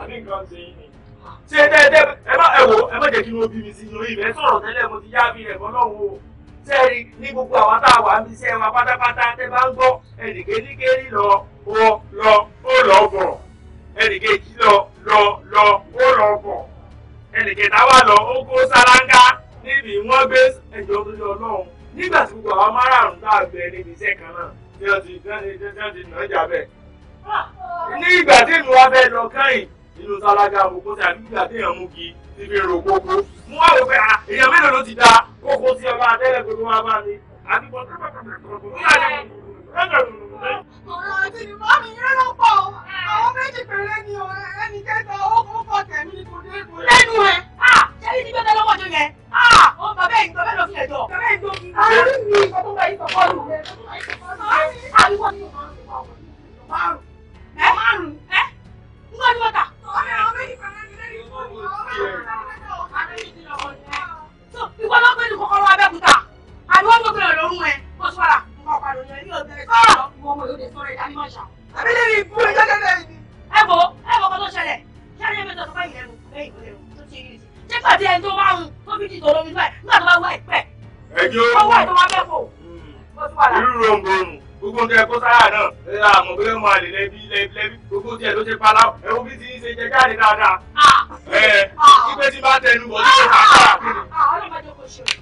àbí nǹkan ti yín ni. ṣé ẹ tẹ ẹ má ẹ wò ẹ má jẹ́ kí wọ́n bí mi sí lórí ibẹ̀ sọ̀rọ̀ tẹ́lẹ̀ mo ti yá bí ẹ̀gbọ́n náà wò ó sẹ́ẹ̀rí ní gbogbo àwọn tá a wà ní iṣẹ́ wa pátápátá tẹ́ bá ń gbọ́ ẹnìkéníkéní lọ ó lọ ó lọ bọ̀ ẹnìkejì lọ lọ lọ ó lọ bọ̀ ẹnìkẹta wà lọ ó kó sálángá níbi wọ́n gbé ẹjọ́ tó lọ lọ́hùn nígbà tí gbogbo àwọn márààrún tá a gbẹ níbi iṣẹ́ kan náà tí wọ́n ti tí wọ́n ti nà ọjà bẹ́ẹ̀. ní ìgbà tí ìlú wa fẹ́ lọ kẹ́yìn nínú sálágà òkú tí àdúgbò àtẹ̀yàn mú kí ti fi rò kókó mú wá wò pé èèyàn mélòó ló ti da kókó tí ọba àtẹ́lẹ̀ gbogbo wa bá ní àti bọ́ ọ̀rọ̀ àti ìmọ̀mí yẹn ló pọ̀ o àwọn méjì péré ni ẹnì kẹta ó fọ́ tẹ̀mí kò dé. lẹ́nu ẹ̀ ṣé ibi gbẹ́dẹ́ lọ́wọ́ ọjọ́ yẹn ó bàbá ẹ̀yìn tó bẹ́ẹ̀ lọ sí ẹ̀jọ̀. bàbá ẹ̀yìn tó bí. àárín mi ìfọ̀kúnbá ìfọ̀kọ́lù rẹ̀ àríwọ̀ ni. mú ẹ kó tó wà nǹkan pàdé ọjọ́ ní ọ̀dọ̀ ẹ̀ka ọ̀rọ̀ ìwọ ọmọ yóò dé sọ̀rọ̀ ìdá mímọ̀ ṣá. àbí lè rí ibú ẹjọ́ kẹ́kẹ́ yìí. ẹ bò ẹ bò kó tó ṣẹlẹ̀ ṣé ẹni ẹgbẹ́ sọ̀tọ̀ báyìí lẹ́nu bẹ́ẹ̀ ìwé ẹ̀rọ tó ti rí ṣé pàdé ẹni tó bá ń tó bí dìtò lómi báyìí nígbà tó bá wá ìpẹ́. ẹjọ́ ìrú hmm. gbogbo tẹ kó sáyà náà ẹ yà mọ bóyá máa lè lẹbi lẹbi gbogbo tẹ ló ṣe palá ẹwọ bí ti ń ṣe jẹ jáde dáadáa ah. ẹ ìgbésí ah. bá tẹnu bọ ní ah.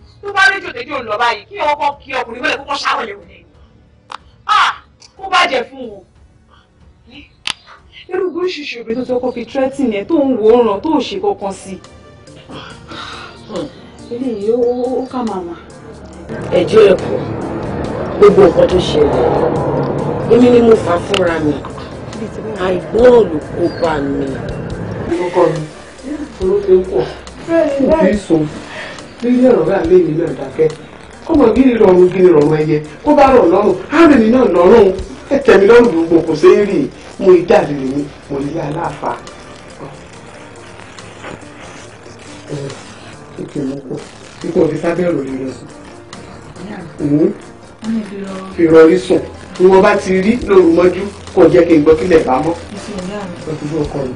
tó bá rí jòdè jò ń lọ báyìí kí ọkọ kí ọkùnrin wẹ̀lẹ̀ kókó ṣáwẹ̀lẹ̀ ah kó bàjẹ́ fún wọn. irú oríṣiríṣi obìnrin tó tọkọ fi tírẹ́tì yẹn tó ń wo ràn tó ṣe kankan sí i. eléyìí ó ká màmá. ẹ̀jẹ̀ ẹ̀kọ́ gbogbo nǹkan tó ṣẹlẹ̀ èmi ni mo fà fúnra mi àìgbọ́n olùkópa mi. ọkọ mi orúkọ pọ̀ kò kí sọ lórí ọ̀rọ̀ bá lé mi náà dákẹ́ ọmọ gírí rọrùn gírí rọrùn ẹyẹ kó bá rọ̀ lọ́rùn ààrẹ mi náà lọ́rùn ẹ tẹ̀mí lọ́rùn gbogbo kò sí rí i mo ìdá àlèrè mi mo lè yá aláàfáà. kíkọ ti sábẹ́ ọ̀rọ̀ rẹ̀ lọ fi rọrí sùn ni wọn bá ti rí lóru mọ́jú kò jẹ́ kí n gbọ́ kílẹ̀ bá mọ́. ìṣòro ọkọ mi.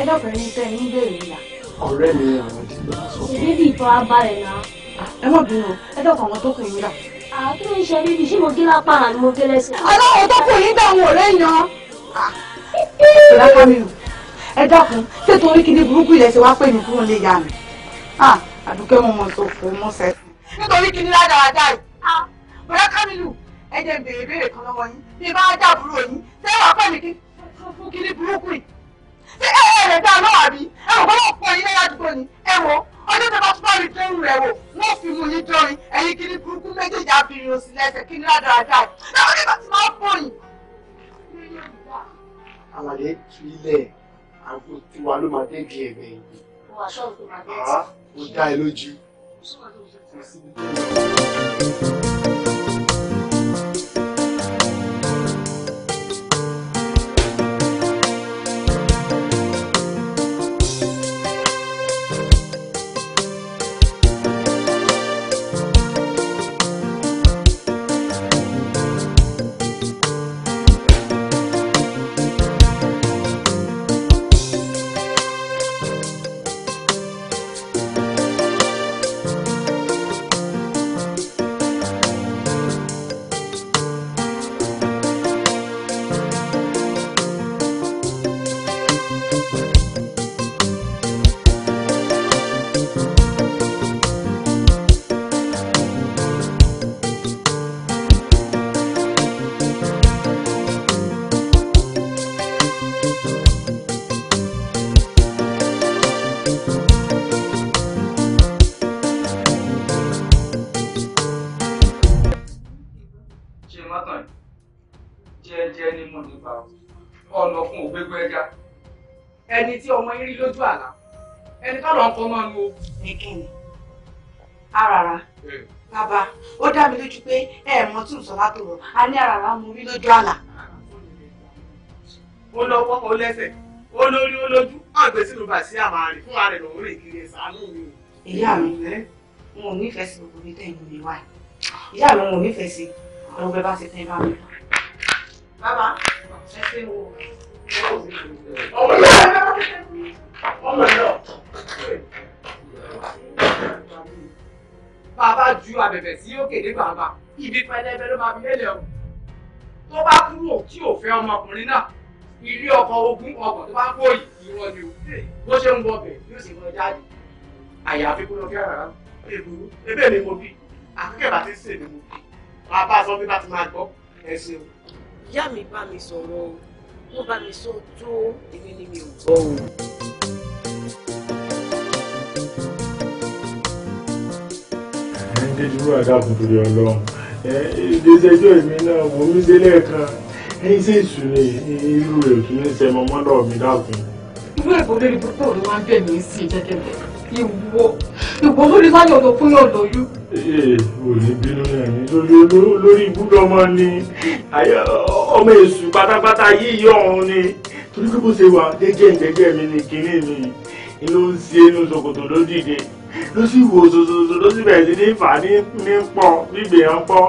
ẹ dọ́kọ̀rẹ́ ní tẹ́ ní bèrè ìyá. ọ̀rẹ́ mi àwọn ti gbà sọ fún mi. bébì ìtọ́ abalẹ̀ náà. ẹ má bínú ẹ dọ́kọ̀ àwọn tó kù yín dà. àti ní ìṣe bíbí ṣé mo gé lápá àná ni mo gé lẹ́sẹ̀. aláwọ̀ tó kù yín dà àwọn ọ̀rẹ́ yan. ìlàkà mi o ẹ dákun ṣé torí kíní burúkú yẹn ṣe wá pè mí kúrò lè yá mi. àdùkẹ́ wọn mọ̀ tó fún mọ́ sẹ́fù. nítorí kíní ládàá dà yìí. bọ̀dá Kámílù ẹ jẹ́ bí ẹ̀bẹ̀ yìí. wà ṣọ́ọ̀bù màdẹ́tì. Ó dá ẹ lójú. kíni arara hmm. bàbá ó dá mi lójú pé ẹ mọ tí sọ látòrò a ní arara mo rí lójú àlà. ó lọ́wọ́ ó lẹ́sẹ̀ ó lórí ó lójú hàn gbé sínú bàṣí àmàrin fún ààrẹ lòún rìn kiri ìsàánú mi. ìyá mi wọn ò nífẹ̀ẹ́ sí gbogbo ní tẹ̀yìn mi wáyé ìyá mi wọn ò nífẹ̀ẹ́ sí ọ̀rọ̀ bẹ́ẹ̀ bá ti tẹ́ bá mi lọ. bàbá ẹ ṣe wo ọmọ náà ọmọ bàbá ju abẹ̀bẹ̀ sí òkè dé gbàgbà ibi pẹlẹbẹ ló máa fi lélẹ̀ o tó bá kúrò tí ò fẹ́ ọmọkùnrin náà ilé ọkọ̀ ogun ọkọ̀ tó bá kó ìrọ̀ ni o bó ṣe ń wọbẹ̀ yóò sì mọ jáde àyàfi kó fẹ́ rárá èbúrú ebè ni mo bí àkókè bá ti sè ni mo bí bàbá sọ pé bá ti máa gbọ́ ẹ ṣeun. ìyá mi bá mi sọ̀rọ̀ o wọ́n bá mi sọ tó èmi ni mi ò gbọ́ o. déjú àdàkùn torí ọlọ́run ìdẹ́sẹ́jọ́ èmi náà mo mí délé kan ẹ̀yin sì sùn ní irú rẹ̀ tún ní sẹ́mọ mọ́dọ̀ mi dákun. ìwé ẹ̀kọ́ lórí púpọ̀ ló máa ń bẹ̀ mí sí jẹ́gẹ́dẹ́ ìwọ ìwọ lórí sáyọ̀ lọ fún yọ̀ lóyún. ee ò ní bínú náà ní lórí ibùdó ọmọ ni ọmọ èṣù pátápátá yíyí ọ̀hún ni torí pé bó ṣe wà gẹ́gẹ́ gẹ́gẹ́ mi ni kinní mi ló ń ṣe inú ṣòkòtò ló sì wò ṣoṣoṣo ló sì bẹ̀rẹ̀ ní fà ní ní pọ̀ nígbè yẹn pọ̀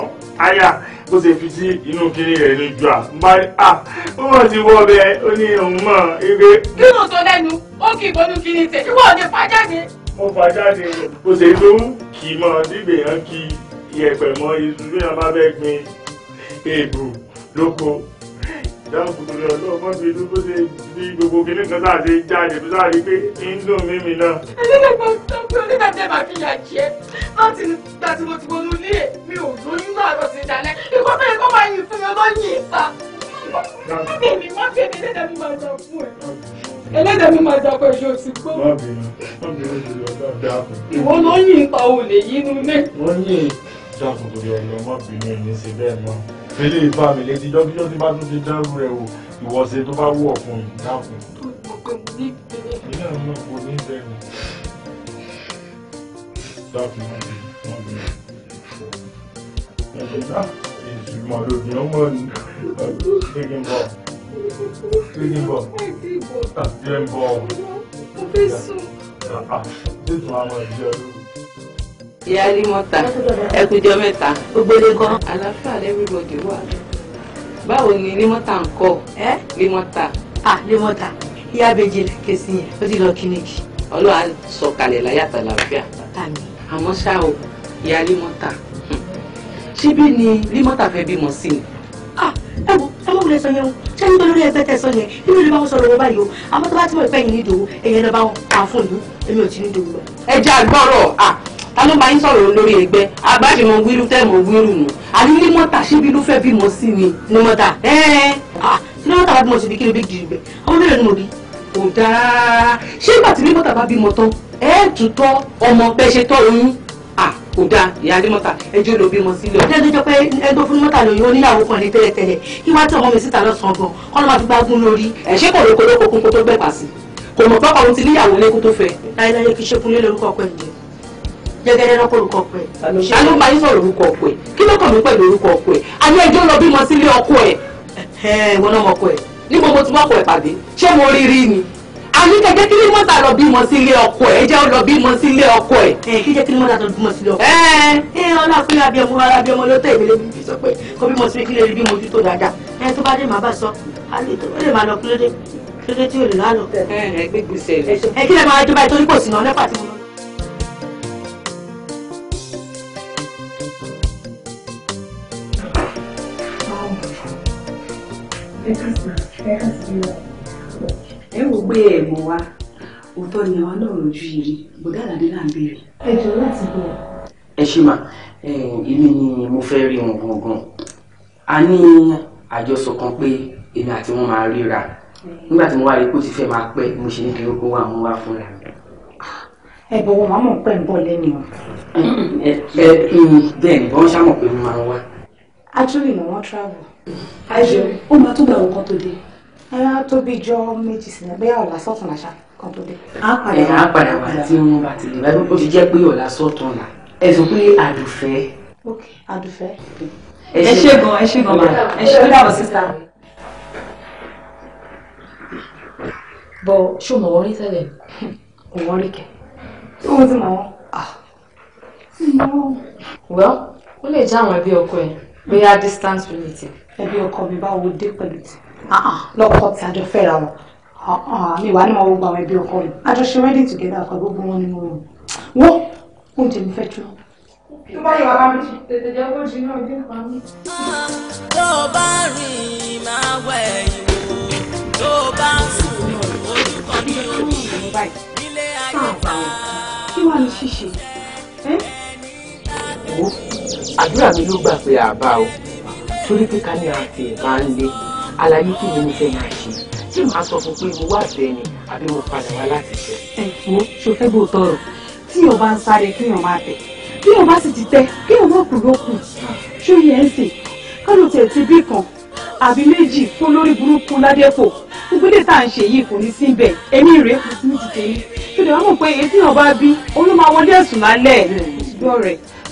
àyà ó ṣe fi sí inú kiri rẹ̀ ní jù à ń bá rí à ó mọ̀ ti wọ́ bẹ ó ní òun mọ̀ ike. kí ló sọ lẹ́nu ó kì í bonú kí ni tẹ̀ wọ́n ní fàjáde. mo fàjáde ó ṣe tó ń kì í mọ nígbè yẹn kí iyẹ̀pẹ̀ mọ iṣu bí wọ́n bá fẹ́ gbin èèbù lóko dáàbò torí ọlọ́run má fi dúró ṣe bí gbogbo kìnìún kan sáà ṣe jáde tó sáà rí pé ń dùn mí mi náà. ẹlẹ́dẹ̀ kan tó pé onídàájẹ́ máa fi yà jẹ́ láti gbà tí mo ti wọnú ilé mi ò lóyún náà lọ sí ìdálẹ́ ìkọ́ bẹ́ẹ̀ kọ́ máa yìn fún mi ọlọ́yìn ìta. èmi má fi èmi ẹlẹ́dẹ̀ mi máa jà fún ẹ ẹlẹ́dẹ̀ mi máa jà pé ṣe o ti gbọ́. ìwọ ló yìn ìta olè yìí nulẹ̀. wọ́n yìn ìjà kòtò ilé ìfà mi létí jọ́bíjọ́ tí bá tún ti dẹ́rù rẹ̀ wò ìwọ̀sẹ̀ tó bá wù ọ̀kùn yìí dákun. ilé ìmọ̀ kò ní bẹ́ẹ̀ ni dákun mọ́ mi mọ́ mi. ẹ̀jẹ̀ náà èsì mọ̀ lòdì ọmọ ni gbégé ń bọ̀ gbégé ń bọ̀ àti ẹ̀ ń bọ̀. mo fẹ́ sùn. Ah, ah, ṣé tún àwọn ìjẹun ìyáálé mọ́ta ẹkùjọ mẹ́ta gbogbo kọ́ àlàáfíà lẹ́rìbọ̀dì wà báwo ni limota ń kọ́ ẹ́ límọ́ta. à límọ́ta ìyá abẹ́jì lẹ́kẹ̀ sí yẹn ó ti lọ kíníkì. ọlọ́wà sọ kalẹ̀ láyàtọ̀ àlàáfíà. àmọ́ ṣá o ìyá límọ́ta ṣíbí ni límọ́ta fẹ́ bímọ sí ni. ẹ wo ẹ wọ́n wulẹ̀ sọ yẹn o ṣé nígbà lórí ẹgbẹ́ tẹ̀sán yẹn inú ìlú bá wọn sọ̀rọ̀ wọn báyìí o àmọ́ tó bá tí mo ìfẹ́ yìí nídòó ẹ̀yẹn lọ bá ta ló bá yín sọ̀rọ̀ lórí ẹgbẹ́ agbáṣe mo wíru tẹ́ mo wíru nù àní ní mọ́tà síbi ló fẹ́ bímọ sí ni ní mọ́tà ẹ́ẹ́ sí ní mọ́tà bá bímọ sí bí kí ni bí gírí bẹ́ẹ̀ àwọn mélòó ni mo bí kò dáa ṣé ìgbà tí ní mọ́tà bá bímọ tán ẹ́ẹ́ tún tọ́ ọmọ bẹ́ẹ̀ ṣe tọ́ oyún kò dáa ìyá adémọ́ta ẹjọ́ ló bímọ sílẹ̀. ọjọ́ ìjọba ẹgbẹ́ fún mọ́tà lóyún oníyàwó kan ní tẹ́lẹ̀tẹ́lẹ̀ kí wá tí ọmọ mi síta lọ́sàn-án gan kọ́nà máa fi gbágún lórí. ẹ̀ṣẹ́ kò lóko lóko kún kó tó gbẹ̀pà sí kò mọ̀ pọ́kọ̀ òun ti níyàwó lẹ́kún tó fẹ́. láyéláyé kí ṣe fún lé lórúkọ pẹ̀lú jẹgẹdẹ lọkọ orúkọ ọkọ ẹ ta ló máa ń sọ̀rọ̀ orúkọ ọkọ ẹ kí ló kàn mí pẹ̀lú orúkọ ọkọ ẹ àní ẹjọ́ lọ bímọ sílé ọkọ ẹ ẹ wọn náà mọ ọkọ ẹ ní gbogbo tí wọn kọ ẹ pàdé ṣé mo rí rí ni àní kẹjẹ kí ni mo ta lọ bímọ sílé ọkọ ẹ ẹjẹ lọ bímọ sílé ọkọ ẹ kíjẹ kí ni mo ta lọ bímọ sílé ọkọ ẹ ẹ ọlá fún yàbí ọmọ ara bí ọmọ ló tẹ èmi lé bíbí sọ pé kó bímọ sílé kí lè rí bí mo ojú tó dáadáa ẹ tó bá dé màá bá sọ àlè tó lè máa lọ kúlódé kúlódé tí ò lè lálọ. ẹ ẹ gbégbèsè rẹ ẹ kí lè máa jọba ìtorí kò sí náà lẹ́pàá tí mo lọ. ẹ wò pé ẹ̀mọ́ wa òótọ́ ni àwọn náà lójú yìí bùdá àlàdé là ń béèrè. ẹ jọ láti bọ̀. ẹ ṣe mà èmi ni mo fẹ́ rí wọn gangan a ní àjọsọ kan pé èmi àti wọn máa ríra nígbà tí mo wá rí pé ó ti fẹ́ máa pẹ́ mo ṣe ní ó wà mo wá fúnra mi ẹ bọ̀wọ̀ màmú pẹ̀ ń bọ̀ lẹ́nu o. ẹ ẹ bẹ́ẹ̀ ni bọ́n ṣàmọ̀ pé mo máa ń wá. actually mo wan travel àìjọ o máa tó gbà wọn kan tó dé. ara tó bí jọ méjì sí ní bóyá ọ̀la sọ́tún làṣà kan tó dé. ẹ̀ á padà a tí wọ́n bá ti lè bá ó ti jẹ́ pé ọ̀la sọ́tún là ẹ̀ sọ pé àdùfẹ́. ok àdùfẹ́. ẹ ṣe gan ẹ ṣe gan ma ẹ ṣe gan sísá. bọ ṣó mọ wọn rí tẹ́lẹ̀ kò wọn rí kẹ. ṣé wọn ti mọ wọn. wẹ́ẹ́ ó lè jẹ́ àwọn ẹbí ọkọ ẹ̀ bóyá distance relative ẹbí ọkọ mi bá wo dé pẹ̀lú ti ah, ah. lọ́kọ tí àjọ fẹ́ra wọn ah, mi wà ní ọwọ́ gba àwọn ẹbí ọkọ mi àjọ ṣe wedding together ọkọ gbogbo wọn ni mo rò wọ́n oúnjẹ mi fẹ́ jóná. tó bá yẹ wà bá mi jù tètè jẹ́ kó jí náà dé pa mí. tó bá rìn máa wẹ̀ ìwò tó bá sùn olùkọ́ ní omi nílé ayé ta. kí wàá ní ṣíṣe. àdúrà mi ló gbà pé àbá o torí pé ká ní àti ẹ̀ ń lé àlàyé kí ni mo fẹ́ máa ṣe ṣé màá sọ fún pé mo wá bẹ́ẹ̀ ni àbí mo padà wá láti ṣe. ẹ wo ṣòfẹ́ bò tọrọ tí o bá ń sáré kí o máa tẹ̀ bí o bá sì ti tẹ kí o náà kù ló kù ṣó yẹ ń sè kọ́nù tẹ̀ ti bí kan àbí méjì fún lórí burúkú ládẹ́pọ̀ gbogbo tá à ń ṣe yìí kò ní sí bẹ̀ èmi rèé kò sí ní ti tèmi tó dẹ̀ wọ́n mọ̀ pé etí náà bá bí olú wọlé ẹ̀sùn lálẹ́ ẹ̀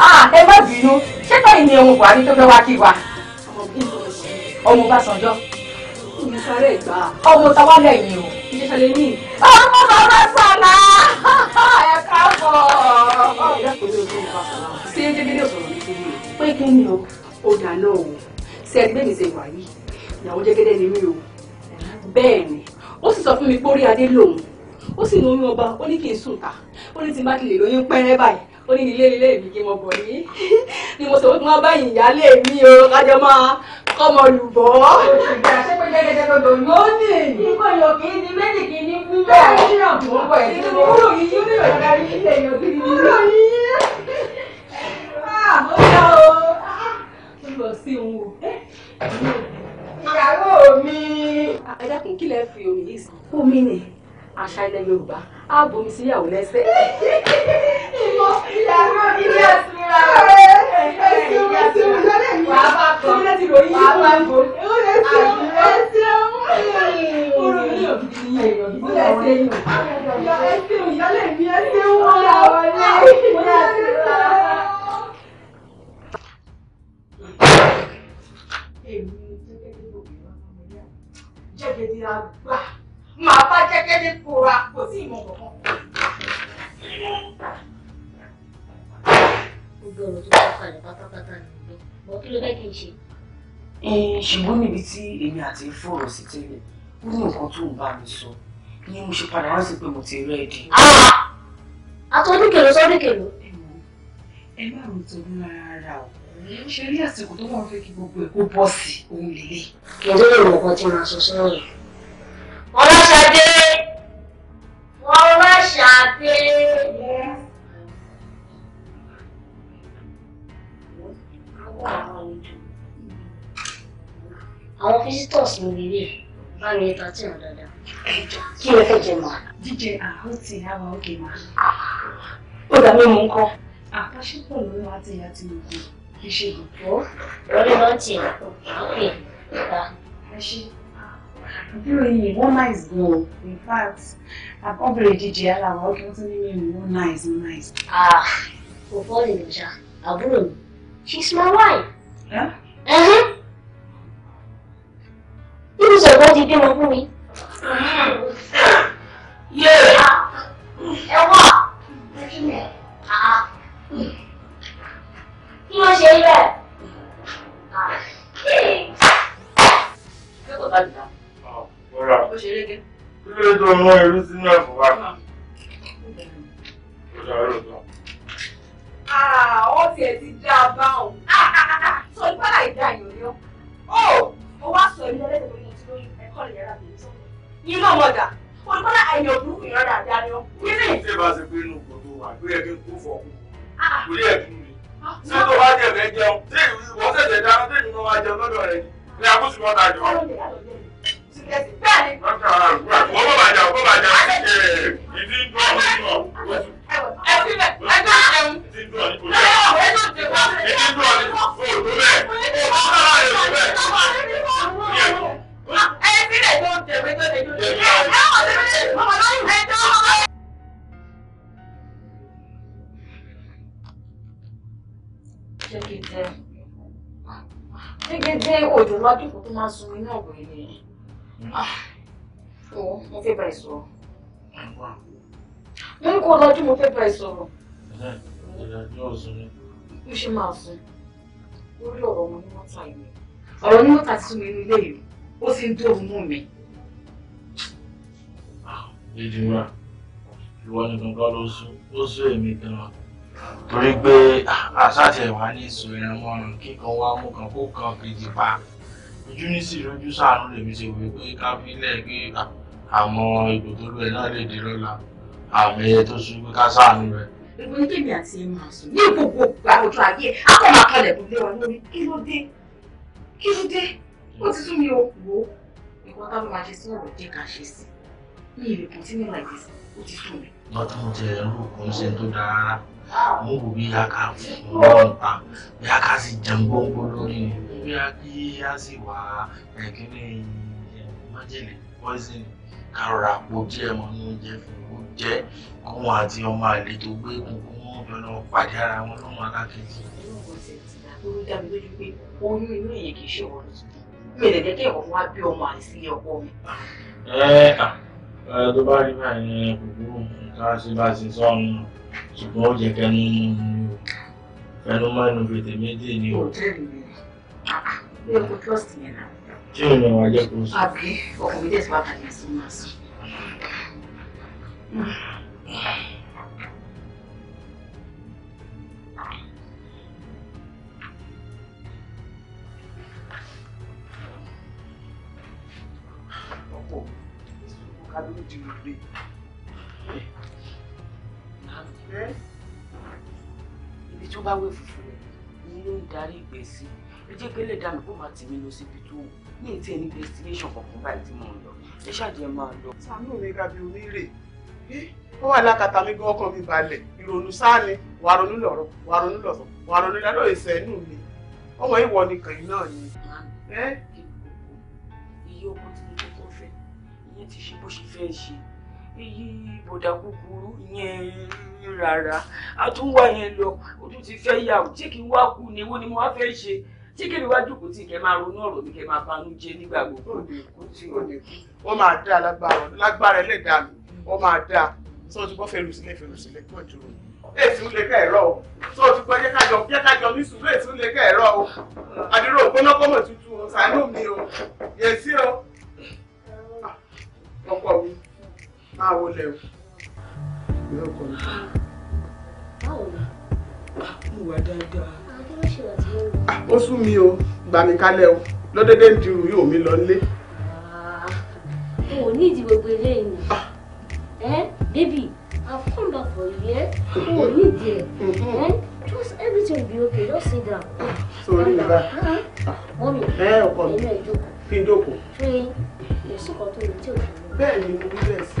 ah ẹ má bínú ṣé báyìí ni ọmọ buhari tó fẹ́ wá kí wa ọmọ Ọbásanjọ́ ọmọ táwa lẹ́yìn o ọmọ bàbá sọ̀la ẹ káàbọ̀. ṣé jẹ́gẹ́dẹ́ sọ̀rọ̀ mi sí mi pé kí ni o ó dáná o ṣe ẹgbẹ́ mi ṣe wà yìí ìyàwó jẹ́gẹ́dẹ́ ni mí o bẹ́ẹ̀ ni ó sì sọ fún mi pórí adé lòun ó sì ní oyún ọba ó ní kí n sùn ta ó ní ti má ti lè lóyún pẹ́rẹ́ báyìí ó ní ilé ilé mi kí mo bọ̀ ní ni mo sọ pé wọ́n bá ìyáálé mi o kájọ máa kọ́mọ lùbọ́. òṣìṣẹ́ àṣepẹ́ jẹ́gẹ́jẹ́ tó dòun ló ní kíkọ́ yọ kí ni méjì kí ni fún bẹ́ẹ̀ ní ìrànwọ́ pọ̀ ẹ̀ tí kúrò yìí ó ní ìrọ̀lẹ́ rí ilé yọ kí ni kúrò yìí. ó ah, yá o ó lọ sí òun o. ìyàwó mi. Ah, ẹ dákun kí lẹ fi omi yìí sí. omi ni àṣà ilẹ̀ yorùbá á bomi síyàwó lẹ́sẹ̀. ìmọ̀ ìyàwó ilé ẹ̀sìn rẹ̀ ẹ̀sìn mi sí mi lọ́lẹ̀ mi wàá bá bá kọ́ ewúrẹ́ sí ọmọ ẹ̀sìn ọmọ òrò mi yóò fi yé èèyàn yìí ẹ̀sìn ìyálẹ̀ mi ẹ̀sìn wọn làwọn màá bá jẹ́gẹ́ ní kóra kò sí ìmọ̀ kankan. gbogbo ọ̀rọ̀ tó kọ́ka ẹ̀ pátápátá ni mo gbọ́ kí ló fẹ́ kí n ṣe. ṣùgbọ́n níbi tí èmi àti fọ̀rọ̀ sí tẹ́lẹ̀ ó ní nǹkan tó ń bá mi sọ ni mo ṣe padà wá sí pé mo ti rẹ́ẹ̀dì. àtọ́dúnkèrò ah! sọ́dúnkèrò. ẹ má rò tọ́dún rárá o ṣe rí àsìkò tó wọ́n fẹ́ kí gbogbo ẹ̀ kó bọ́ sí òun lélẹ̀. kí n tó lè mọ̀ nǹkan tí màá sọ sọ́yìn. bọ́ọ̀sì mi lè rí bá mi tọ́ tí ò dandan. kí ló fẹ́ jẹ mọ́. jíjẹ àhó ti àwa òkè mọ́. ó dàbí mú nǹkan. àpáṣepọ̀ lórí wa ti yá ti mú un ìṣègùn. in fact àbọ̀bẹ̀rẹ̀ jíjẹ aláwọ̀ ọ̀kẹ́ wọ́n tún ní mímu wọ́n nice wọ́n nice. ah kò fọ́ ìlú ṣá she's my wife. Yeah? bímọ fún mi. yé ẹ wà kí ló ṣe bẹ́ẹ̀. kí ló tó mọ irú sínú ẹ̀fọ́ wa. ó dàrú tó. ó ti dá a báwọn. sọ ìpàdà ìdá ìyọ̀yọ́. ó wá sọ ìdílé lẹ́sẹ̀ kọ́lé yàrá mi sọ. Iná ọmọdà, olùkọ́lá àyàn burúkú yàrá dàda ni ọ́. Kí ni? Ṣé bá ṣe pé inú kò tó wà lórí ẹ̀kí kú fọ kú? Kò lè ẹ̀kú mi. Ṣé tó bá jẹ fẹ́ jẹun? Ṣé ìwọ ṣẹ̀ṣẹ̀ dáná tó ìnú máa jẹun lọ́dọ̀ rẹ ni? Ní àkóso wọn ta jọ. Bẹ́ẹ̀ni. Wọ́n bọ̀ bàjá, wọ́n bàjá. Ìdí ń dùn ọ̀ Ah! iwájú kan tó máa ń sunmi náà bọ̀ ilé yẹn. Ó mo fẹ́ bá ẹ sọ̀rọ̀. Mo ní kó lọ́jú mo fẹ́ bá ẹ sọ̀rọ̀. Mo ṣe máa sun. Orí ọ̀rọ̀ mo ní wọ́n ta ìwé. Ọ̀rọ̀ ni wọ́n ta sí mi nílé yìí ó sì ń dùn mú mi. Ah, ìdìbò ìwọ nìkan kọ́ ló sún ó sún èmi gan-an torí pé ah, àṣàtì ẹ̀wà ní ìsọ ẹran mọ́rùn kíkan wá mú kan kó kan kejì pa ojú ní sì rojú sàánú lèmi ṣe wí pé ká fi lẹ̀ pé ah, àwọn ipò tó lù ẹ̀ náà lè dé lọ́la àmì ẹyẹ tó sún pé ká sàánú rẹ̀ ìwé kébì àti ẹ máa sùn ní gbogbo àwùjọ ayé akọ̀mọ̀kọlẹ̀ kò lé ọ lórí kí ló dé kí ló dé ó ti tún mi ò wò ó nǹkan tá ló máa ṣe sí ọ̀rọ̀ jẹ́ ká ṣe sí mi ì lè tí mi láì ó ti tún mi. lọ́tọ́ mo ti rẹ̀ ló kún ṣe tó dáa rárá mo wò bí a kà fún ọlọ́run pa bí a kà sì jẹun gbọ́ngbọ́n lórí bí a kí a sì wà ẹ̀kíní májèlé poison ká rọra po díẹ̀ mọ́ ní oúnjẹ fún oúnjẹ kóun àti ọmọ àlè gbé kókó wọn bẹ̀rẹ̀ pàdé ara wọn lọ́wọ́ alákejì. ó dá mi lójú pé oyún inú èyí kì í ṣe wọ́n lọ mi ò lè jẹ́ kí ẹ̀kọ́ fún wa bí ọmọ àìsí ọkọ mi. ẹ ẹ tó bá rí báyìí gbogbo ká ṣe bá ṣe sọ ọ́n ṣùgbọ́n ó jẹ kẹnu kẹnu mẹ́nu fètè méjì ni o. mi ò kò trust yẹn náà. tí ò ní wàá jẹ́ kó sùn. àbí ọkùnrin bá wé fùfú ni ló ń darí ìgbésí ẹ jẹ́ kí ẹlẹ́dàá mi kó máa tì mí lọ síbi tó wù ní ìtí ẹni destination kọ̀ọ̀kan báyìí tí mò ń lọ ẹ ṣáàjẹ́ máa lọ. sàánú mi gàbí oríire ó wà lákàtà mi bí ọkàn mi balẹ̀ ìrònú sáàni wàá ronú lọ̀rọ̀ wàá ronú lọ̀sọ̀ wàá ronú ládọ̀ ìsẹ́nu mi ọmọ ìwọ nìkan yìí náà ni. iye ọkọ tí mo kọ́kọ́ fẹ́ ìyẹn ti ṣe bó ṣe fẹ́ ṣe iyì bòdà kúkúrú yẹn rárá a tún wá yẹn lọ ojú ti fẹ́ yà ó tí kì í wá kú ni wọ́n ni mo fẹ́ ṣe tí kí ni wá jókòó tí kẹ máa ronú ọ̀rọ̀ mi kẹ máa banú jẹ nígbà gbogbo. kò tí ò ní kú ó máa dá lágbára lágbára ẹlẹ́dàá mi ó máa dá sọ ti gbọ́ fẹ́rù sílẹ̀ fẹ́rù sílẹ̀ kí wọ́n dúró lè ká o sọ ti gbọ́ jẹ́ kájọ jẹ́ kájọ ní sùúrù èsì lè ká o àdúrà ògbóná tuntun o sàánú mi o yẹ̀sí o ah, máa wọlé o ìwé ọkọ mi. báwo ni. mo wà dáadáa. ó sú mi o gbà mí kalẹ̀ o lọ́dẹ́dẹ́ ń dirú yóò mi lọ nílé. Ah, o ò ní ìdí gbogbo eléyìí ni. Ah. baby I'll come back for you eh? o ò ní ìdí ẹ̀ mm-hmm. just everything will be okay just sit down. sori nígbà. mọ́mi ẹ̀ ọkọ mi kí n jókòó. ṣé èsì kan tó lè tí ò fi lọ. bẹ́ẹ̀ ni mo rí bẹ́ẹ̀ sí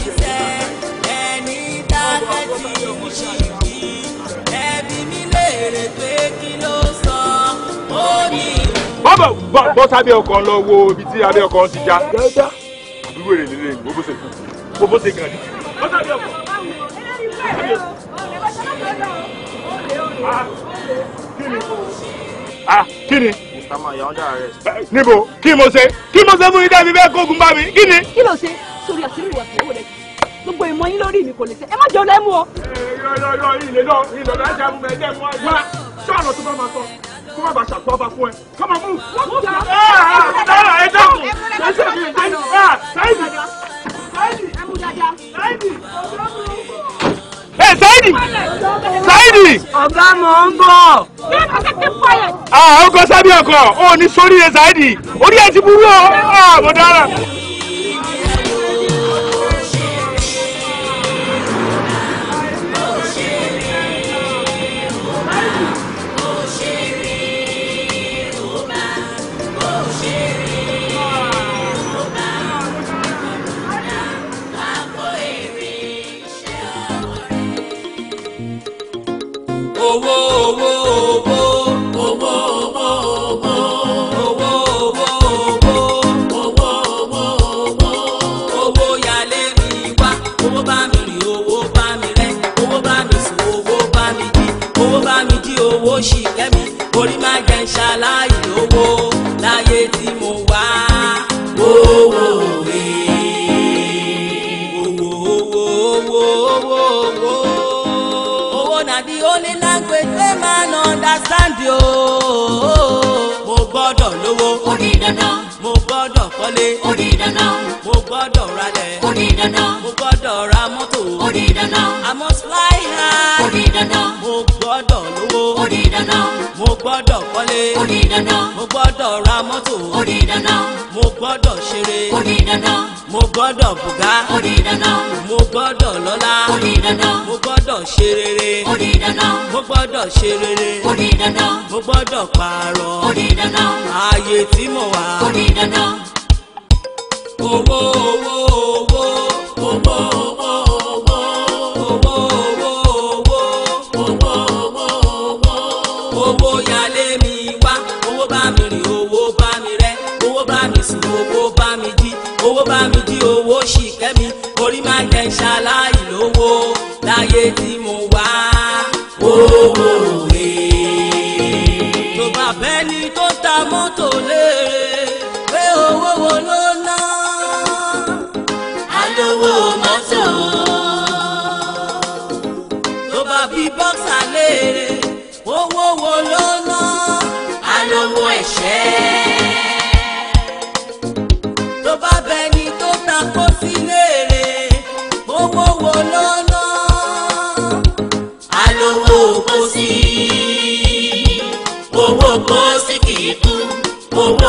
béèrè pé kí ló sọ ó ní. bọ́bọ̀ bọ́ sábẹ́ ọkọ̀ lọ wo ibi tí abẹ́ ọkọ̀ ti já dáadáa àbúrò èrè lélẹ̀ ní bóbó ṣe bóbó ṣe gàdí. bọ́ sábẹ́ ọkọ̀. kí ni. ah kí ni kama ya under arrest. Eh, níbo kí mo ṣe kí mo ṣe fún yín dẹ́bi bẹ́ẹ̀ kógun bá mi kí ni. kí ló ṣe sórí àṣírí ìwà tí ó wọlé gbogbo ìmọ̀ yín lórí mi kò lè ṣe ẹ má jọ lẹ́mú o. ilé lọ ilé lọ ẹjẹ mú ẹjẹ mú ẹjẹ wá sọ̀rọ̀ tó bá máa sọ kó má bàa ṣàkóbá bá fún ẹ kó má mú. ẹ dákun ẹ ṣe mi ẹ sáyidì sáyidì ẹ sáyidì sáyidì. ọ̀gá mò ń bọ̀. ọkọ̀ sábì ọkọ̀ ò ní sórí ẹ sáyidì orí ẹ ti burú ọ ah, mọ̀ dára. dandan. mo gbọ́dọ̀ kọ́lé. ó di dandan. mo gbọ́dọ̀ ralẹ̀. ó di dandan. mo gbọ́dọ̀ ra mọ́tò. ó di dandan. I must fly high. ó di dandan. mo gbọ́dọ̀ di dandan. mo gbọ́dọ̀ kọ́lé. ó di dandan. mo gbọ́dọ̀ ra mọ́tò. ó di dandan. mo gbọ́dọ̀ ṣeré. ó di dandan. mo gbọ́dọ̀ bùgá. ó di dandan. mo gbọ́dọ̀ lọ́lá. ó di dandan. mo gbọ́dọ̀ ṣe rere. ó di dandan. mo gbọ́dọ̀ ṣe rere. ó di dandan. mo gbọ́dọ̀ owó owó owó.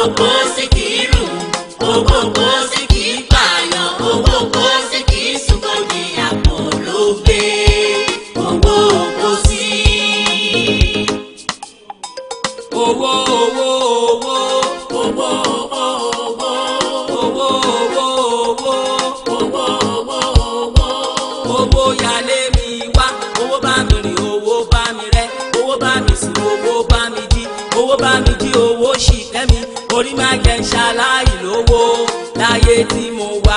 pussy rere tí mo wá.